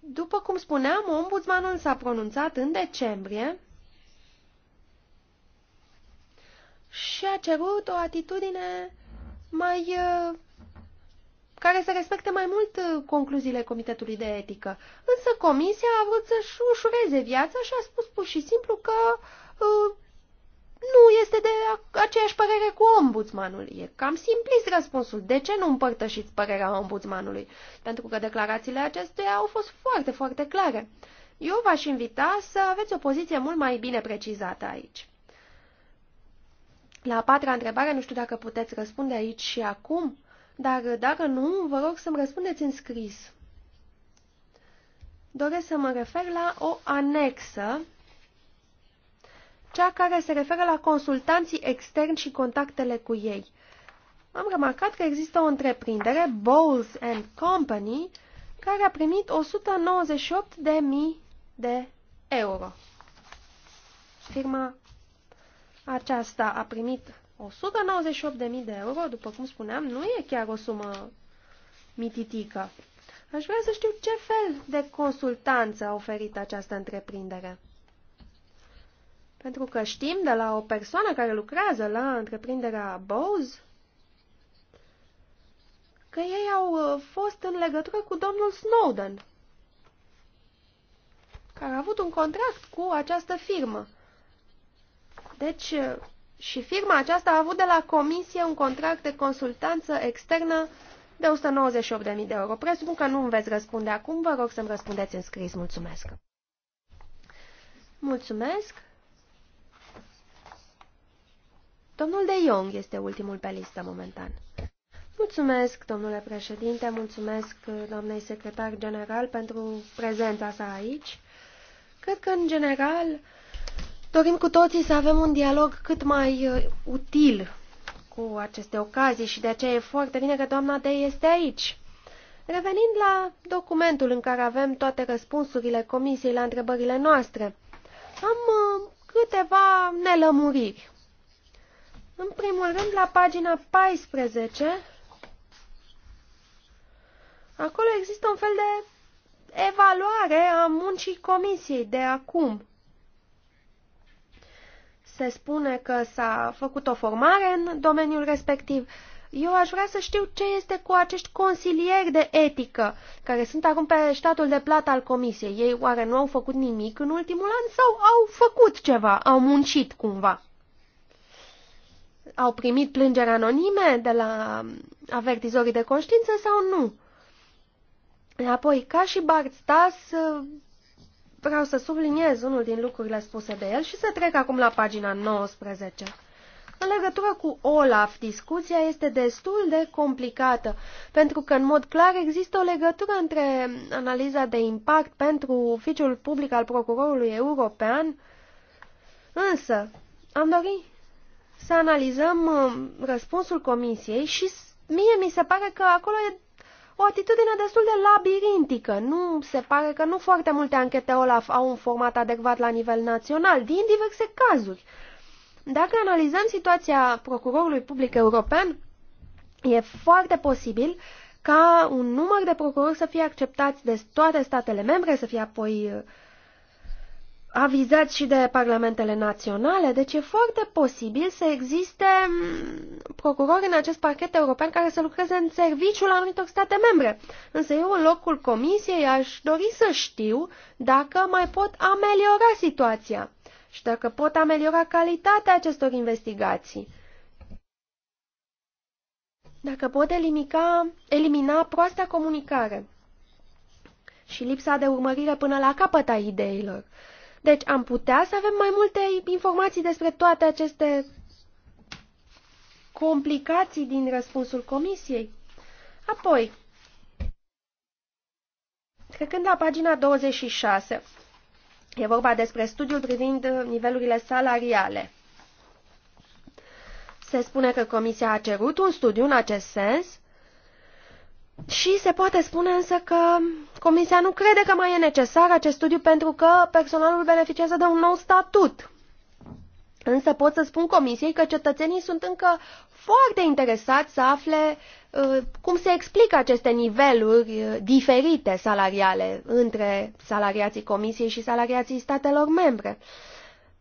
După cum spuneam, ombudsmanul s-a pronunțat în decembrie și a cerut o atitudine mai uh, care să respecte mai mult uh, concluziile Comitetului de Etică. Însă comisia a vrut să-și ușureze viața și a spus pur și simplu că uh, nu este de aceeași părere cu ombudsmanul. E cam simplist răspunsul. De ce nu împărtășiți părerea ombudsmanului? Pentru că declarațiile acestuia au fost foarte, foarte clare. Eu v-aș invita să aveți o poziție mult mai bine precizată aici. La a patra întrebare, nu știu dacă puteți răspunde aici și acum, dar dacă nu, vă rog să-mi răspundeți în scris. Doresc să mă refer la o anexă, cea care se referă la consultanții externi și contactele cu ei. Am remarcat că există o întreprindere, Bowles and Company, care a primit 198.000 de euro. Firma aceasta a primit 198.000 de euro, după cum spuneam, nu e chiar o sumă mititică. Aș vrea să știu ce fel de consultanță a oferit această întreprindere. Pentru că știm de la o persoană care lucrează la întreprinderea Bose că ei au uh, fost în legătură cu domnul Snowden, care a avut un contract cu această firmă. Deci, uh, și firma aceasta a avut de la comisie un contract de consultanță externă de 198.000 de euro. Presupun că nu îmi veți răspunde acum, vă rog să-mi răspundeți în scris. Mulțumesc! Mulțumesc! Domnul De Jong este ultimul pe listă momentan. Mulțumesc, domnule președinte, mulțumesc uh, doamnei secretar general pentru prezența sa aici. Cred că, în general, Dorim cu toții să avem un dialog cât mai uh, util cu aceste ocazii și de aceea e foarte bine că doamna Dei este aici. Revenind la documentul în care avem toate răspunsurile comisiei la întrebările noastre, am uh, câteva nelămuriri. În primul rând, la pagina 14, acolo există un fel de evaluare a muncii comisiei de acum se spune că s-a făcut o formare în domeniul respectiv. Eu aș vrea să știu ce este cu acești consilieri de etică care sunt acum pe statul de plată al comisiei. Ei oare nu au făcut nimic în ultimul an sau au făcut ceva, au muncit cumva? Au primit plângeri anonime de la avertizorii de conștiință sau nu? Apoi, ca și Bart Stas, vreau să subliniez unul din lucrurile spuse de el și să trec acum la pagina 19. În legătură cu Olaf, discuția este destul de complicată, pentru că în mod clar există o legătură între analiza de impact pentru oficiul public al procurorului european, însă am dorit să analizăm uh, răspunsul comisiei și mie mi se pare că acolo e o atitudine destul de labirintică. Nu se pare că nu foarte multe anchete OLAF au un format adecvat la nivel național, din diverse cazuri. Dacă analizăm situația procurorului public european, e foarte posibil ca un număr de procurori să fie acceptați de toate statele membre, să fie apoi uh, avizați și de parlamentele naționale, deci e foarte posibil să existe mm, procurori în acest parchet european care să lucreze în serviciul anumitor state membre. Însă eu, în locul comisiei, aș dori să știu dacă mai pot ameliora situația și dacă pot ameliora calitatea acestor investigații. Dacă pot elimina, elimina proasta comunicare și lipsa de urmărire până la capăt a ideilor. Deci am putea să avem mai multe informații despre toate aceste complicații din răspunsul comisiei. Apoi, trecând la pagina 26, e vorba despre studiul privind nivelurile salariale. Se spune că Comisia a cerut un studiu în acest sens și se poate spune însă că Comisia nu crede că mai e necesar acest studiu pentru că personalul beneficiază de un nou statut. Însă pot să spun Comisiei că cetățenii sunt încă foarte interesați să afle uh, cum se explică aceste niveluri uh, diferite salariale între salariații Comisiei și salariații statelor membre.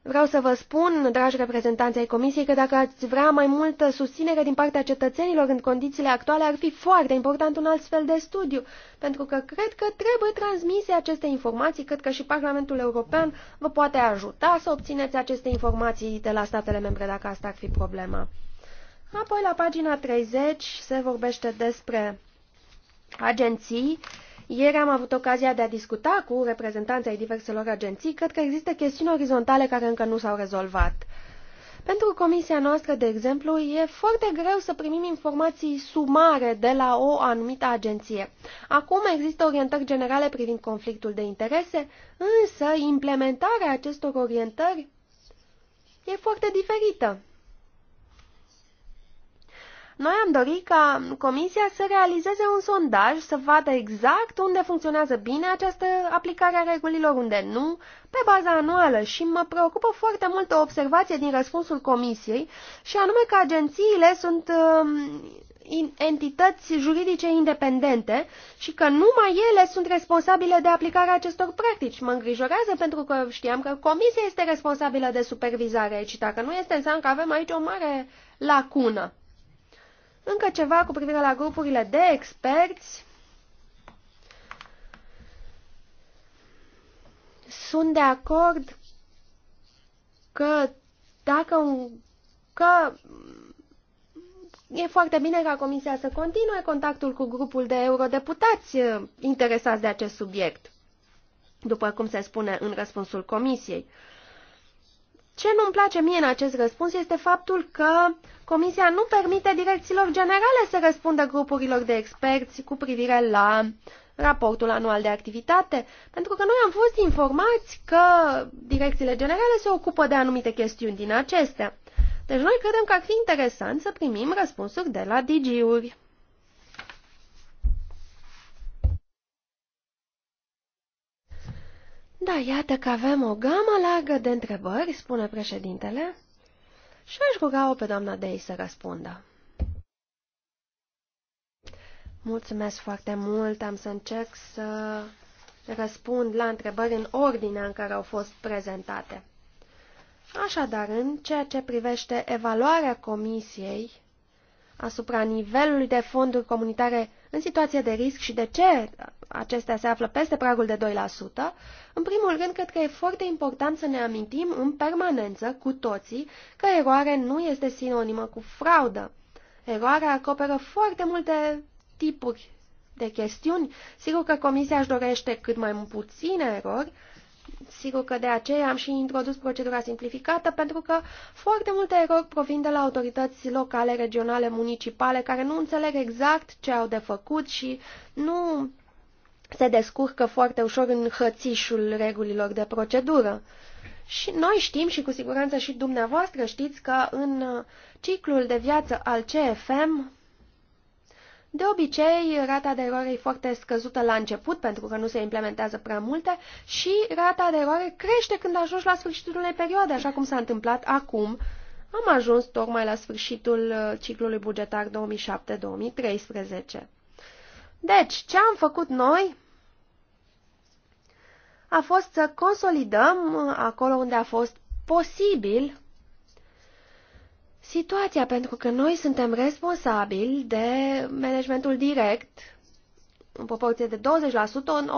Vreau să vă spun, dragi reprezentanți ai Comisiei, că dacă ați vrea mai multă susținere din partea cetățenilor în condițiile actuale, ar fi foarte important un alt fel de studiu, pentru că cred că trebuie transmise aceste informații, cred că și Parlamentul European vă poate ajuta să obțineți aceste informații de la statele membre, dacă asta ar fi problema. Apoi, la pagina 30 se vorbește despre agenții ieri am avut ocazia de a discuta cu reprezentanții ai diverselor agenții. Cred că există chestiuni orizontale care încă nu s-au rezolvat. Pentru comisia noastră, de exemplu, e foarte greu să primim informații sumare de la o anumită agenție. Acum există orientări generale privind conflictul de interese, însă implementarea acestor orientări e foarte diferită. Noi am dorit ca Comisia să realizeze un sondaj, să vadă exact unde funcționează bine această aplicare a regulilor, unde nu, pe baza anuală și mă preocupă foarte mult o observație din răspunsul Comisiei și anume că agențiile sunt uh, entități juridice independente și că numai ele sunt responsabile de aplicarea acestor practici. Mă îngrijorează pentru că știam că Comisia este responsabilă de supervizare și dacă nu este înseamnă că avem aici o mare lacună. Încă ceva cu privire la grupurile de experți. Sunt de acord că dacă un, că e foarte bine ca Comisia să continue contactul cu grupul de eurodeputați uh, interesați de acest subiect, după cum se spune în răspunsul Comisiei. Uh, ce nu-mi place mie în acest răspuns este faptul că Comisia nu permite direcțiilor generale să răspundă grupurilor de experți cu privire la raportul anual de activitate, pentru că noi am fost informați că direcțiile generale se ocupă de anumite chestiuni din acestea. Deci noi credem că ar fi interesant să primim răspunsuri de la DG-uri. Da, iată că avem o gamă largă de întrebări, spune președintele, și aș ruga-o pe doamna Dei să răspundă. Mulțumesc foarte mult, am să încerc să răspund la întrebări în ordinea în care au fost prezentate. Așadar, în ceea ce privește evaluarea comisiei asupra nivelului de fonduri comunitare în situație de risc și de ce acestea se află peste pragul de 2%, în primul rând cred că e foarte important să ne amintim în permanență cu toții că eroare nu este sinonimă cu fraudă. Eroarea acoperă foarte multe tipuri de chestiuni. Sigur că Comisia își dorește cât mai puține erori, Sigur că de aceea am și introdus procedura simplificată, pentru că foarte multe erori provin de la autorități locale, regionale, municipale, care nu înțeleg exact ce au de făcut și nu se descurcă foarte ușor în hățișul regulilor de procedură. Și noi știm și cu siguranță și dumneavoastră știți că în ciclul de viață al CFM de obicei, rata de eroare e foarte scăzută la început, pentru că nu se implementează prea multe, și rata de eroare crește când ajungi la sfârșitul unei perioade, așa cum s-a întâmplat acum. Am ajuns tocmai la sfârșitul uh, ciclului bugetar 2007-2013. Deci, ce am făcut noi a fost să consolidăm uh, acolo unde a fost posibil situația, pentru că noi suntem responsabili de managementul direct, în proporție de 20%, în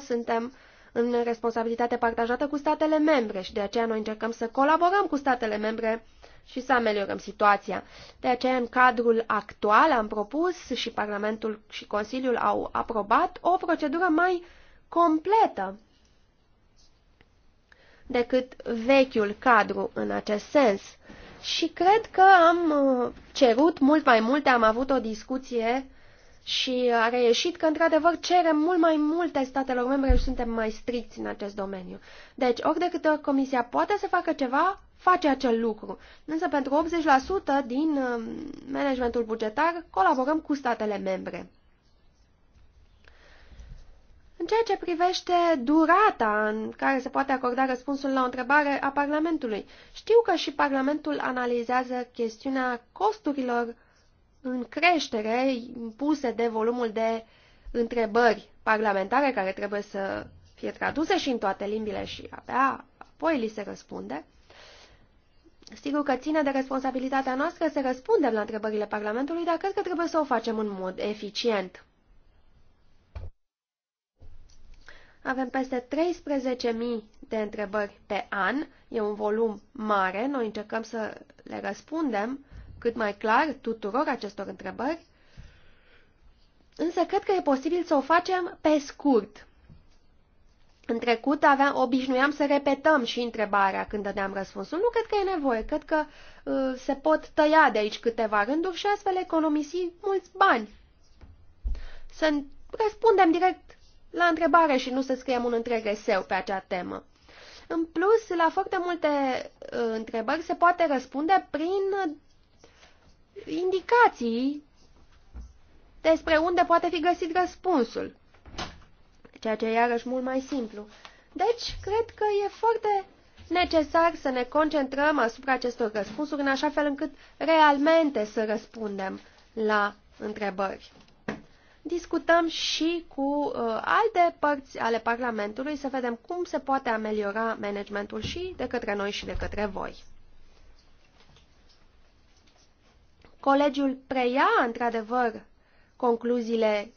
80% suntem în responsabilitate partajată cu statele membre și de aceea noi încercăm să colaborăm cu statele membre și să ameliorăm situația. De aceea, în cadrul actual, am propus și Parlamentul și Consiliul au aprobat o procedură mai completă decât vechiul cadru în acest sens și cred că am uh, cerut mult mai multe, am avut o discuție și a reieșit că, într-adevăr, cerem mult mai multe statelor membre și suntem mai stricți în acest domeniu. Deci, ori de câte ori Comisia poate să facă ceva, face acel lucru. Însă, pentru 80% din uh, managementul bugetar, colaborăm cu statele membre. În ceea ce privește durata în care se poate acorda răspunsul la o întrebare a Parlamentului, știu că și Parlamentul analizează chestiunea costurilor în creștere impuse de volumul de întrebări parlamentare care trebuie să fie traduse și în toate limbile și abia apoi li se răspunde. Sigur că ține de responsabilitatea noastră să răspundem la întrebările Parlamentului, dar cred că trebuie să o facem în mod eficient. Avem peste 13.000 de întrebări pe an, e un volum mare, noi încercăm să le răspundem cât mai clar tuturor acestor întrebări, însă cred că e posibil să o facem pe scurt. În trecut aveam, obișnuiam să repetăm și întrebarea când dădeam răspunsul. Nu cred că e nevoie, cred că uh, se pot tăia de aici câteva rânduri și astfel economisi mulți bani. Să răspundem direct la întrebare și nu să scriem un întreg eseu pe acea temă. În plus, la foarte multe uh, întrebări se poate răspunde prin indicații despre unde poate fi găsit răspunsul, ceea ce e iarăși mult mai simplu. Deci, cred că e foarte necesar să ne concentrăm asupra acestor răspunsuri în așa fel încât realmente să răspundem la întrebări discutăm și cu uh, alte părți ale Parlamentului să vedem cum se poate ameliora managementul și de către noi și de către voi. Colegiul preia, într-adevăr, concluziile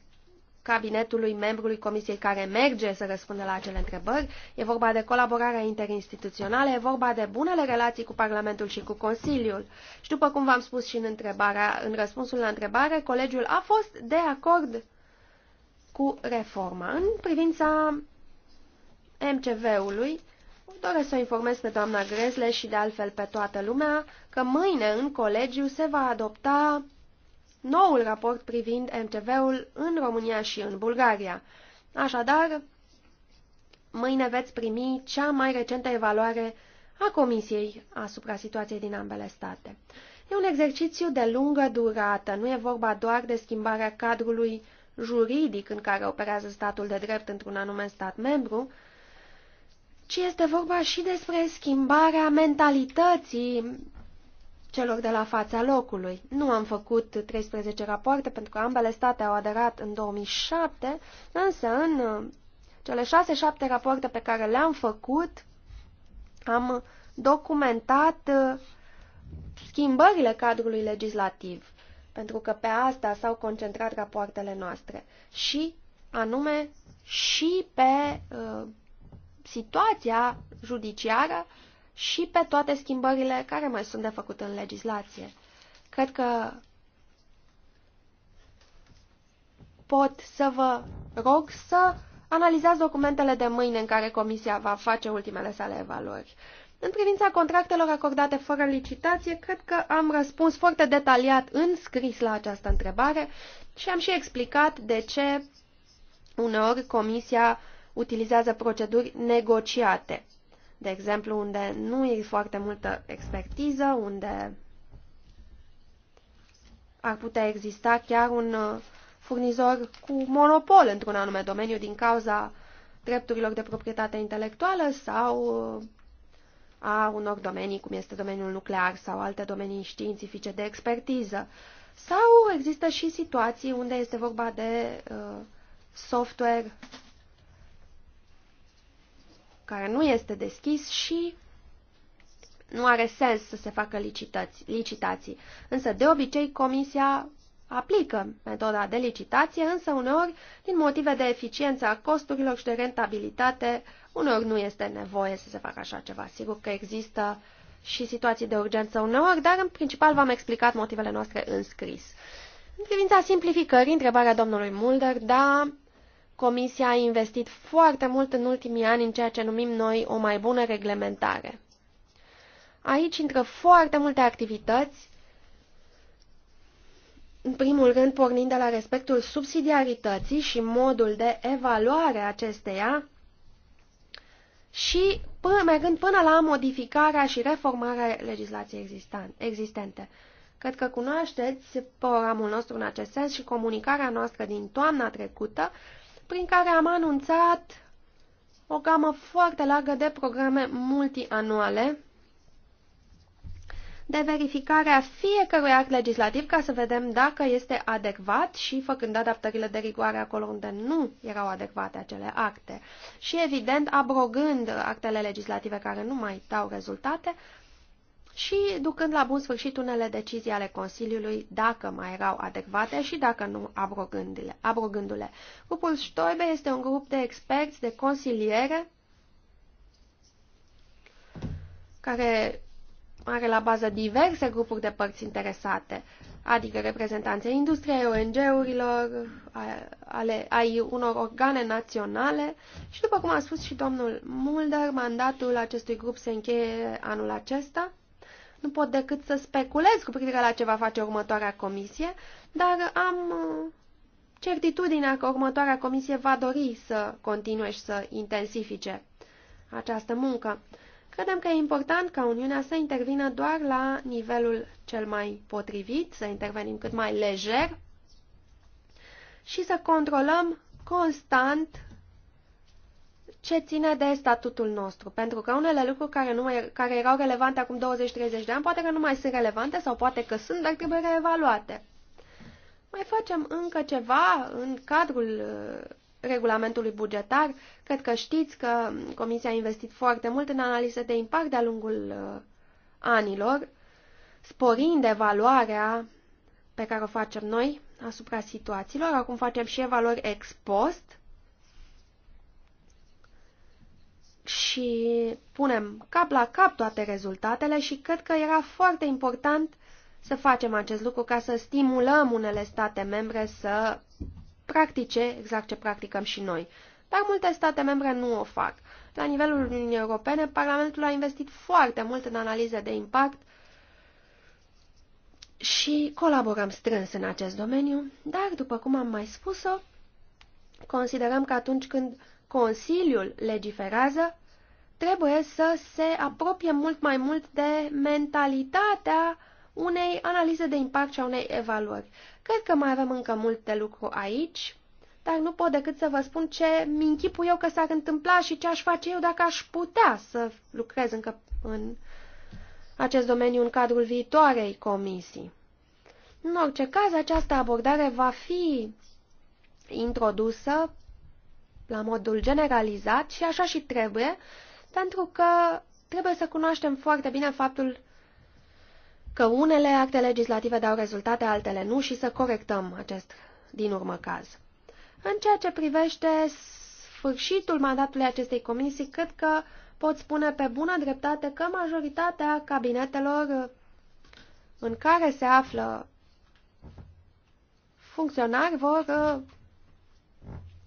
cabinetului membrului comisiei care merge să răspundă la acele întrebări. E vorba de colaborarea interinstituțională, e vorba de bunele relații cu Parlamentul și cu Consiliul. Și după cum v-am spus și în, întrebarea, în răspunsul la întrebare, colegiul a fost de acord cu reforma. În privința MCV-ului, doresc să o informez pe doamna Grezle și de altfel pe toată lumea că mâine în colegiu se va adopta noul raport privind MTV-ul în România și în Bulgaria. Așadar, mâine veți primi cea mai recentă evaluare a Comisiei asupra situației din ambele state. E un exercițiu de lungă durată, nu e vorba doar de schimbarea cadrului juridic în care operează statul de drept într-un anume stat membru, ci este vorba și despre schimbarea mentalității celor de la fața locului. Nu am făcut 13 rapoarte pentru că ambele state au aderat în 2007, însă în uh, cele 6-7 rapoarte pe care le-am făcut am documentat uh, schimbările cadrului legislativ, pentru că pe asta s-au concentrat rapoartele noastre și anume și pe uh, situația judiciară uh, și pe toate schimbările care mai sunt de făcut în legislație. Cred că pot să vă rog să analizați documentele de mâine în care Comisia va face ultimele sale evaluări. În privința contractelor acordate fără licitație, cred că am răspuns foarte detaliat în scris la această întrebare și am și explicat de ce uneori Comisia utilizează proceduri negociate de exemplu, unde nu e foarte multă expertiză, unde ar putea exista chiar un uh, furnizor cu monopol într-un anume domeniu din cauza drepturilor de proprietate intelectuală sau uh, a unor domenii, cum este domeniul nuclear sau alte domenii științifice de expertiză. Sau există și situații unde este vorba de uh, software care nu este deschis și nu are sens să se facă licitați, licitații. Însă, de obicei, comisia aplică metoda de licitație, însă uneori, din motive de eficiență a costurilor și de rentabilitate, uneori nu este nevoie să se facă așa ceva. Sigur că există și situații de urgență uneori, dar în principal v-am explicat motivele noastre în scris. În privința simplificării, întrebarea domnului Mulder, da, Comisia a investit foarte mult în ultimii ani în ceea ce numim noi o mai bună reglementare. Aici intră foarte multe activități, în primul rând pornind de la respectul subsidiarității și modul de evaluare acesteia și până, mergând până la modificarea și reformarea legislației existente. Cred că cunoașteți programul nostru în acest sens și comunicarea noastră din toamna trecută, uh, prin care am anunțat o gamă foarte largă de programe multianuale de verificare a fiecărui act legislativ ca să vedem dacă este adecvat și făcând adaptările de rigoare acolo unde nu erau adecvate acele acte. Și evident, abrogând actele legislative care nu mai dau rezultate, și ducând la bun sfârșit unele decizii ale Consiliului, dacă mai erau adecvate și dacă nu, abrogându-le. Grupul Stoibe este un grup de experți, de consiliere, care are la bază diverse grupuri de părți interesate, adică reprezentanții industriei, ONG-urilor, ale, ai unor organe naționale și, după cum a spus și domnul Mulder, mandatul acestui grup se încheie anul acesta nu pot decât să speculez cu privire la ce va face următoarea comisie, dar am uh, certitudinea că următoarea comisie va dori să continue și să intensifice această muncă. Credem că e important ca Uniunea să intervină doar la nivelul cel mai potrivit, să intervenim cât mai lejer și să controlăm constant ce ține de statutul nostru, pentru că unele lucruri care, nu mai, care erau relevante acum 20-30 de ani poate că nu mai sunt relevante sau poate că sunt, dar trebuie reevaluate. Mai facem încă ceva în cadrul uh, regulamentului bugetar. Cred că știți că Comisia a investit foarte mult în analize de impact de-a lungul uh, anilor, sporind evaluarea pe care o facem noi asupra situațiilor. Acum facem și evaluări ex post și punem cap la cap toate rezultatele și cred că era foarte important să facem acest lucru ca să stimulăm unele state membre să practice exact ce practicăm și noi. Dar multe state membre nu o fac. La nivelul Uniunii Europene, Parlamentul a investit foarte mult în analize de impact și colaborăm strâns în acest domeniu, dar, după cum am mai spus-o, considerăm că atunci când Consiliul legiferează, trebuie să se apropie mult mai mult de mentalitatea unei analize de impact și a unei evaluări. Cred că mai avem încă mult de lucru aici, dar nu pot decât să vă spun ce mi închipu eu că s-ar întâmpla și ce aș face eu dacă aș putea să lucrez încă în acest domeniu în cadrul viitoarei comisii. În orice caz, această abordare va fi introdusă la modul generalizat și așa și trebuie, pentru că trebuie să cunoaștem foarte bine faptul că unele acte legislative dau rezultate, altele nu și să corectăm acest din urmă caz. În ceea ce privește sfârșitul mandatului acestei comisii, cred că pot spune pe bună dreptate că majoritatea cabinetelor în care se află funcționari vor uh,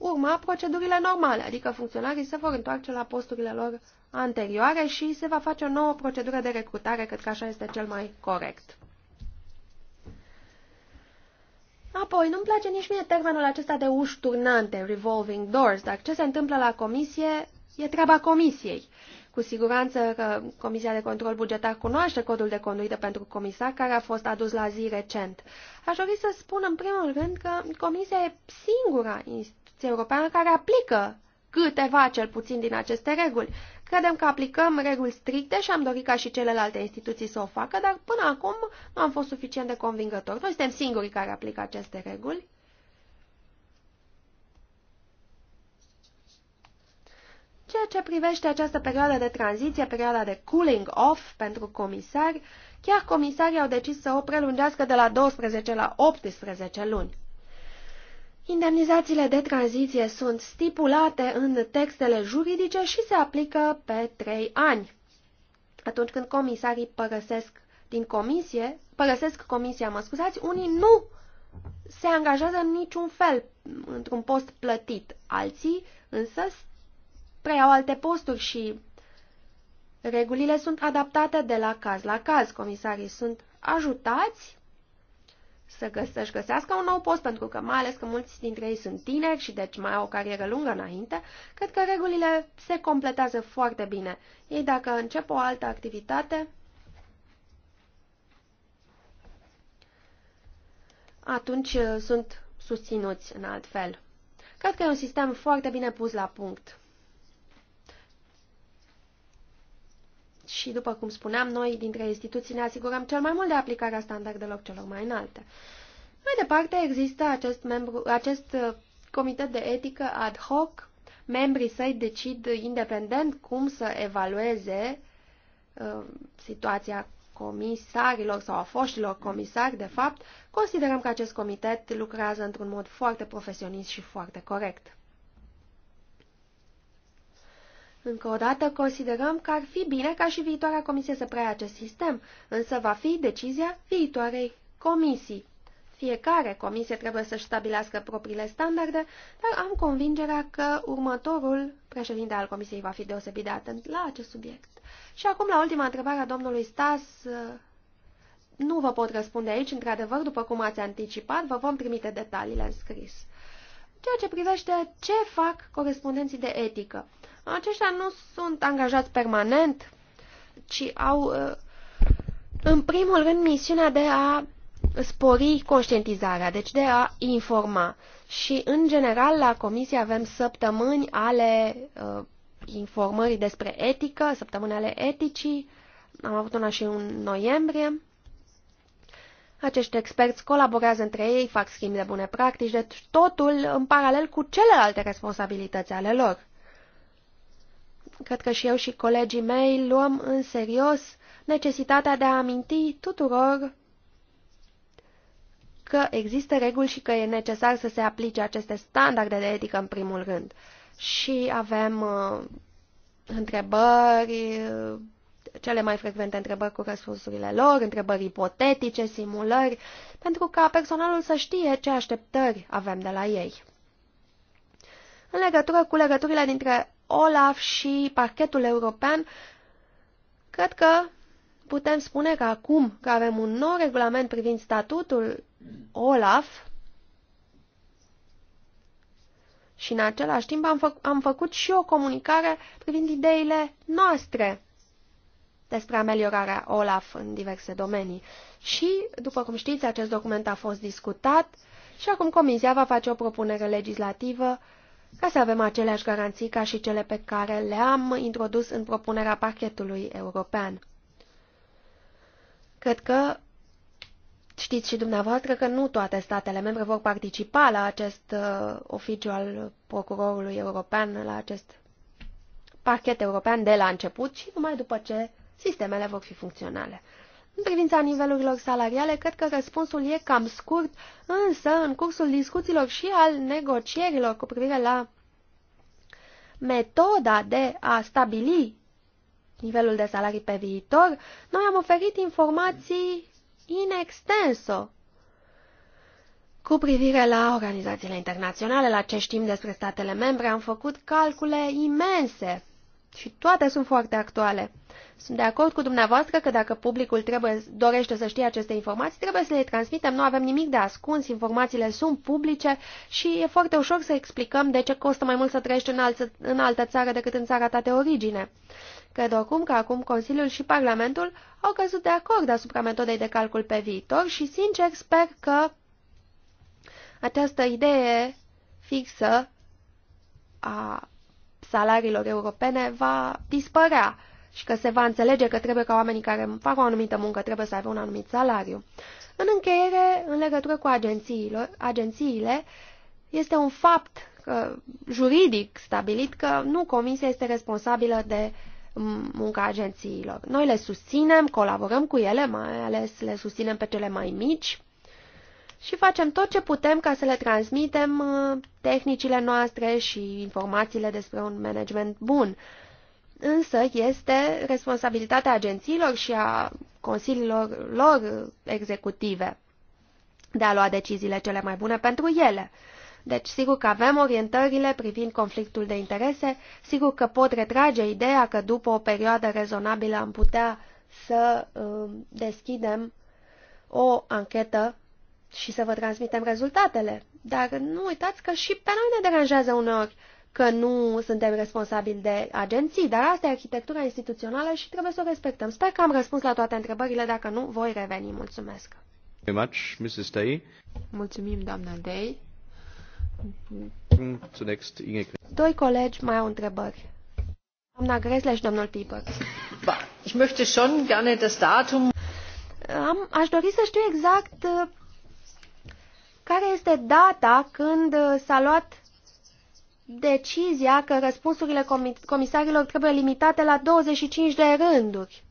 urma procedurile normale, adică funcționarii se vor întoarce la posturile lor anterioare și se va face o nouă procedură de recrutare, cred că așa este cel mai corect. Apoi, nu-mi place nici mie termenul acesta de uși turnante, revolving doors, dar ce se întâmplă la comisie e treaba comisiei. Cu siguranță că Comisia de Control Bugetar cunoaște codul de conduită pentru comisar care a fost adus la zi recent. Aș dori să spun în primul rând că Comisia e singura instituție Administrație Europeană care aplică câteva, cel puțin, din aceste reguli. Credem că aplicăm reguli stricte și am dorit ca și celelalte instituții să o facă, dar până acum nu am fost suficient de convingători. Noi suntem singurii care aplică aceste reguli. Ceea ce privește această perioadă de tranziție, perioada de cooling off pentru comisari, chiar comisarii au decis să o prelungească de la 12 la 18 luni. Indemnizațiile de tranziție sunt stipulate în textele juridice și se aplică pe trei ani. Atunci când comisarii părăsesc din comisie, părăsesc comisia, mă scuzați, unii nu se angajează în niciun fel într-un post plătit. Alții însă preiau alte posturi și regulile sunt adaptate de la caz la caz. Comisarii sunt ajutați să găs- să găsească un nou post, pentru că mai ales că mulți dintre ei sunt tineri și deci mai au o carieră lungă înainte, cred că regulile se completează foarte bine. Ei dacă încep o altă activitate, atunci uh, sunt susținuți în alt fel. Cred că e un sistem foarte bine pus la punct. și, după cum spuneam, noi dintre instituții ne asigurăm cel mai mult de aplicarea standardelor celor mai înalte. Mai departe, există acest, membru, acest uh, comitet de etică ad hoc, membrii săi decid independent cum să evalueze uh, situația comisarilor sau a foștilor comisari, de fapt, considerăm că acest comitet lucrează într-un mod foarte profesionist și foarte corect. Încă o dată, considerăm că ar fi bine ca și viitoarea comisie să preia acest sistem, însă va fi decizia viitoarei comisii. Fiecare comisie trebuie să-și stabilească propriile standarde, dar am convingerea că următorul președinte al comisiei va fi deosebit de atent la acest subiect. Și acum la ultima întrebare a domnului Stas, nu vă pot răspunde aici, într-adevăr, după cum ați anticipat, vă vom trimite detaliile în scris. Ceea ce privește ce fac corespondenții de etică. Aceștia nu sunt angajați permanent, ci au, uh, în primul rând, misiunea de a spori conștientizarea, deci de a informa. Și, în general, la comisie avem săptămâni ale uh, informării despre etică, săptămâni ale eticii. Am avut una și în noiembrie. Acești experți colaborează între ei, fac schimb de bune practici, deci totul în paralel cu celelalte responsabilități ale lor cred că și eu și colegii mei luăm în serios necesitatea de a aminti tuturor că există reguli și că e necesar să se aplice aceste standarde de etică în primul rând. Și avem uh, întrebări, uh, cele mai frecvente întrebări cu răspunsurile lor, întrebări ipotetice, simulări, pentru ca personalul să știe ce așteptări avem de la ei. În legătură cu legăturile dintre OLAF și parchetul european, cred că putem spune că acum că avem un nou regulament privind statutul OLAF și în același timp am, făc am făcut și o comunicare privind ideile noastre despre ameliorarea OLAF în diverse domenii. Și, după cum știți, acest document a fost discutat și acum Comisia va face o propunere legislativă uh, ca să avem aceleași garanții ca și cele pe care le-am introdus în propunerea pachetului european. Cred că știți și dumneavoastră că nu toate statele membre vor participa la acest uh, oficiu al procurorului european, la acest pachet european de la început și numai după ce sistemele vor fi funcționale. În privința nivelurilor salariale, cred că răspunsul e cam scurt, însă în cursul discuțiilor și al negocierilor cu privire la metoda de a stabili nivelul de salarii pe viitor, noi am oferit informații in extenso cu privire la organizațiile internaționale, la ce știm despre statele membre, am făcut calcule imense și toate sunt foarte actuale. Sunt de acord cu dumneavoastră că dacă publicul trebuie, dorește să știe aceste informații, trebuie să le transmitem, nu avem nimic de ascuns, informațiile sunt publice și e foarte ușor să explicăm de ce costă mai mult să trăiești în, altă, în altă țară decât în țara ta de origine. Cred oricum că acum Consiliul și Parlamentul au căzut de acord asupra metodei de calcul pe viitor și, sincer, sper că această idee fixă a salariilor europene va dispărea și că se va înțelege că trebuie ca oamenii care fac o anumită muncă trebuie să aibă un anumit salariu. În încheiere, în legătură cu agențiilor, agențiile, este un fapt că, juridic stabilit că nu comisia este responsabilă de munca agențiilor. Noi le susținem, colaborăm cu ele, mai ales le susținem pe cele mai mici, și facem tot ce putem ca să le transmitem uh, tehnicile noastre și informațiile despre un management bun. Însă este responsabilitatea agențiilor și a consiliilor lor executive de a lua deciziile cele mai bune pentru ele. Deci, sigur că avem orientările privind conflictul de interese, sigur că pot retrage ideea că după o perioadă rezonabilă am putea să uh, deschidem o anchetă și să vă transmitem rezultatele. Dar nu uitați că și pe noi ne deranjează uneori că nu suntem responsabili de agenții, dar asta e arhitectura instituțională și trebuie să o respectăm. Sper că am răspuns la toate întrebările, dacă nu, voi reveni. Mulțumesc! Much, Mrs. Day. Mulțumim, doamna Day. Doi colegi mai au întrebări. Doamna Gresle și domnul Piper. Ich möchte schon gerne das Datum. Am, aș dori să știu exact care este data când uh, s-a luat decizia că răspunsurile comisarilor trebuie limitate la 25 de rânduri.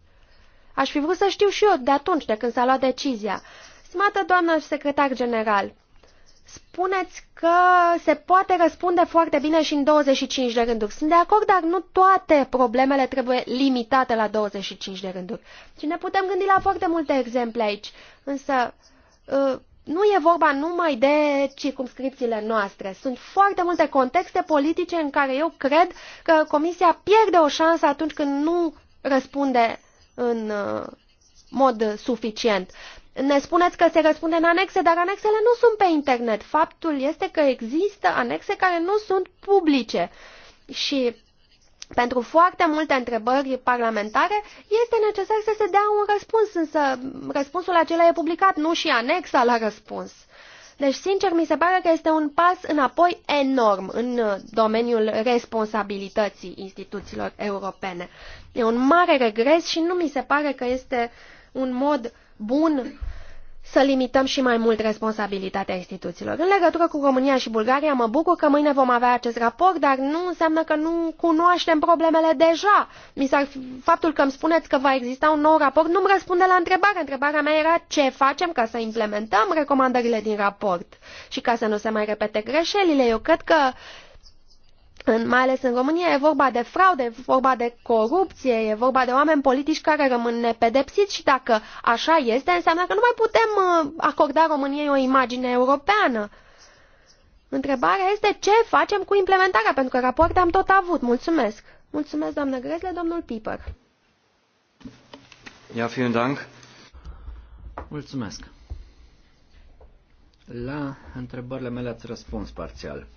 Aș fi vrut să știu și eu de atunci, de când s-a luat decizia. Smată doamnă secretar general, spuneți că se poate răspunde foarte bine și în 25 de rânduri. Sunt de acord, dar nu toate problemele trebuie limitate la 25 de rânduri. Și ne putem gândi la foarte multe exemple aici. Însă, uh, nu e vorba numai de circumscripțiile noastre. Sunt foarte multe contexte politice în care eu cred că Comisia pierde o șansă atunci când nu răspunde în uh, mod suficient. Ne spuneți că se răspunde în anexe, dar anexele nu sunt pe internet. Faptul este că există anexe care nu sunt publice. Și pentru foarte multe întrebări parlamentare este necesar să se dea un răspuns, însă răspunsul acela e publicat, nu și anexa la răspuns. Deci, sincer, mi se pare că este un pas înapoi enorm în domeniul responsabilității instituțiilor europene. E un mare regres și nu mi se pare că este un mod bun să limităm și mai mult responsabilitatea instituțiilor. În legătură cu România și Bulgaria, mă bucur că mâine vom avea acest raport, dar nu înseamnă că nu cunoaștem problemele deja. Mi s-ar faptul că îmi spuneți că va exista un nou raport nu-mi răspunde la întrebare. Întrebarea mea era ce facem ca să implementăm recomandările din raport și ca să nu se mai repete greșelile. Eu cred că în, mai ales în România, e vorba de fraude, e vorba de corupție, e vorba de oameni politici care rămân nepedepsiți și dacă așa este, înseamnă că nu mai putem uh, acorda României o imagine europeană. Întrebarea este ce facem cu implementarea, pentru că rapoarte am tot avut. Mulțumesc. Mulțumesc, doamnă Gresle, domnul Piper. Ja, vielen Dank. Mulțumesc. La întrebările mele ați răspuns parțial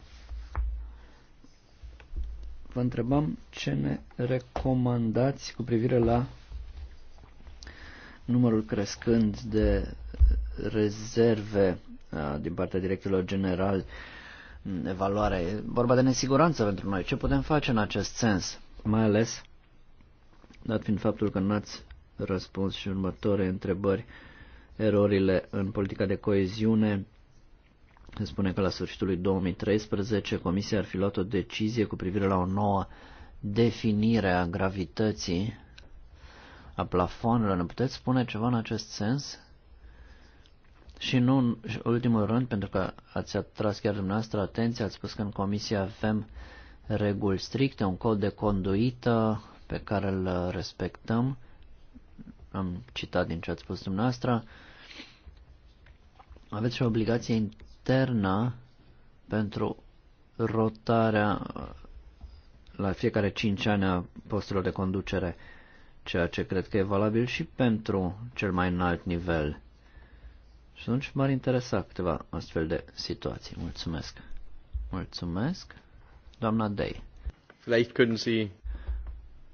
vă întrebam ce ne recomandați cu privire la numărul crescând de rezerve din partea directorilor general, evaluare. E vorba de nesiguranță pentru noi. Ce putem face în acest sens? Mai ales, dat fiind faptul că n-ați răspuns și următoare întrebări, erorile în politica de coeziune, se spune că la sfârșitul lui 2013 Comisia ar fi luat o decizie cu privire la o nouă definire a gravității, a plafonului. Ne puteți spune ceva în acest sens? Și nu în ultimul rând, pentru că ați atras chiar dumneavoastră atenția, ați spus că în comisie avem reguli stricte, un cod de conduită pe care îl respectăm. Am citat din ce ați spus dumneavoastră. Aveți și o obligație externă pentru rotarea uh, la fiecare 5 ani a posturilor de conducere, ceea ce cred că e valabil și pentru cel mai înalt nivel. Și atunci m-ar interesa câteva astfel de situații. Mulțumesc. Mulțumesc. Doamna Day. Vielleicht können Sie...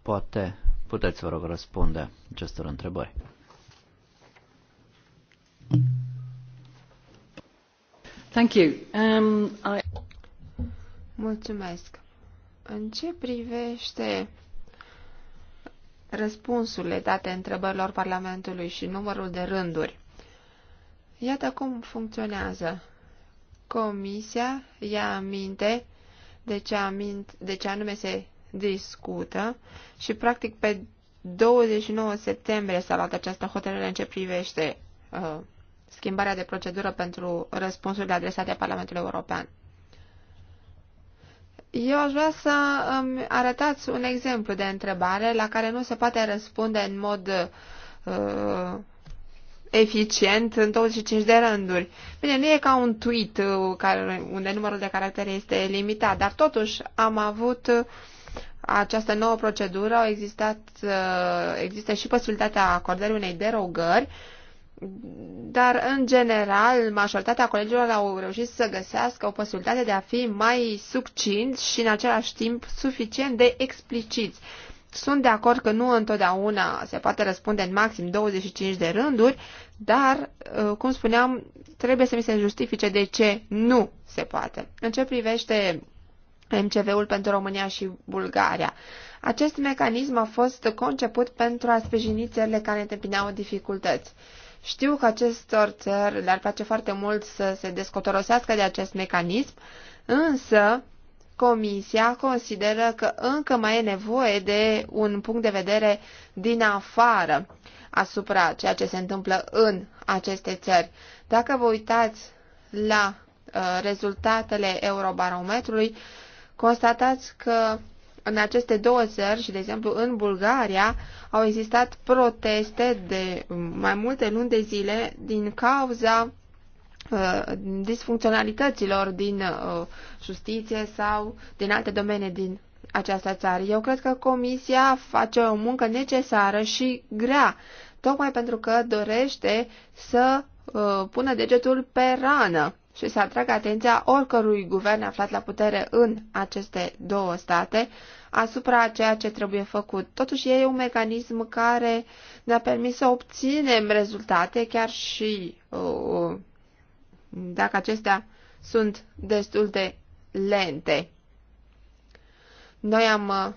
Poate puteți, vă rog, răspunde acestor întrebări. Um, Mulțumesc. În ce privește răspunsurile date întrebărilor Parlamentului și numărul de rânduri, iată cum funcționează. Comisia ia aminte de ce, amint, de ce anume se discută și, practic, pe 29 septembrie s-a luat această hotărâre în ce privește uh, schimbarea de procedură pentru răspunsurile adresate Parlamentului European. Eu aș vrea să îmi arătați un exemplu de întrebare la care nu se poate răspunde în mod uh, eficient în 25 de rânduri. Bine, nu e ca un tweet uh, care, unde numărul de caractere este limitat, dar totuși am avut uh, această nouă procedură, au existat, uh, există și posibilitatea acordării unei derogări uh, dar în general majoritatea colegilor au reușit să găsească o posibilitate de a fi mai succinți și în același timp suficient de expliciți. Sunt de acord că nu întotdeauna se poate răspunde în maxim 25 de rânduri, dar, uh, cum spuneam, trebuie să mi se justifice de ce nu se poate. În ce privește MCV-ul pentru România și Bulgaria. Acest mecanism a fost conceput pentru a sprijini țările care întâmpinau dificultăți. Uh, știu că acestor țări le-ar place foarte mult să se descotorosească de acest mecanism, însă Comisia consideră că încă mai e nevoie de un punct de vedere din afară asupra ceea ce se întâmplă în aceste țări. Dacă vă uitați la uh, rezultatele Eurobarometrului, constatați că în aceste două țări și, de exemplu, în Bulgaria, au existat proteste de mai multe luni de zile din cauza uh, disfuncționalităților din uh, justiție sau din alte domenii din această țară. Eu cred că Comisia face o muncă necesară și grea, tocmai pentru că dorește să uh, pună degetul pe rană și să atrag atenția oricărui guvern aflat la putere în aceste două state asupra ceea ce trebuie făcut. Totuși e un mecanism care ne-a permis să obținem rezultate, chiar și uh, dacă acestea sunt destul de lente. Noi am uh,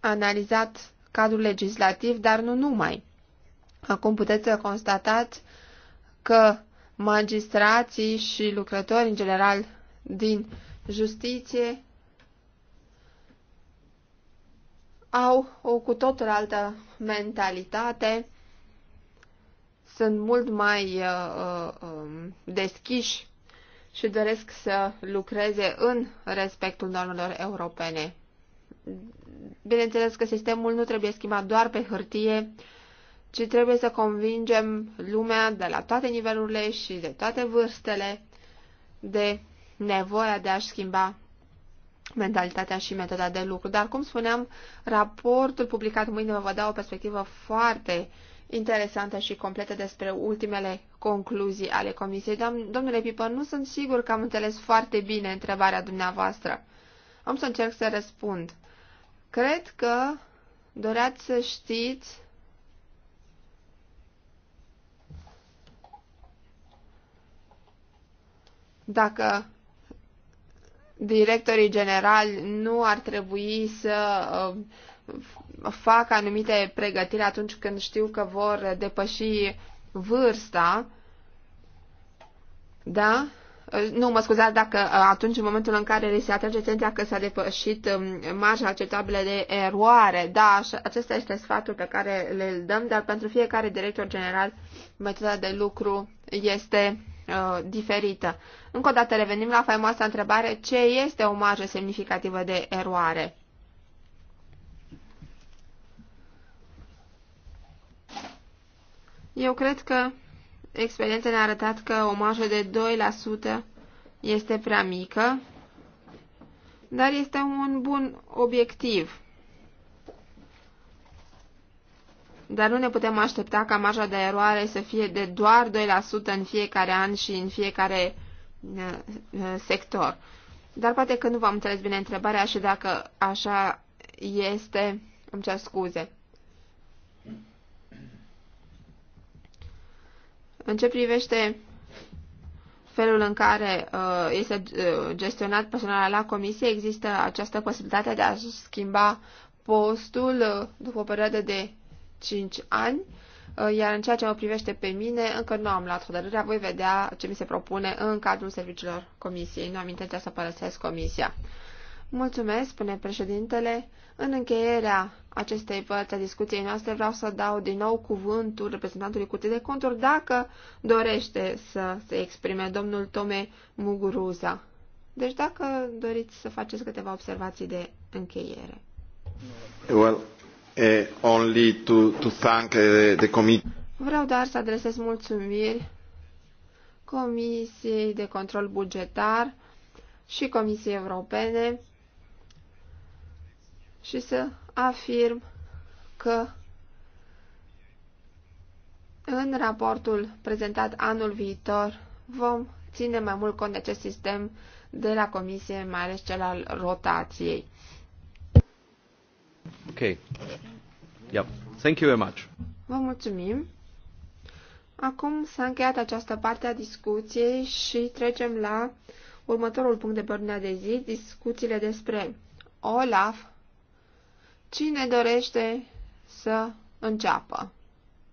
analizat cadrul legislativ, dar nu numai. Acum puteți să constatați că magistrații și lucrători în general din justiție au o cu totul altă mentalitate, sunt mult mai uh, uh, um, deschiși și doresc să lucreze în respectul normelor europene. Bineînțeles că sistemul nu trebuie schimbat doar pe hârtie, uh, ci trebuie să convingem lumea de la toate nivelurile și de toate vârstele de nevoia de a-și schimba mentalitatea și metoda de lucru. Dar, cum spuneam, raportul publicat mâine vă va da o perspectivă foarte interesantă și completă despre ultimele concluzii ale comisiei. Domnule Pipă, nu sunt sigur că am înțeles foarte bine întrebarea dumneavoastră. Am să încerc să răspund. Cred că doreați să știți dacă directorii generali nu ar trebui să uh, fac anumite pregătiri atunci când știu că vor depăși vârsta, da? Uh, nu, mă scuzați dacă uh, atunci, în momentul în care li se atrage atenția că s-a depășit um, marja acceptabilă de eroare, da, acesta este sfatul pe care le dăm, dar pentru fiecare director general metoda de lucru este uh, diferită. Încă o dată revenim la faimoasa întrebare ce este o marjă semnificativă de eroare. Eu cred că experiența ne-a arătat că o marjă de 2% este prea mică, dar este un bun obiectiv. dar nu ne putem aștepta ca marja de eroare să fie de doar 2% în fiecare an și în fiecare uh, uh, sector. Dar poate că nu v-am înțeles bine întrebarea și dacă așa este, îmi cer scuze. În ce privește felul în care uh, este uh, gestionat personal la comisie, există această posibilitate de a schimba postul după o perioadă de 5 ani, uh, iar în ceea ce mă privește pe mine, încă nu am luat hotărârea, voi vedea ce mi se propune în cadrul serviciilor comisiei. Nu am intenția să părăsesc comisia. Mulțumesc, spune președintele. În încheierea acestei părți a discuției noastre vreau să dau din nou cuvântul reprezentantului Curții de Conturi dacă dorește să se exprime domnul Tome Muguruza. Deci dacă doriți să faceți câteva observații de încheiere. Well, Eh, only to, to thank eh, the Vreau doar să adresez mulțumiri Comisiei de Control Bugetar și Comisiei Europene și să afirm că în raportul prezentat anul viitor vom ține mai mult cont de acest sistem de la Comisie, mai ales cel al rotației. Ok. Yep. Thank you very much. Vă mulțumim. Acum s-a încheiat această parte a discuției și trecem la următorul punct de ordine de zi, discuțiile despre Olaf. Cine dorește să înceapă?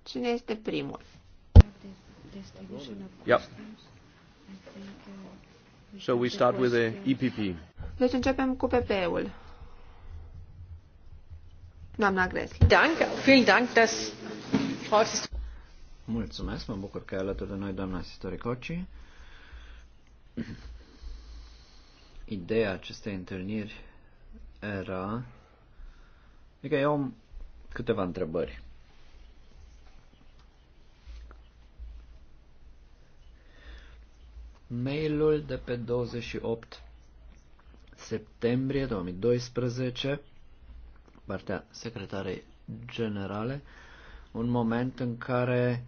Cine este primul? Yep. So we start with the EPP. Deci începem cu PP-ul. Doamna Gresle. Mulțumesc, mă bucur că e alături de noi doamna Sistoricoci. Ideea acestei întâlniri era... Adică eu am câteva întrebări. Mailul de pe 28 septembrie 2012 partea secretarei generale un moment în care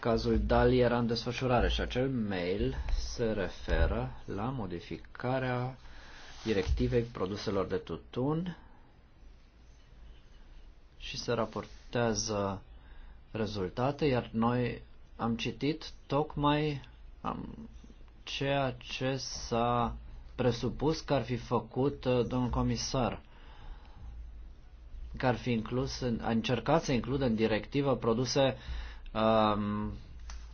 cazul Dali era în desfășurare și acel mail se referă la modificarea directivei produselor de tutun și se raportează rezultate, iar noi am citit tocmai am, ceea ce s-a presupus că ar fi făcut uh, domnul comisar că ar fi inclus, în, a încercat să includă în directivă produse um,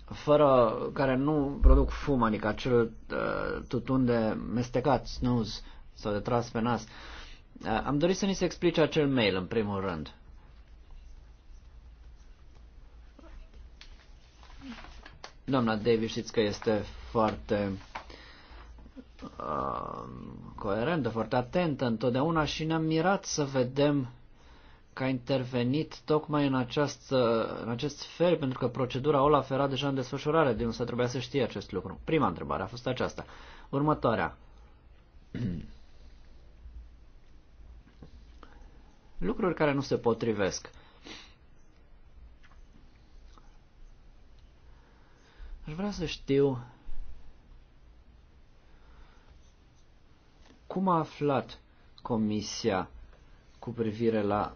fără, care nu produc fum, adică acel uh, tutun de mestecat, snooze sau de tras pe nas. Uh, am dorit să ni se explice acel mail în primul rând. Doamna Davis știți că este foarte uh, coerentă, foarte atentă întotdeauna și ne-am mirat să vedem că a intervenit tocmai în, această, în acest fel, pentru că procedura OLAF era deja în desfășurare, din să trebuia să știe acest lucru. Prima întrebare a fost aceasta. Următoarea. Lucruri care nu se potrivesc. Aș vrea să știu cum a aflat Comisia cu privire la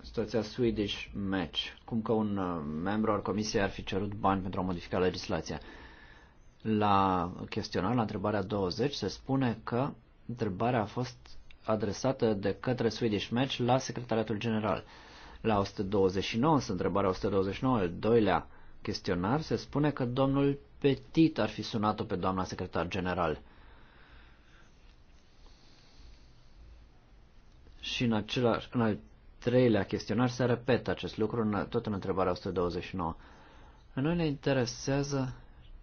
situația Swedish Match, cum că un uh, membru al comisiei ar fi cerut bani pentru a modifica legislația. La chestionar, la întrebarea 20, se spune că întrebarea a fost adresată de către Swedish Match la Secretariatul General. La 129, întrebarea 129, al doilea chestionar, se spune că domnul Petit ar fi sunat-o pe doamna secretar general. Și în, același, în al treilea chestionar se repetă acest lucru în, tot în întrebarea 129. noi ne interesează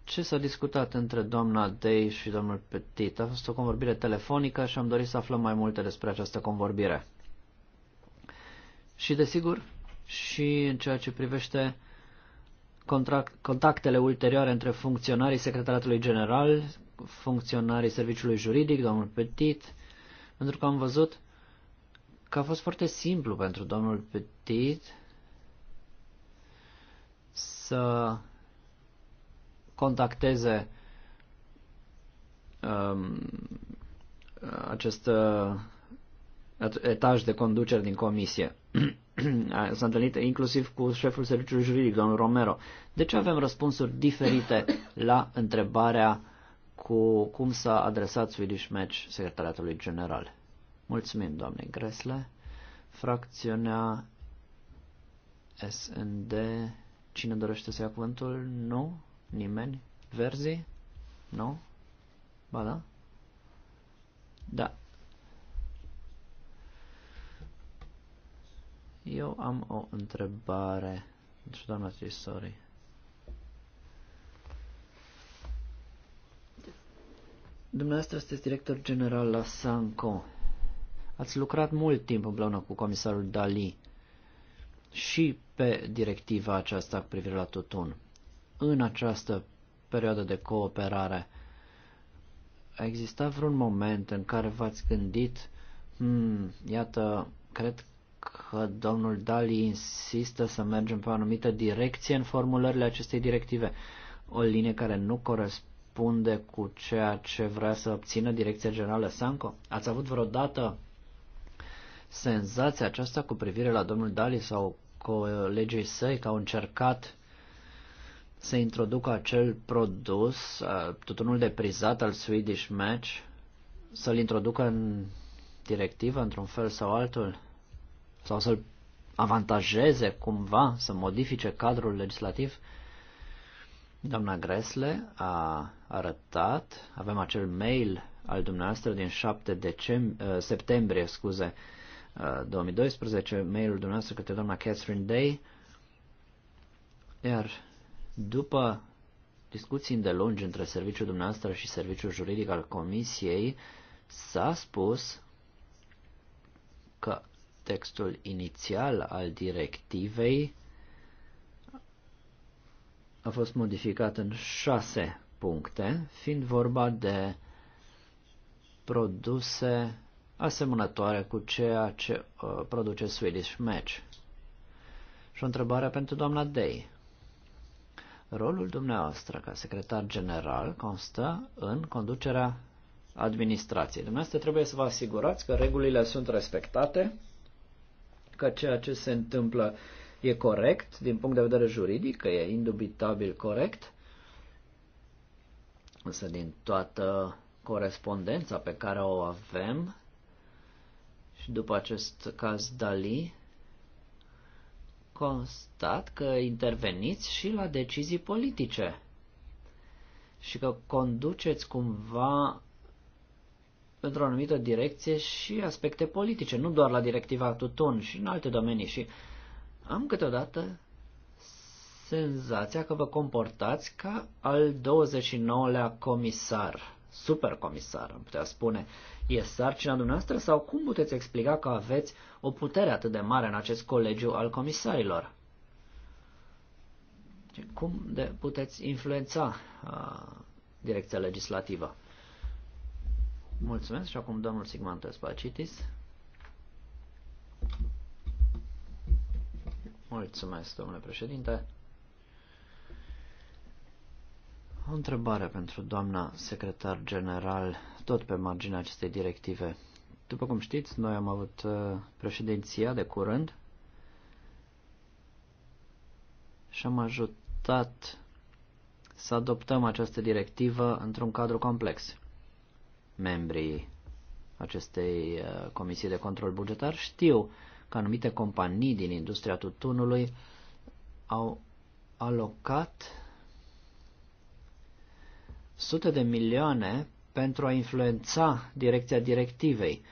ce s-a discutat între doamna Day și domnul Petit. A fost o convorbire telefonică și am dorit să aflăm mai multe despre această convorbire. Și desigur, și în ceea ce privește contactele ulterioare între funcționarii Secretariatului General, funcționarii Serviciului Juridic, domnul Petit, pentru că am văzut că a fost foarte simplu pentru domnul Petit să contacteze um, acest uh, etaj de conducere din comisie. S-a întâlnit inclusiv cu șeful serviciului juridic, domnul Romero. De ce avem răspunsuri diferite la întrebarea cu cum să adresat Swedish Match secretariatului general? Mulțumim, doamne Gresle. Fracțiunea SND, cine dorește să ia cuvântul? Nu? Nimeni? Verzi? Nu? Ba da? Da. Eu am o întrebare. Deci, doamna Trisori. Dumneavoastră sunteți director general la Sanco. Ați lucrat mult timp împreună cu comisarul Dali și pe directiva aceasta cu privire la tutun. În această perioadă de cooperare, a existat vreun moment în care v-ați gândit, hmm, iată, cred că domnul Dali insistă să mergem pe o anumită direcție în formulările acestei directive, o linie care nu corespunde cu ceea ce vrea să obțină Direcția Generală Sanco? Ați avut vreodată senzația aceasta cu privire la domnul Dali sau colegii săi că au încercat să introducă acel produs, tutunul de prizat al Swedish Match, să-l introducă în directivă într-un fel sau altul? Sau să-l avantajeze cumva, să modifice cadrul legislativ? Doamna Gresle a arătat, avem acel mail al dumneavoastră din 7 decembrie, septembrie, scuze, 2012, mailul dumneavoastră către doamna Catherine Day, iar după discuții îndelungi între serviciul dumneavoastră și serviciul juridic al comisiei, s-a spus că textul inițial al directivei a fost modificat în șase puncte, fiind vorba de produse asemănătoare cu ceea ce uh, produce Swedish Match. Și o întrebare pentru doamna Day. Rolul dumneavoastră ca secretar general constă în conducerea administrației. Dumneavoastră trebuie să vă asigurați că regulile sunt respectate, că ceea ce se întâmplă e corect din punct de vedere juridic, că e indubitabil corect, însă din toată corespondența pe care o avem, și după acest caz Dali, constat că interveniți și la decizii politice și că conduceți cumva într-o anumită direcție și aspecte politice, nu doar la directiva tutun și în alte domenii. Și am câteodată senzația că vă comportați ca al 29-lea comisar supercomisar, îmi putea spune. E sarcina dumneavoastră sau cum puteți explica că aveți o putere atât de mare în acest colegiu al comisarilor? Cum de puteți influența a, uh, direcția legislativă? Mulțumesc și acum domnul Sigmantes Pacitis. Mulțumesc, domnule președinte. O întrebare pentru doamna secretar general, tot pe marginea acestei directive. După cum știți, noi am avut uh, președinția de curând și am ajutat să adoptăm această directivă într-un cadru complex. Membrii acestei uh, comisii de control bugetar știu că anumite companii din industria tutunului au alocat sute de milioane pentru a influența direcția directivei.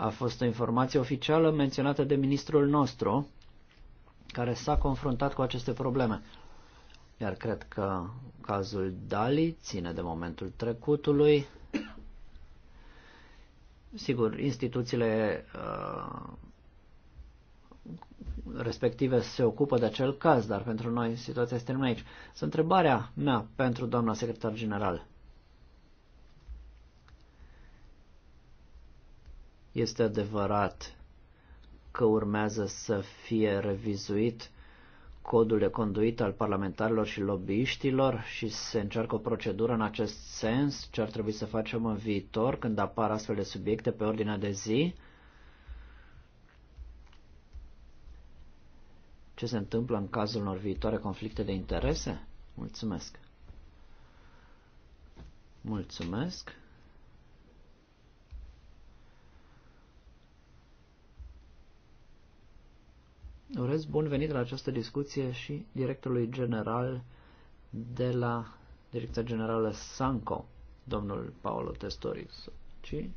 A fost o informație oficială menționată de ministrul nostru, care s-a confruntat cu aceste probleme. Iar cred că cazul Dali ține de momentul trecutului. Sigur, instituțiile uh, respective se ocupă de acel caz, dar pentru noi situația este numai aici. Să întrebarea mea pentru doamna secretar general. Este adevărat că urmează să fie revizuit codul de conduită al parlamentarilor și lobbyiștilor și se încearcă o procedură în acest sens, ce ar trebui să facem în viitor când apar astfel de subiecte pe ordinea de zi? ce se întâmplă în cazul unor viitoare conflicte de interese? Mulțumesc! Mulțumesc! Urez bun venit la această discuție și directorului general de la Direcția Generală Sanco, domnul Paolo Testori, ci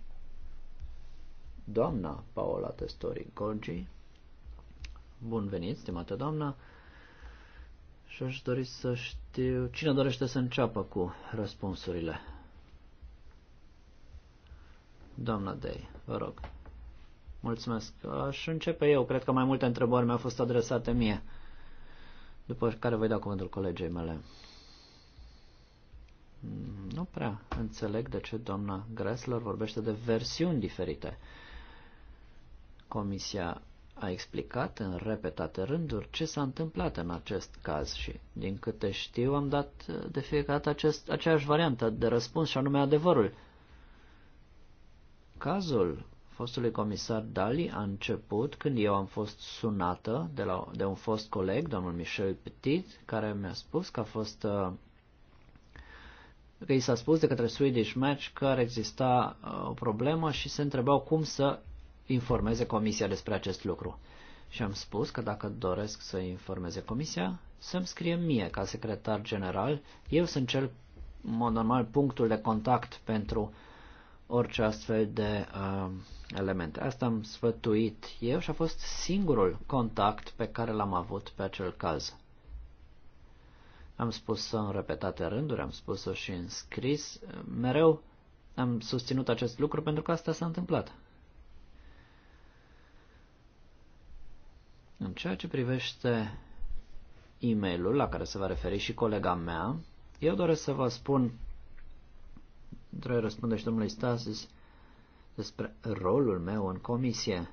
doamna Paola Testori Gorgi. Bun venit, stimată doamnă. Și aș dori să știu cine dorește să înceapă cu răspunsurile. Doamna Dei, vă rog. Mulțumesc. Aș începe eu. Cred că mai multe întrebări mi-au fost adresate mie. După care voi da cuvântul colegei mele. Nu prea înțeleg de ce doamna Gressler vorbește de versiuni diferite. Comisia a explicat în repetate rânduri ce s-a întâmplat în acest caz și, din câte știu, am dat de fiecare dată acest, aceeași variantă de răspuns și anume adevărul. Cazul fostului comisar Dali a început când eu am fost sunată de, la, de un fost coleg, domnul Michel Petit, care mi-a spus că a fost uh, că i s-a spus de către Swedish Match că ar exista uh, o problemă și se întrebau cum să informeze comisia despre acest lucru. Și am spus că dacă doresc să informeze comisia, să-mi scrie mie ca secretar general. Eu sunt cel, în mod normal, punctul de contact pentru orice astfel de uh, elemente. Asta am sfătuit eu și a fost singurul contact pe care l-am avut pe acel caz. Am spus-o în repetate rânduri, am spus-o și în scris. Mereu am susținut acest lucru pentru că asta s-a întâmplat. În ceea ce privește e mail la care se va referi și colega mea, eu doresc să vă spun, trebuie răspunde și domnului Stasis, despre rolul meu în comisie.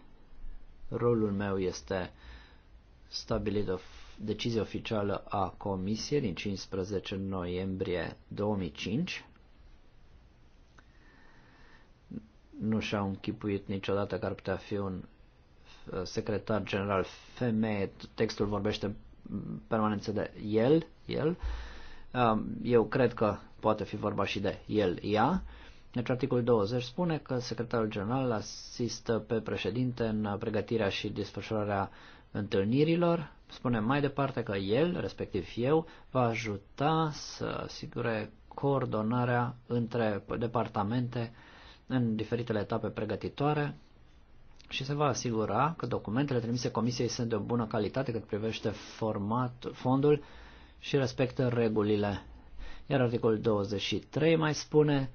Rolul meu este stabilit o decizie oficială a comisiei din 15 noiembrie 2005. Nu și-au închipuit niciodată că ar putea fi un Uh, secretar general femeie, textul vorbește permanență de el, el. Um, eu cred că poate fi vorba și de el, ea. Deci articolul 20 spune că secretarul general asistă pe președinte în pregătirea și desfășurarea întâlnirilor. Spune mai departe că el, respectiv eu, va ajuta să asigure coordonarea între departamente în diferitele etape pregătitoare, și se va asigura că documentele trimise Comisiei sunt de o bună calitate cât privește format, fondul și respectă regulile. Iar articolul 23 mai spune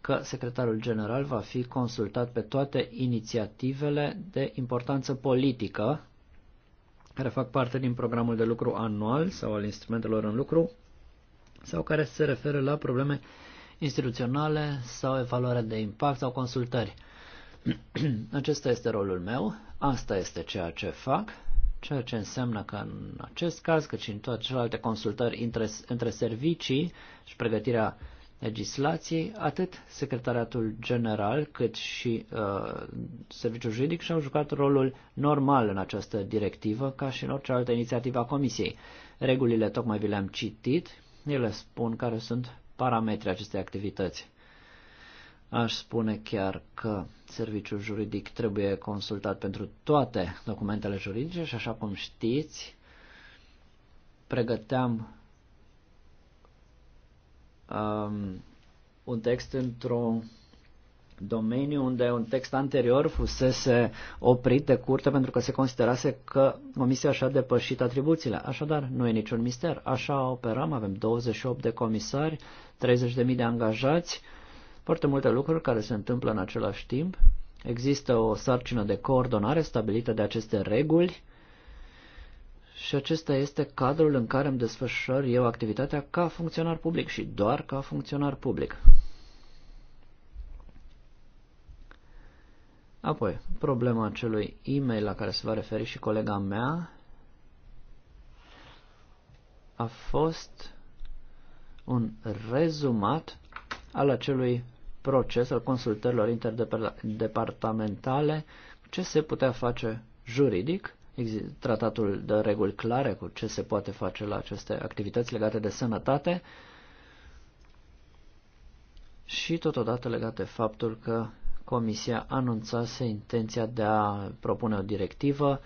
că secretarul general va fi consultat pe toate inițiativele de importanță politică care fac parte din programul de lucru anual sau al instrumentelor în lucru sau care se referă la probleme instituționale sau evaluare de impact sau consultări. Acesta este rolul meu, asta este ceea ce fac, ceea ce înseamnă că în acest caz, că și în toate celelalte consultări între, între servicii și pregătirea legislației, atât Secretariatul General cât și uh, Serviciul Juridic și-au jucat rolul normal în această directivă, ca și în orice altă inițiativă a Comisiei. Regulile tocmai vi le-am citit, ele spun care sunt parametrii acestei activități. Aș spune chiar că serviciul juridic trebuie consultat pentru toate documentele juridice și așa cum știți, pregăteam um, un text într-un domeniu unde un text anterior fusese oprit de curte pentru că se considerase că comisia și-a depășit atribuțiile. Așadar, nu e niciun mister. Așa operăm, avem 28 de comisari, 30.000 de angajați, foarte multe lucruri care se întâmplă în același timp. Există o sarcină de coordonare stabilită de aceste reguli și acesta este cadrul în care îmi desfășor eu activitatea ca funcționar public și doar ca funcționar public. Apoi, problema acelui e-mail la care se va referi și colega mea a fost un rezumat al acelui proces al consultărilor interdepartamentale, ce se putea face juridic, tratatul de reguli clare cu ce se poate face la aceste activități legate de sănătate și totodată legate de faptul că Comisia anunțase intenția de a propune o directivă,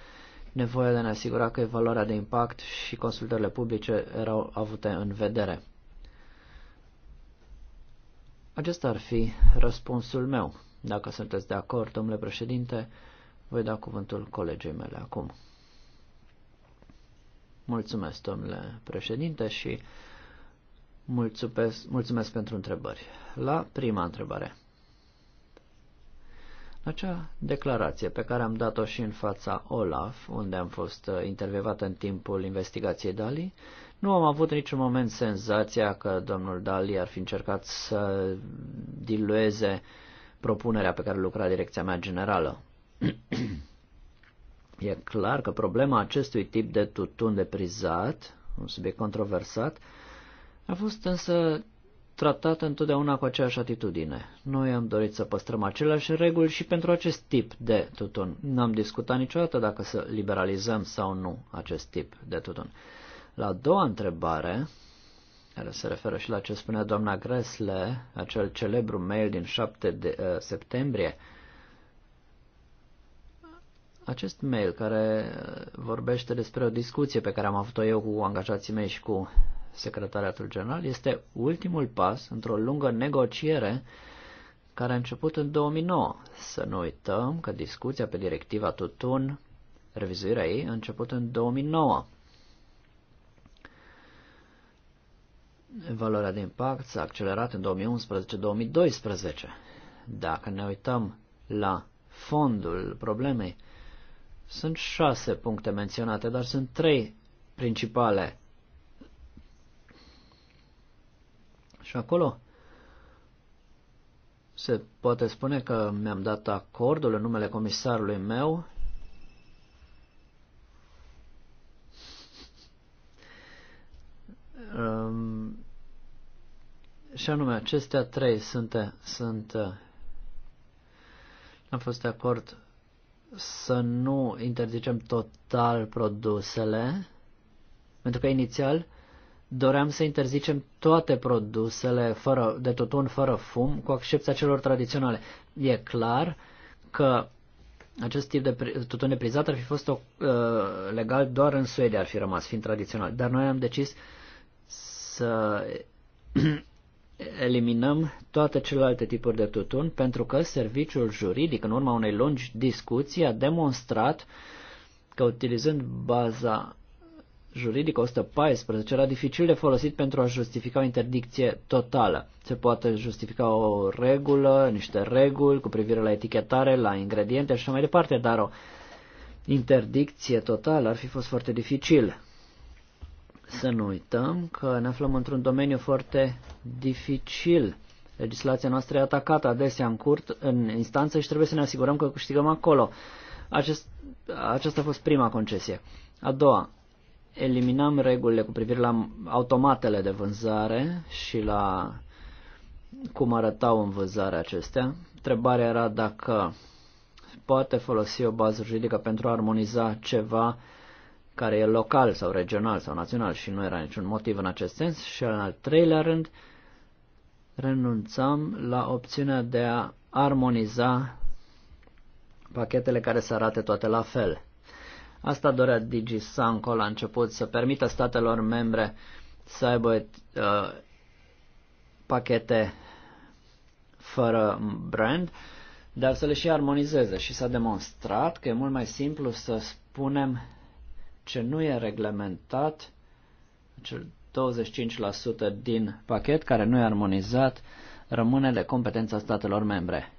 nevoia de a ne asigura că evaluarea de impact și consultările publice erau avute în vedere. Acesta ar fi răspunsul meu. Dacă sunteți de acord, domnule președinte, voi da cuvântul colegei mele acum. Mulțumesc, domnule președinte, și mulțumesc, mulțumesc pentru întrebări. La prima întrebare. Acea declarație pe care am dat-o și în fața Olaf, unde am fost uh, intervievat în timpul investigației Dali, nu am avut în niciun moment senzația că domnul Dali ar fi încercat să dilueze propunerea pe care lucra direcția mea generală. e clar că problema acestui tip de tutun deprizat, un subiect controversat, a fost însă tratat întotdeauna cu aceeași atitudine. Noi am dorit să păstrăm aceleași reguli și pentru acest tip de tutun. N-am discutat niciodată dacă să liberalizăm sau nu acest tip de tutun. La a doua întrebare, care se referă și la ce spunea doamna Gresle, acel celebru mail din 7 de, uh, septembrie, acest mail care uh, vorbește despre o discuție pe care am avut-o eu cu angajații mei și cu secretariatul general este ultimul pas într-o lungă negociere care a început în 2009. Să nu uităm că discuția pe directiva tutun, revizuirea ei, a început în 2009. Valoarea de impact s-a accelerat în 2011-2012. Dacă ne uităm la fondul problemei, sunt șase puncte menționate, dar sunt trei principale. Și acolo se poate spune că mi-am dat acordul în numele comisarului meu și anume, acestea trei sunt, sunt am fost de acord să nu interzicem total produsele, pentru că inițial doream să interzicem toate produsele fără, de totun fără fum, cu excepția celor tradiționale. E clar că acest tip de tutun neprizat ar fi fost o, uh, legal doar în Suedia, ar fi rămas, fiind tradițional. Dar noi am decis să eliminăm toate celelalte tipuri de tutun pentru că serviciul juridic, în urma unei lungi discuții, a demonstrat că utilizând baza juridică 114 era dificil de folosit pentru a justifica o interdicție totală. Se poate justifica o regulă, niște reguli cu privire la etichetare, la ingrediente și așa mai departe, dar o interdicție totală ar fi fost foarte dificil să nu uităm că ne aflăm într-un domeniu foarte dificil. Legislația noastră e atacată adesea în curt, în instanță și trebuie să ne asigurăm că câștigăm acolo. Acest, aceasta a fost prima concesie. A doua, eliminăm regulile cu privire la automatele de vânzare și la cum arătau în vânzare acestea. Întrebarea era dacă poate folosi o bază juridică pentru a armoniza ceva care e local sau regional sau național și nu era niciun motiv în acest sens. Și în al treilea rând, renunțam la opțiunea de a armoniza pachetele care să arate toate la fel. Asta dorea DigiSanco la început, să permită statelor membre să aibă uh, pachete fără brand, dar să le și armonizeze. Și s-a demonstrat că e mult mai simplu să spunem ce nu e reglementat, cel 25% din pachet care nu e armonizat, rămâne de competența statelor membre.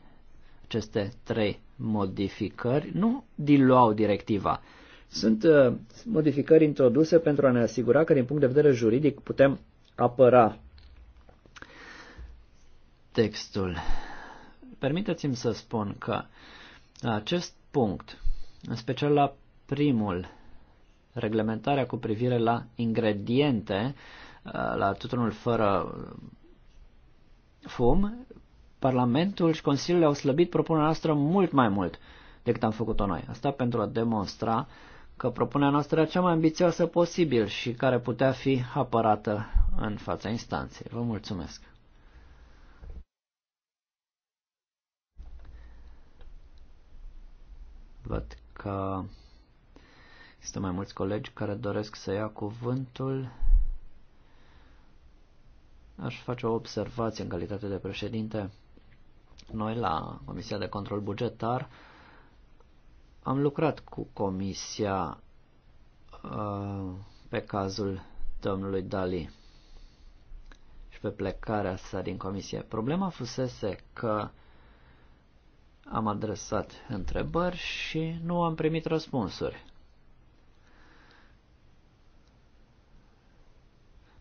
Aceste trei modificări nu diluau directiva. Sunt uh, modificări introduse pentru a ne asigura că din punct de vedere juridic putem apăra textul. Permiteți-mi să spun că acest punct, în special la primul reglementarea cu privire la ingrediente, uh, la tutunul fără fum, Parlamentul și Consiliul au slăbit propunerea noastră mult mai mult decât am făcut-o noi. Asta pentru a demonstra că propunerea noastră era cea mai ambițioasă posibil și care putea fi apărată în fața instanței. Vă mulțumesc! Văd că Există mai mulți colegi care doresc să ia cuvântul. Aș face o observație în calitate de președinte. Noi la Comisia de Control Bugetar am lucrat cu Comisia uh, pe cazul domnului Dali și pe plecarea sa din comisie. Problema fusese că am adresat întrebări și nu am primit răspunsuri.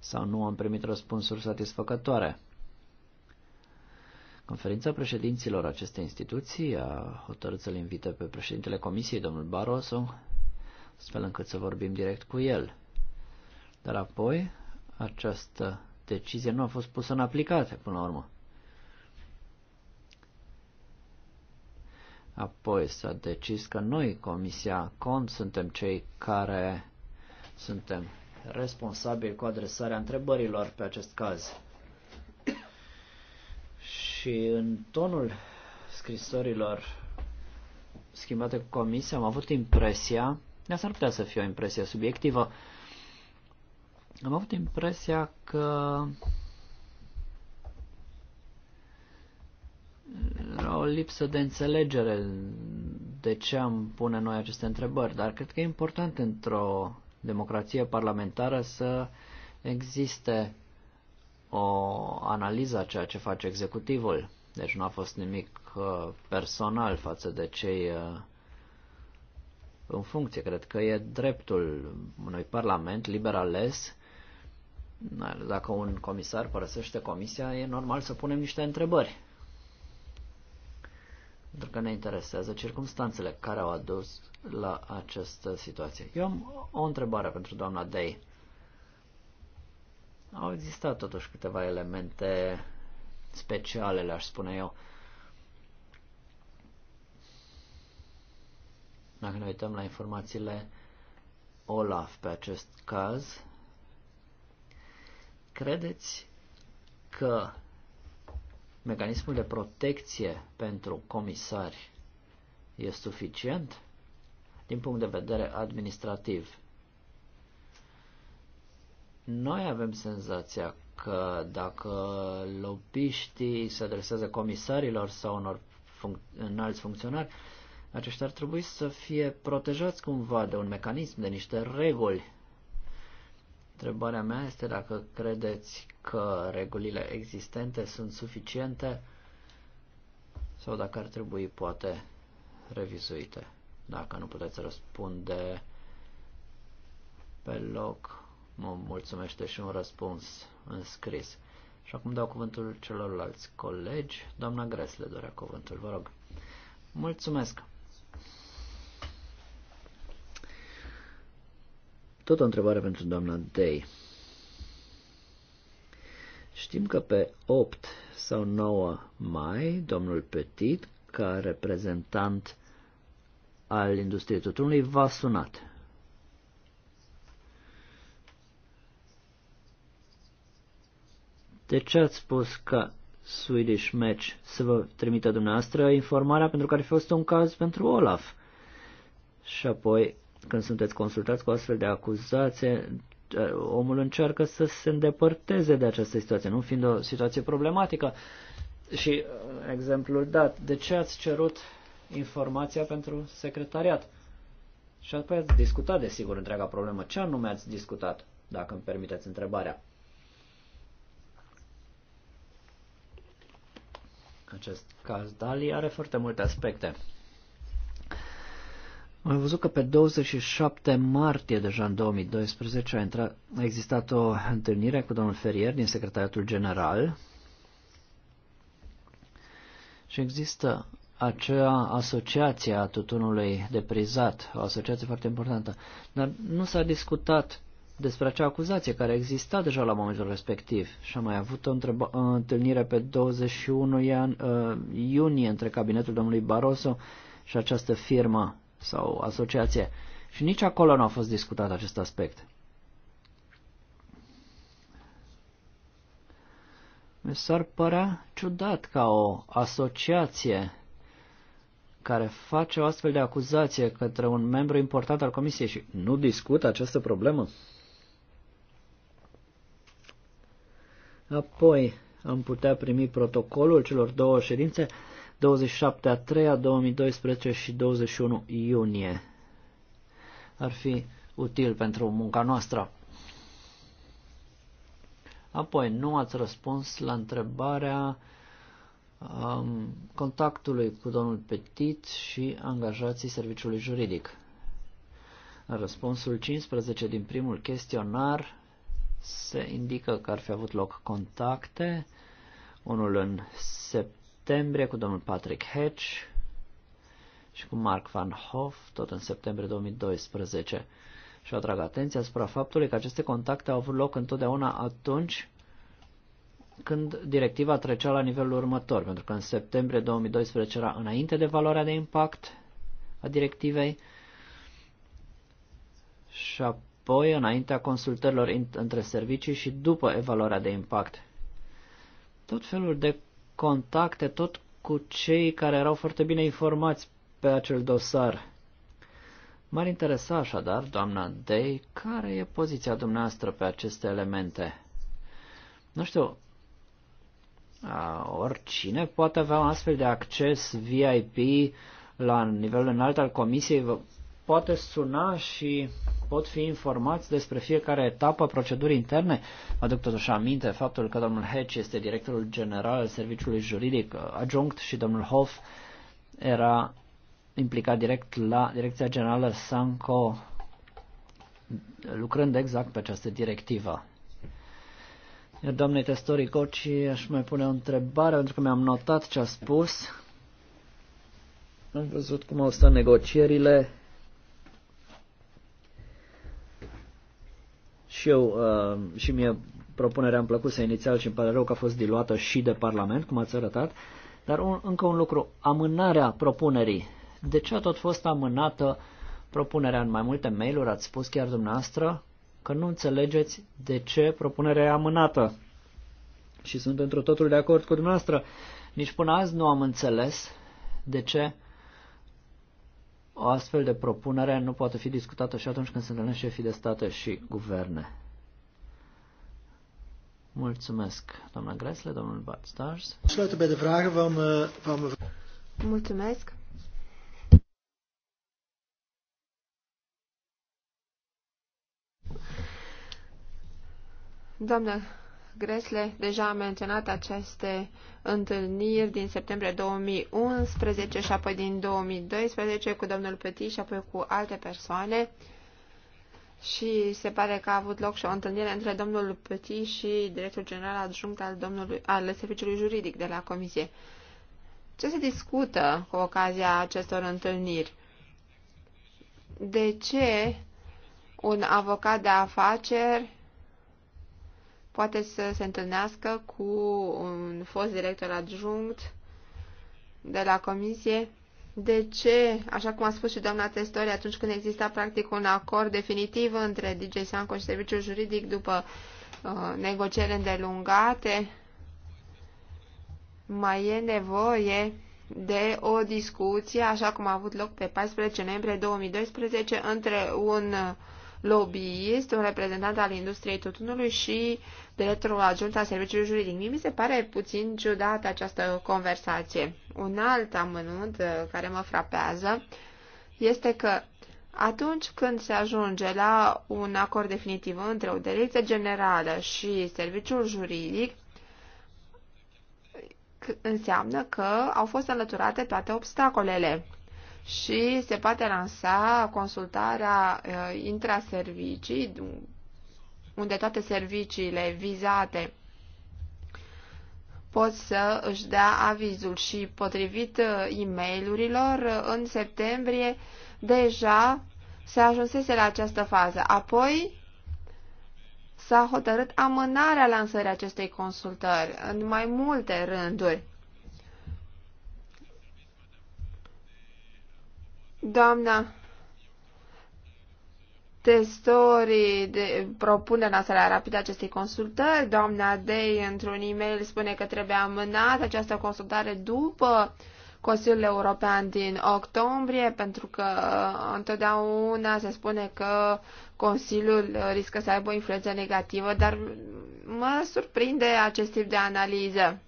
sau nu am primit răspunsuri satisfăcătoare. Conferința președinților acestei instituții a hotărât să-l invite pe președintele comisiei, domnul Barroso, astfel încât să vorbim direct cu el. Dar apoi, această decizie nu a fost pusă în aplicare până la urmă. Apoi s-a decis că noi, Comisia CON, suntem cei care suntem responsabil cu adresarea întrebărilor pe acest caz. Și în tonul scrisorilor schimbate cu comisia am avut impresia, asta ar putea să fie o impresie subiectivă, am avut impresia că era o lipsă de înțelegere de ce am pune noi aceste întrebări, dar cred că e important într-o democrație parlamentară să existe o analiză a ceea ce face executivul. Deci nu a fost nimic uh, personal față de cei uh, în funcție. Cred că e dreptul unui parlament liber ales. Dacă un comisar părăsește comisia, e normal să punem niște întrebări pentru că ne interesează circumstanțele care au adus la această situație. Eu am o întrebare pentru doamna Day. Au existat totuși câteva elemente speciale, le-aș spune eu. Dacă ne uităm la informațiile Olaf pe acest caz, credeți că mecanismul de protecție pentru comisari e suficient din punct de vedere administrativ. Noi avem senzația că dacă lobiștii se adresează comisarilor sau unor func- înalți funcționari, aceștia ar trebui să fie protejați cumva de un mecanism, de niște reguli Întrebarea mea este dacă credeți că regulile existente sunt suficiente sau dacă ar trebui poate revizuite. Dacă nu puteți răspunde pe loc, mă mulțumește și un răspuns în scris. Și acum dau cuvântul celorlalți colegi. Doamna Gresle dorea cuvântul, vă rog. Mulțumesc! Tot o întrebare pentru doamna Day. Știm că pe 8 sau 9 mai, domnul Petit, ca reprezentant al industriei tutunului, v-a sunat. De ce ați spus că Swedish Match să vă trimită dumneavoastră informarea pentru că ar fi fost un caz pentru Olaf? Și apoi când sunteți consultați cu astfel de acuzație, eh, omul încearcă să se îndepărteze de această situație, nu fiind o situație problematică. Și eh, exemplul dat, de ce ați cerut informația pentru secretariat? Și apoi ați discutat, desigur, întreaga problemă. Ce anume ați discutat, dacă îmi permiteți întrebarea? Acest caz Dali are foarte multe aspecte. Am văzut că pe 27 martie deja în 2012 a, intrat, a existat o întâlnire cu domnul Ferrier din Secretariatul General și există acea asociație a tutunului de prizat, o asociație foarte importantă, dar nu s-a discutat despre acea acuzație care exista deja la momentul respectiv și a mai avut o întâlnire pe 21 ian, uh, iunie între cabinetul domnului Barroso și această firmă sau asociație. Și nici acolo nu a fost discutat acest aspect. Mi s-ar părea ciudat ca o asociație care face o astfel de acuzație către un membru important al comisiei și nu discută această problemă. Apoi am putea primi protocolul celor două ședințe 27 a 3 a 2012 și 21 iunie. Ar fi util pentru munca noastră. Apoi, nu ați răspuns la întrebarea um, contactului cu domnul Petit și angajații serviciului juridic. În răspunsul 15 din primul chestionar se indică că ar fi avut loc contacte, unul în septembrie, septembrie cu domnul Patrick Hedge și cu Mark Van Hoff, tot în septembrie 2012. Și atrag atenția asupra faptului că aceste contacte au avut loc întotdeauna atunci când directiva trecea la nivelul următor, pentru că în septembrie 2012 era înainte de valoarea de impact a directivei și apoi înaintea consultărilor între servicii și după evaluarea de impact. Tot felul de contacte tot cu cei care erau foarte bine informați pe acel dosar. M-ar interesa așadar, doamna Day, care e poziția dumneavoastră pe aceste elemente? Nu știu, a, oricine poate avea un astfel de acces VIP la nivelul înalt al comisiei, poate suna și pot fi informați despre fiecare etapă a procedurii interne. Mă aduc totuși aminte faptul că domnul Hedge este directorul general al serviciului juridic adjunct și domnul Hoff era implicat direct la Direcția Generală Sanco, lucrând exact pe această directivă. Iar doamnei Coci, aș mai pune o întrebare, pentru că mi-am notat ce a spus. Am văzut cum au stat negocierile Și eu, uh, și mie propunerea îmi plăcuse inițial și îmi pare rău că a fost diluată și de Parlament, cum ați arătat, dar un, încă un lucru, amânarea propunerii. De ce a tot fost amânată propunerea în mai multe mail-uri? Ați spus chiar dumneavoastră că nu înțelegeți de ce propunerea e amânată. Și sunt într totul de acord cu dumneavoastră. Nici până azi nu am înțeles de ce o astfel de propunere nu poate fi discutată și atunci când se întâlnesc șefii de state și guverne. Mulțumesc, doamna Gresle, domnul Bart Stars. Mulțumesc. Doamna Gresle deja a menționat aceste întâlniri din septembrie 2011 și apoi din 2012 cu domnul Petit și apoi cu alte persoane și se pare că a avut loc și o întâlnire între domnul Petit și directorul general adjunct al, domnului, al serviciului juridic de la comisie. Ce se discută cu ocazia acestor întâlniri? De ce un avocat de afaceri poate să se întâlnească cu un fost director adjunct de la comisie. De ce, așa cum a spus și doamna Testori, atunci când exista practic un acord definitiv între DJ Sanco și serviciul juridic după uh, negocieri îndelungate, mai e nevoie de o discuție, așa cum a avut loc pe 14 noiembrie 2012, între un uh, lobbyist, un reprezentant al industriei tutunului și directorul adjunct al serviciului juridic. Mie mi se pare puțin ciudată această conversație. Un alt amănunt uh, care mă frapează este că atunci când se ajunge la un acord definitiv între o direcție generală și serviciul juridic, înseamnă că au fost înlăturate toate obstacolele și se poate lansa consultarea uh, intraservicii, unde toate serviciile vizate pot să își dea avizul și potrivit uh, e mail uh, în septembrie deja se ajunsese la această fază. Apoi s-a hotărât amânarea lansării acestei consultări în mai multe rânduri. Doamna testorii de, propune lansarea rapidă acestei consultări. Doamna Day, într-un e-mail, spune că trebuie amânată această consultare după Consiliul European din octombrie, pentru că uh, întotdeauna se spune că Consiliul uh, riscă să aibă o influență negativă, dar uh, mă surprinde acest tip de analiză.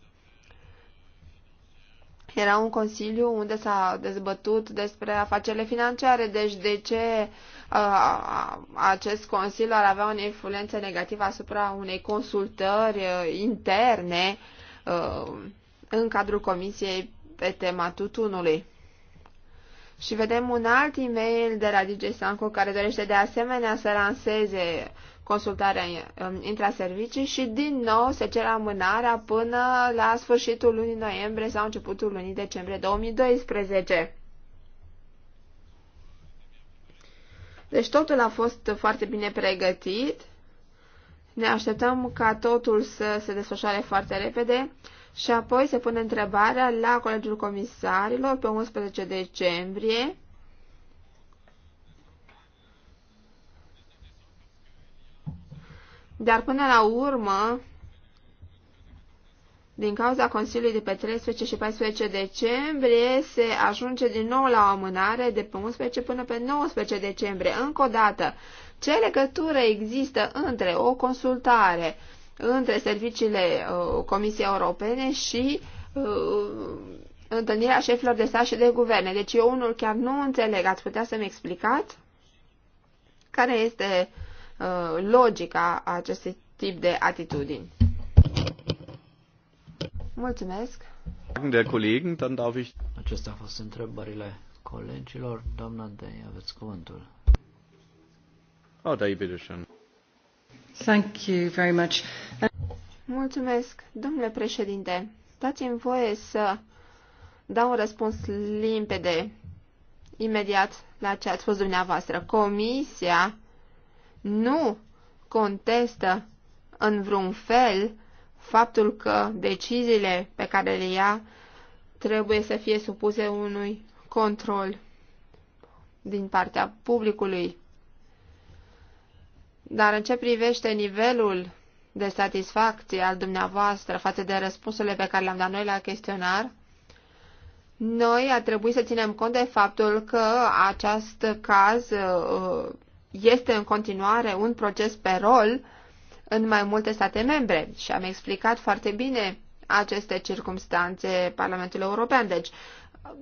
Era un consiliu unde s-a dezbătut despre afacerile financiare, deci de ce uh, acest consiliu ar avea o influență negativă asupra unei consultări uh, interne uh, în cadrul comisiei pe tema tutunului. Și vedem un alt e-mail de la DJ Sanco care dorește de asemenea să lanseze consultarea um, intraservicii și din nou se cer amânarea până la sfârșitul lunii noiembrie sau începutul lunii decembrie 2012. Deci totul a fost foarte bine pregătit. Ne așteptăm ca totul să se desfășoare foarte repede și apoi se pune întrebarea la Colegiul Comisarilor pe 11 decembrie Dar până la urmă, din cauza Consiliului de pe 13 și 14 decembrie, se ajunge din nou la o amânare de pe 11 până pe 19 decembrie. Încă o dată, ce legătură există între o consultare între serviciile uh, Comisiei Europene și uh, întâlnirea șefilor de stat și de guverne? Deci eu unul chiar nu înțeleg. Ați putea să-mi explicați care este uh, Uh, logica a acestui tip de atitudini. Mulțumesc. Der Kollegen, dann darf ich... Acestea au fost întrebările colegilor. Doamna Dei, aveți cuvântul. Oh, da, bitte Thank you very much. Mulțumesc, domnule președinte. Dați-mi voie să dau un răspuns limpede imediat la ce ați spus dumneavoastră. Comisia nu contestă în vreun fel faptul că deciziile pe care le ia trebuie să fie supuse unui control din partea publicului. Dar în ce privește nivelul de satisfacție al dumneavoastră față de răspunsurile pe care le-am dat noi la chestionar, noi a trebuit să ținem cont de faptul că acest caz uh, este în continuare un proces pe rol în mai multe state membre și am explicat foarte bine aceste circumstanțe Parlamentului European. Deci,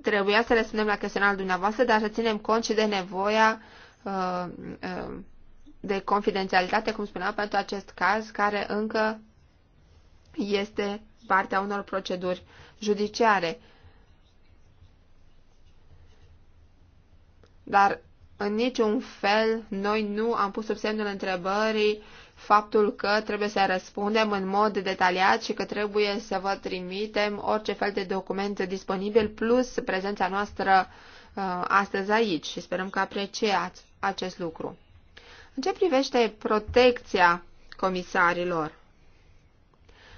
trebuia să răspundem la chestionarul dumneavoastră, dar să ținem cont și de nevoia uh, uh, de confidențialitate, cum spuneam, pentru acest caz, care încă este partea unor proceduri judiciare. Dar în niciun fel noi nu am pus sub semnul întrebării faptul că trebuie să răspundem în mod detaliat și că trebuie să vă trimitem orice fel de document disponibil, plus prezența noastră uh, astăzi aici și sperăm că apreciați acest lucru. În ce privește protecția comisarilor?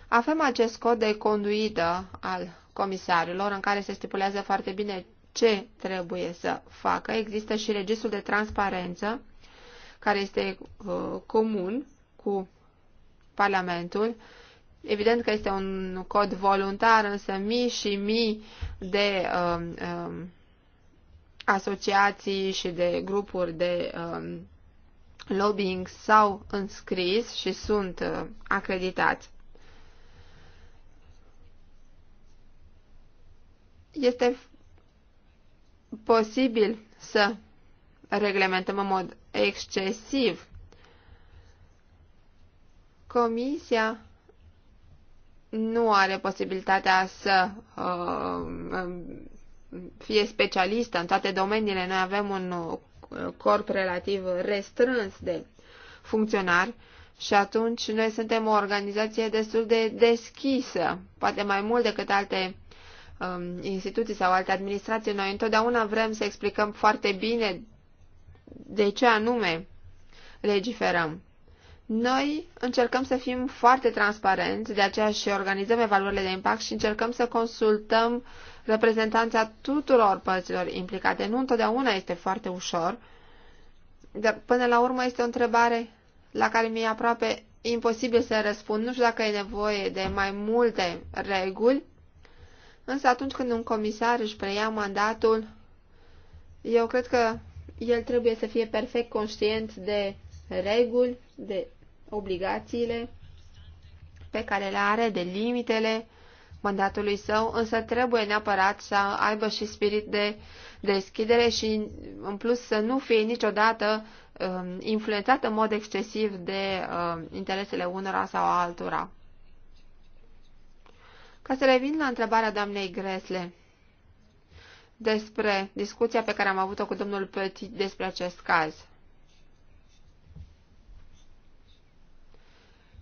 Avem acest cod de conduită al comisarilor în care se stipulează foarte bine ce trebuie să facă. Există și registrul de transparență, care este uh, comun cu Parlamentul. Evident că este un cod voluntar, însă mii și mii de uh, uh, asociații și de grupuri de uh, lobbying s-au înscris și sunt uh, acreditați. Este posibil să reglementăm în mod excesiv. Comisia nu are posibilitatea să uh, um, fie specialistă în toate domeniile. Noi avem un uh, corp relativ restrâns de funcționari și atunci noi suntem o organizație destul de deschisă, poate mai mult decât alte um, instituții sau alte administrații, noi întotdeauna vrem să explicăm foarte bine de ce anume legiferăm. Noi încercăm să fim foarte transparenți, de aceea și organizăm evaluările de impact și încercăm să consultăm reprezentanța tuturor părților implicate. Nu întotdeauna este foarte ușor, dar până la urmă este o întrebare la care mi-e aproape imposibil să răspund. Nu știu dacă e nevoie de mai multe reguli, Însă atunci când un comisar își preia mandatul, eu cred că el trebuie să fie perfect conștient de reguli, de obligațiile pe care le are, de limitele mandatului său, însă trebuie neapărat să aibă și spirit de deschidere și, în plus, să nu fie niciodată um, influențat în mod excesiv de um, interesele unora sau altora. Ca să revin la întrebarea doamnei Gresle despre discuția pe care am avut-o cu domnul Petit despre acest caz.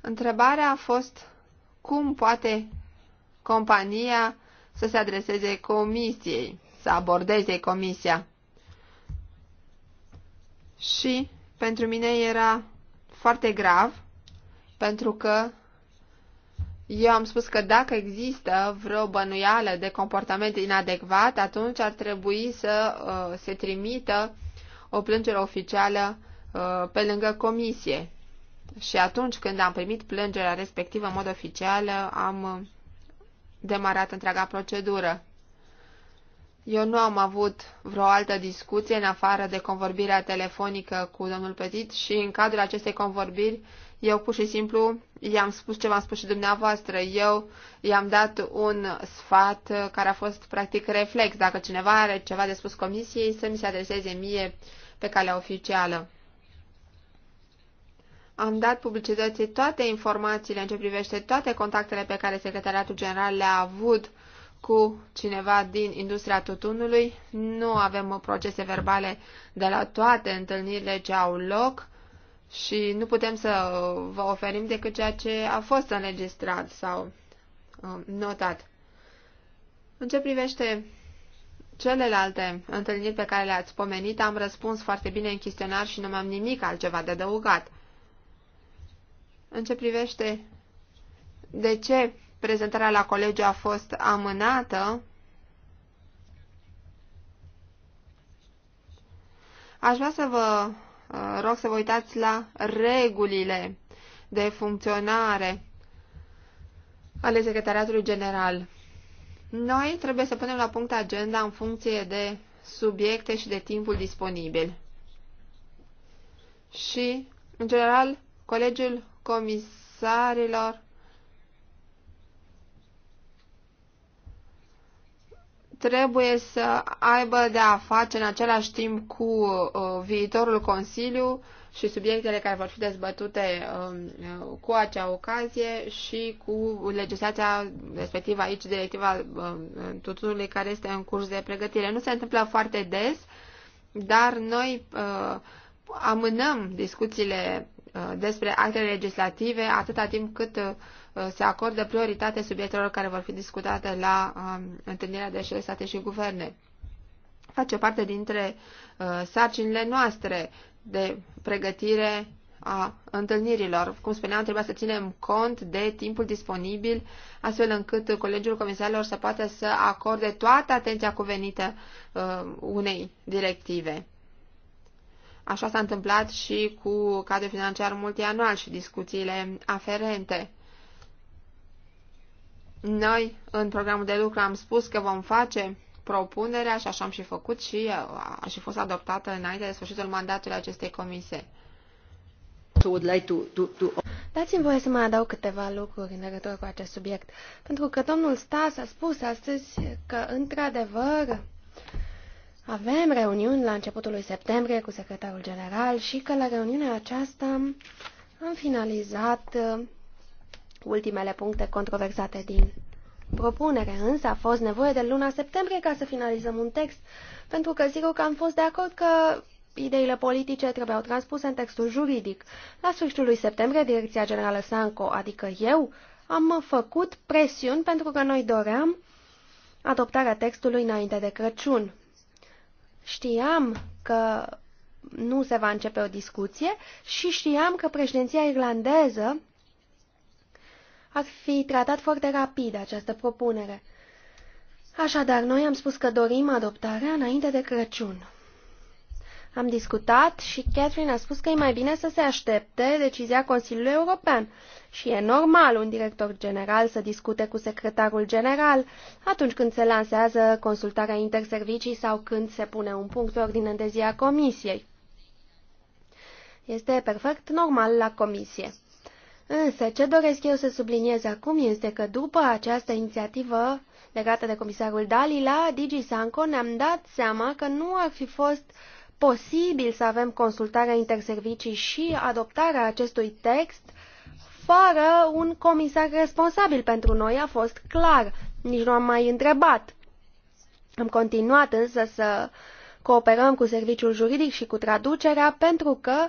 Întrebarea a fost cum poate compania să se adreseze comisiei, să abordeze comisia. Și pentru mine era foarte grav, pentru că eu am spus că dacă există vreo bănuială de comportament inadecvat, atunci ar trebui să uh, se trimită o plângere oficială uh, pe lângă comisie. Și atunci când am primit plângerea respectivă în mod oficial, am uh, demarat întreaga procedură. Eu nu am avut vreo altă discuție în afară de convorbirea telefonică cu domnul Petit și în cadrul acestei convorbiri eu pur și simplu i-am spus ce v-am spus și dumneavoastră. Eu i-am dat un sfat care a fost practic reflex. Dacă cineva are ceva de spus comisiei, să mi se adreseze mie pe calea oficială. Am dat publicității toate informațiile în ce privește toate contactele pe care Secretariatul General le-a avut cu cineva din industria tutunului. Nu avem procese verbale de la toate întâlnirile ce au loc și nu putem să vă oferim decât ceea ce a fost înregistrat sau um, notat. În ce privește celelalte întâlniri pe care le-ați pomenit, am răspuns foarte bine în chestionar și nu am nimic altceva de adăugat. În ce privește de ce prezentarea la colegiu a fost amânată, aș vrea să vă rog să vă uitați la regulile de funcționare ale Secretariatului General. Noi trebuie să punem la punct agenda în funcție de subiecte și de timpul disponibil. Și, în general, Colegiul Comisarilor trebuie să aibă de a face în același timp cu uh, viitorul Consiliu și subiectele care vor fi dezbătute um, uh, cu acea ocazie și cu legislația respectivă aici, directiva uh, um, tuturor care este în curs de pregătire. Nu se întâmplă foarte des, dar noi uh, amânăm discuțiile uh, despre actele legislative atâta timp cât uh, Uh, se acorde prioritate subiectelor care vor fi discutate la um, întâlnirea de șef state și guverne. Face parte dintre uh, sarcinile noastre de pregătire a întâlnirilor. Cum spuneam, trebuie să ținem cont de timpul disponibil, astfel încât Colegiul Comisarilor să poată să acorde toată atenția cuvenită uh, unei directive. Așa s-a întâmplat și cu cadrul financiar multianual și discuțiile aferente. Noi, în programul de lucru, am spus că vom face propunerea și așa am și făcut și uh, a și fost adoptată înainte de sfârșitul mandatului acestei comise. Dați-mi voie să mai adaug câteva lucruri în legătură cu acest subiect, pentru că domnul Stas a spus astăzi că, într-adevăr, avem reuniuni la începutul lui septembrie cu secretarul general și că la reuniunea aceasta am finalizat uh, ultimele puncte controversate din propunere, însă a fost nevoie de luna septembrie ca să finalizăm un text, pentru că sigur că am fost de acord că ideile politice trebuiau transpuse în textul juridic. La sfârșitul lui septembrie, Direcția Generală Sanco, adică eu, am făcut presiuni pentru că noi doream adoptarea textului înainte de Crăciun. Știam că nu se va începe o discuție și știam că președinția irlandeză ar fi tratat foarte rapid această propunere. Așadar, noi am spus că dorim adoptarea înainte de Crăciun. Am discutat și Catherine a spus că e mai bine să se aștepte decizia Consiliului European și e normal un director general să discute cu secretarul general atunci când se lansează consultarea interservicii sau când se pune un punct pe ordine de zi a comisiei. Este perfect normal la comisie. Însă, ce doresc eu să subliniez acum este că după această inițiativă legată de comisarul Dali, la DigiSanco ne-am dat seama că nu ar fi fost posibil să avem consultarea interservicii și adoptarea acestui text fără un comisar responsabil pentru noi a fost clar. Nici nu am mai întrebat. Am continuat însă să cooperăm cu serviciul juridic și cu traducerea pentru că uh,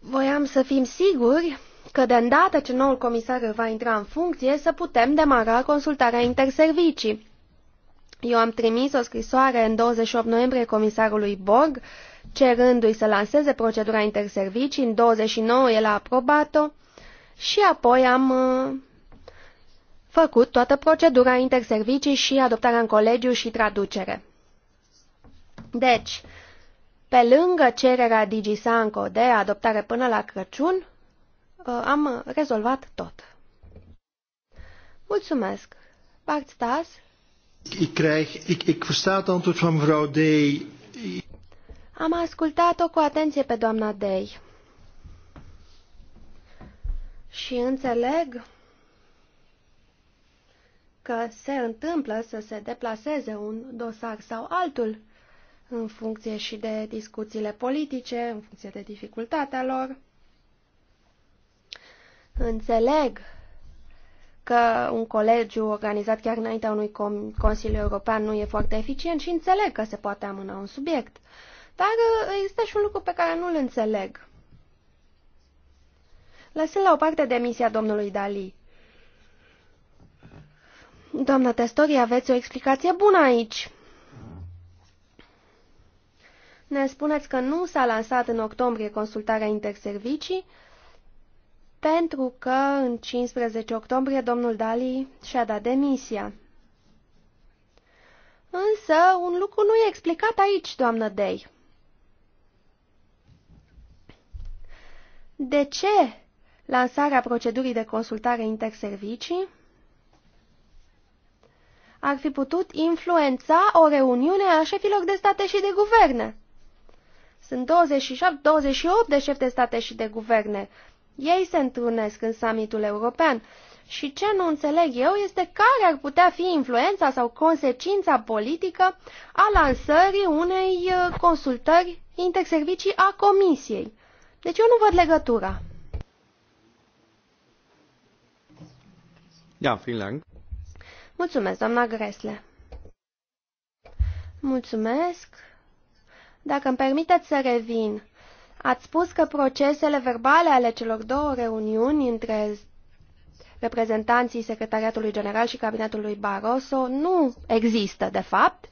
Voiam să fim siguri că de îndată ce noul comisar va intra în funcție, să putem demara consultarea interservicii. Eu am trimis o scrisoare în 28 noiembrie comisarului Borg, cerându-i să lanseze procedura interservicii, în 29 el a aprobat-o și apoi am uh, făcut toată procedura interservicii și adoptarea în colegiu și traducere. Deci, pe lângă cererea DigiSanco de adoptare până la Crăciun, uh, am rezolvat tot. Mulțumesc. Bart Stas? Ik krijg, ik, ik versta het antwoord van mevrouw Am ascultat-o cu atenție pe doamna Day. Și înțeleg că se întâmplă să se deplaseze un dosar sau altul, în funcție și de discuțiile politice, în funcție de dificultatea lor. Înțeleg că un colegiu organizat chiar înaintea unui Consiliu European nu e foarte eficient și înțeleg că se poate amâna un subiect. Dar uh, este și un lucru pe care nu-l înțeleg. Lăsând la o parte demisia domnului Dali. Doamna Testori, aveți o explicație bună aici. Ne spuneți că nu s-a lansat în octombrie consultarea interservicii, pentru că în 15 octombrie domnul Dali și-a dat demisia. Însă, un lucru nu e explicat aici, doamnă Dei. De ce lansarea procedurii de consultare interservicii ar fi putut influența o reuniune a șefilor de state și de guverne? Sunt 27-28 de șefi de state și de guverne. Ei se întrunesc în summitul european. Și ce nu înțeleg eu este care ar putea fi influența sau consecința politică a lansării unei uh, consultări interservicii a Comisiei. Deci eu nu văd legătura. Ja, vielen Dank. Mulțumesc, doamna Gresle. Mulțumesc. Dacă îmi permiteți să revin, ați spus că procesele verbale ale celor două reuniuni între reprezentanții Secretariatului General și Cabinetului Barroso nu există, de fapt,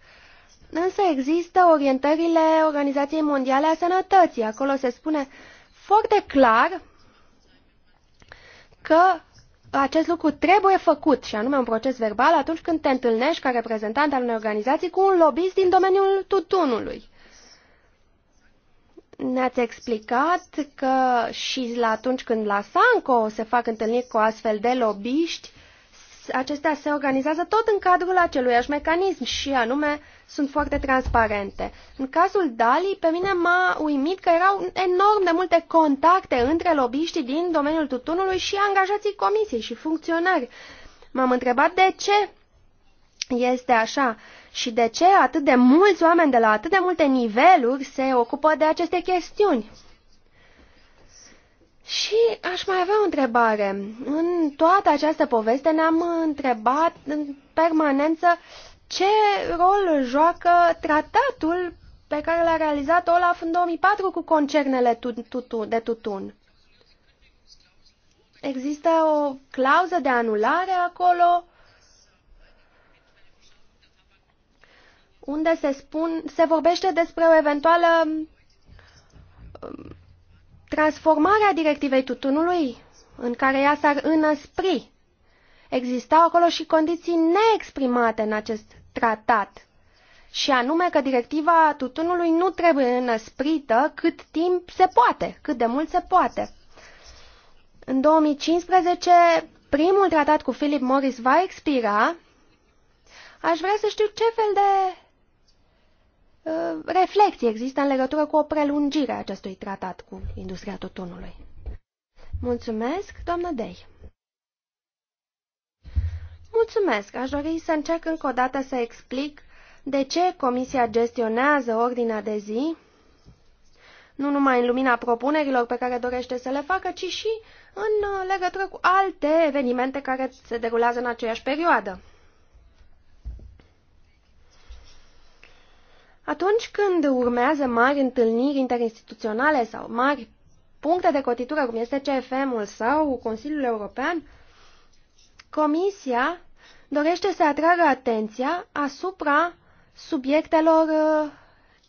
însă există orientările Organizației Mondiale a Sănătății. Acolo se spune foarte clar că acest lucru trebuie făcut, și anume un proces verbal atunci când te întâlnești ca reprezentant al unei organizații cu un lobbyist din domeniul tutunului. Ne-ați explicat că și la atunci când la Sanco se fac întâlniri cu astfel de lobiști, acestea se organizează tot în cadrul aceluiași mecanism și anume sunt foarte transparente. În cazul Dali, pe mine m-a uimit că erau enorm de multe contacte între lobiștii din domeniul tutunului și angajații comisiei și funcționari. M-am întrebat de ce este așa și de ce atât de mulți oameni de la atât de multe niveluri se ocupă de aceste chestiuni. Și aș mai avea o întrebare. În toată această poveste ne-am întrebat în permanență ce rol joacă tratatul pe care l-a realizat Olaf în 2004 cu concernele de tutun. Există o clauză de anulare acolo unde se, spun, se vorbește despre o eventuală um, transformare a directivei tutunului, în care ea s-ar înăspri. Existau acolo și condiții neexprimate în acest tratat, și anume că directiva tutunului nu trebuie înăsprită cât timp se poate, cât de mult se poate. În 2015, primul tratat cu Philip Morris va expira. Aș vrea să știu ce fel de Uh, reflexii există în legătură cu o prelungire a acestui tratat cu industria tutunului. Mulțumesc, doamnă Dei. Mulțumesc, aș dori să încerc încă o dată să explic de ce Comisia gestionează ordinea de zi, nu numai în lumina propunerilor pe care dorește să le facă, ci și în uh, legătură cu alte evenimente care se derulează în aceeași perioadă. Atunci când urmează mari întâlniri interinstituționale sau mari puncte de cotitură, cum este CFM-ul sau Consiliul European, Comisia dorește să atragă atenția asupra subiectelor uh,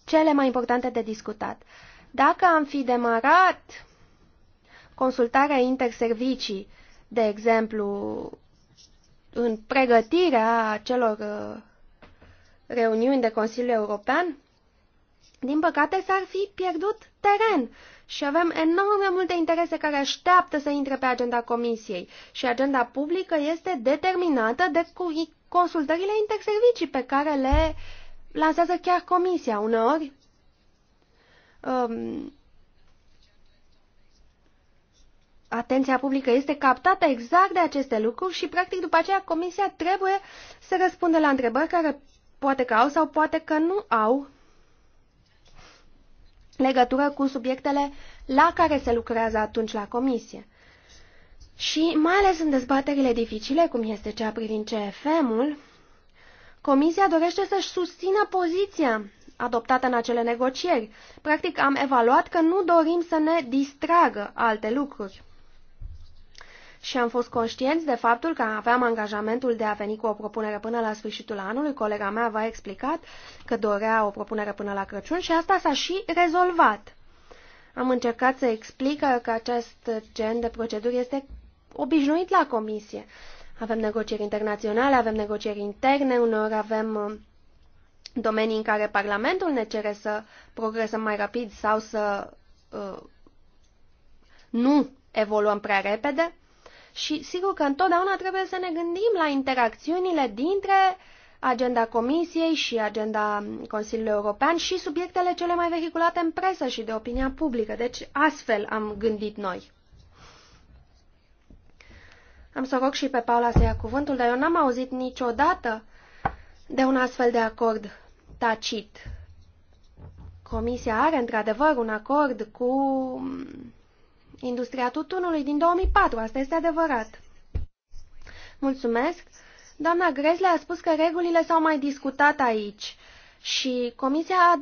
cele mai importante de discutat. Dacă am fi demarat consultarea interservicii, de exemplu, în pregătirea celor uh, reuniuni de Consiliu European, din păcate s-ar fi pierdut teren și avem enorm de multe interese care așteaptă să intre pe agenda Comisiei și agenda publică este determinată de consultările interservicii pe care le lansează chiar Comisia uneori. Um, atenția publică este captată exact de aceste lucruri și, practic, după aceea Comisia trebuie să răspundă la întrebări care poate că au sau poate că nu au legătură cu subiectele la care se lucrează atunci la comisie. Și mai ales în dezbaterile dificile, cum este cea privind CFM-ul, Comisia dorește să-și susțină poziția adoptată în acele negocieri. Practic, am evaluat că nu dorim să ne distragă alte lucruri și am fost conștienți de faptul că aveam angajamentul de a veni cu o propunere până la sfârșitul anului. Colega mea v-a explicat că dorea o propunere până la Crăciun și asta s-a și rezolvat. Am încercat să explic că acest gen de proceduri este obișnuit la comisie. Avem negocieri internaționale, avem negocieri interne, uneori avem uh, domenii în care Parlamentul ne cere să progresăm mai rapid sau să uh, nu evoluăm prea repede. Și sigur că întotdeauna trebuie să ne gândim la interacțiunile dintre agenda Comisiei și agenda Consiliului European și subiectele cele mai vehiculate în presă și de opinia publică. Deci astfel am gândit noi. Am să rog și pe Paula să ia cuvântul, dar eu n-am auzit niciodată de un astfel de acord tacit. Comisia are într-adevăr un acord cu industria tutunului din 2004, asta este adevărat. Mulțumesc. Doamna Gresle a spus că regulile s-au mai discutat aici și Comisia a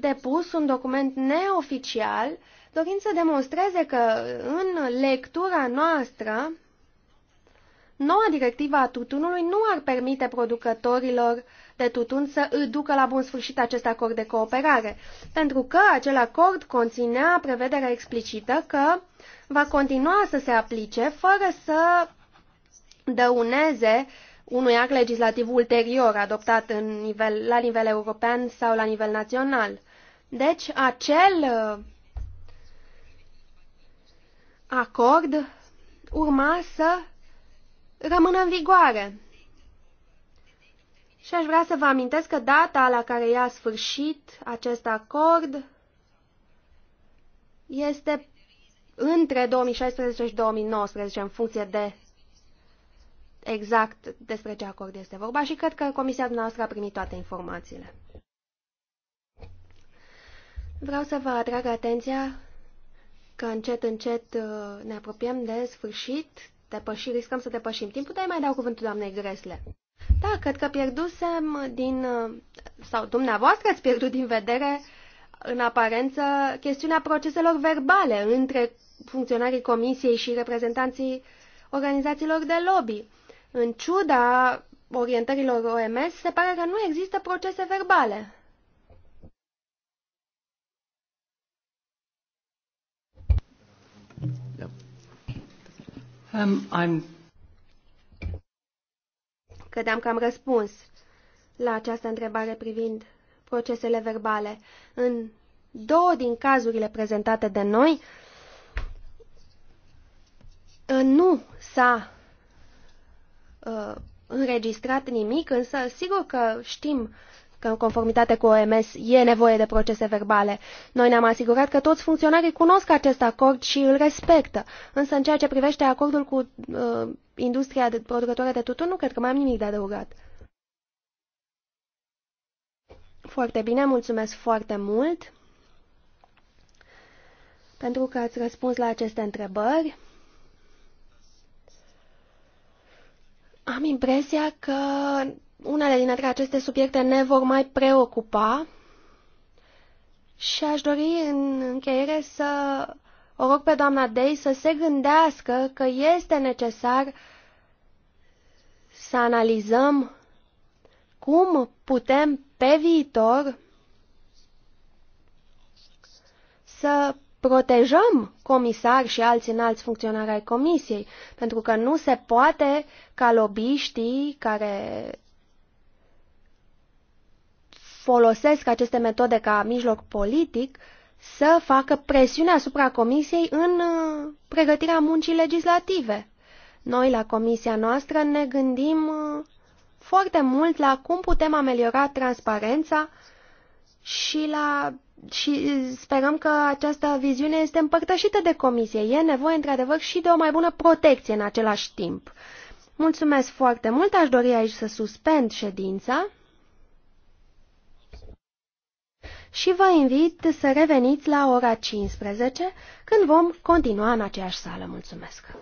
depus un document neoficial dorind să demonstreze că în lectura noastră noua directivă a tutunului nu ar permite producătorilor de tutun să ducă la bun sfârșit acest acord de cooperare, pentru că acel acord conținea prevederea explicită că va continua să se aplice fără să dăuneze unui act legislativ ulterior adoptat în nivel, la nivel european sau la nivel național. Deci, acel uh, acord urma să rămână în vigoare. Și aș vrea să vă amintesc că data la care i-a sfârșit acest acord este între 2016 și 2019, în funcție de exact despre ce acord este vorba și cred că comisia noastră a primit toate informațiile. Vreau să vă atrag atenția că încet, încet uh, ne apropiem de sfârșit, depăși, riscăm să depășim timpul, dar mai dau cuvântul doamnei Gresle. Da, cred că pierdusem din, sau dumneavoastră ați pierdut din vedere, în aparență, chestiunea proceselor verbale între funcționarii comisiei și reprezentanții organizațiilor de lobby. În ciuda orientărilor OMS, se pare că nu există procese verbale. Um, I'm Credeam că am răspuns la această întrebare privind procesele verbale. În două din cazurile prezentate de noi, ă, nu s-a ă, înregistrat nimic, însă sigur că știm că în conformitate cu OMS e nevoie de procese verbale. Noi ne-am asigurat că toți funcționarii cunosc acest acord și îl respectă. Însă în ceea ce privește acordul cu uh, industria de, producătoare de tutun, nu cred că mai am nimic de adăugat. Foarte bine, mulțumesc foarte mult pentru că ați răspuns la aceste întrebări. Am impresia că unele dintre aceste subiecte ne vor mai preocupa și aș dori în încheiere să o rog pe doamna Dei să se gândească că este necesar să analizăm cum putem pe viitor să protejăm comisari și alți înalți funcționari ai comisiei, pentru că nu se poate ca lobiștii care folosesc aceste metode ca mijloc politic să facă presiune asupra Comisiei în uh, pregătirea muncii legislative. Noi, la Comisia noastră, ne gândim uh, foarte mult la cum putem ameliora transparența și, la, și sperăm că această viziune este împărtășită de Comisie. E nevoie, într-adevăr, și de o mai bună protecție în același timp. Mulțumesc foarte mult, aș dori aici să suspend ședința și vă invit să reveniți la ora 15 când vom continua în aceeași sală. Mulțumesc!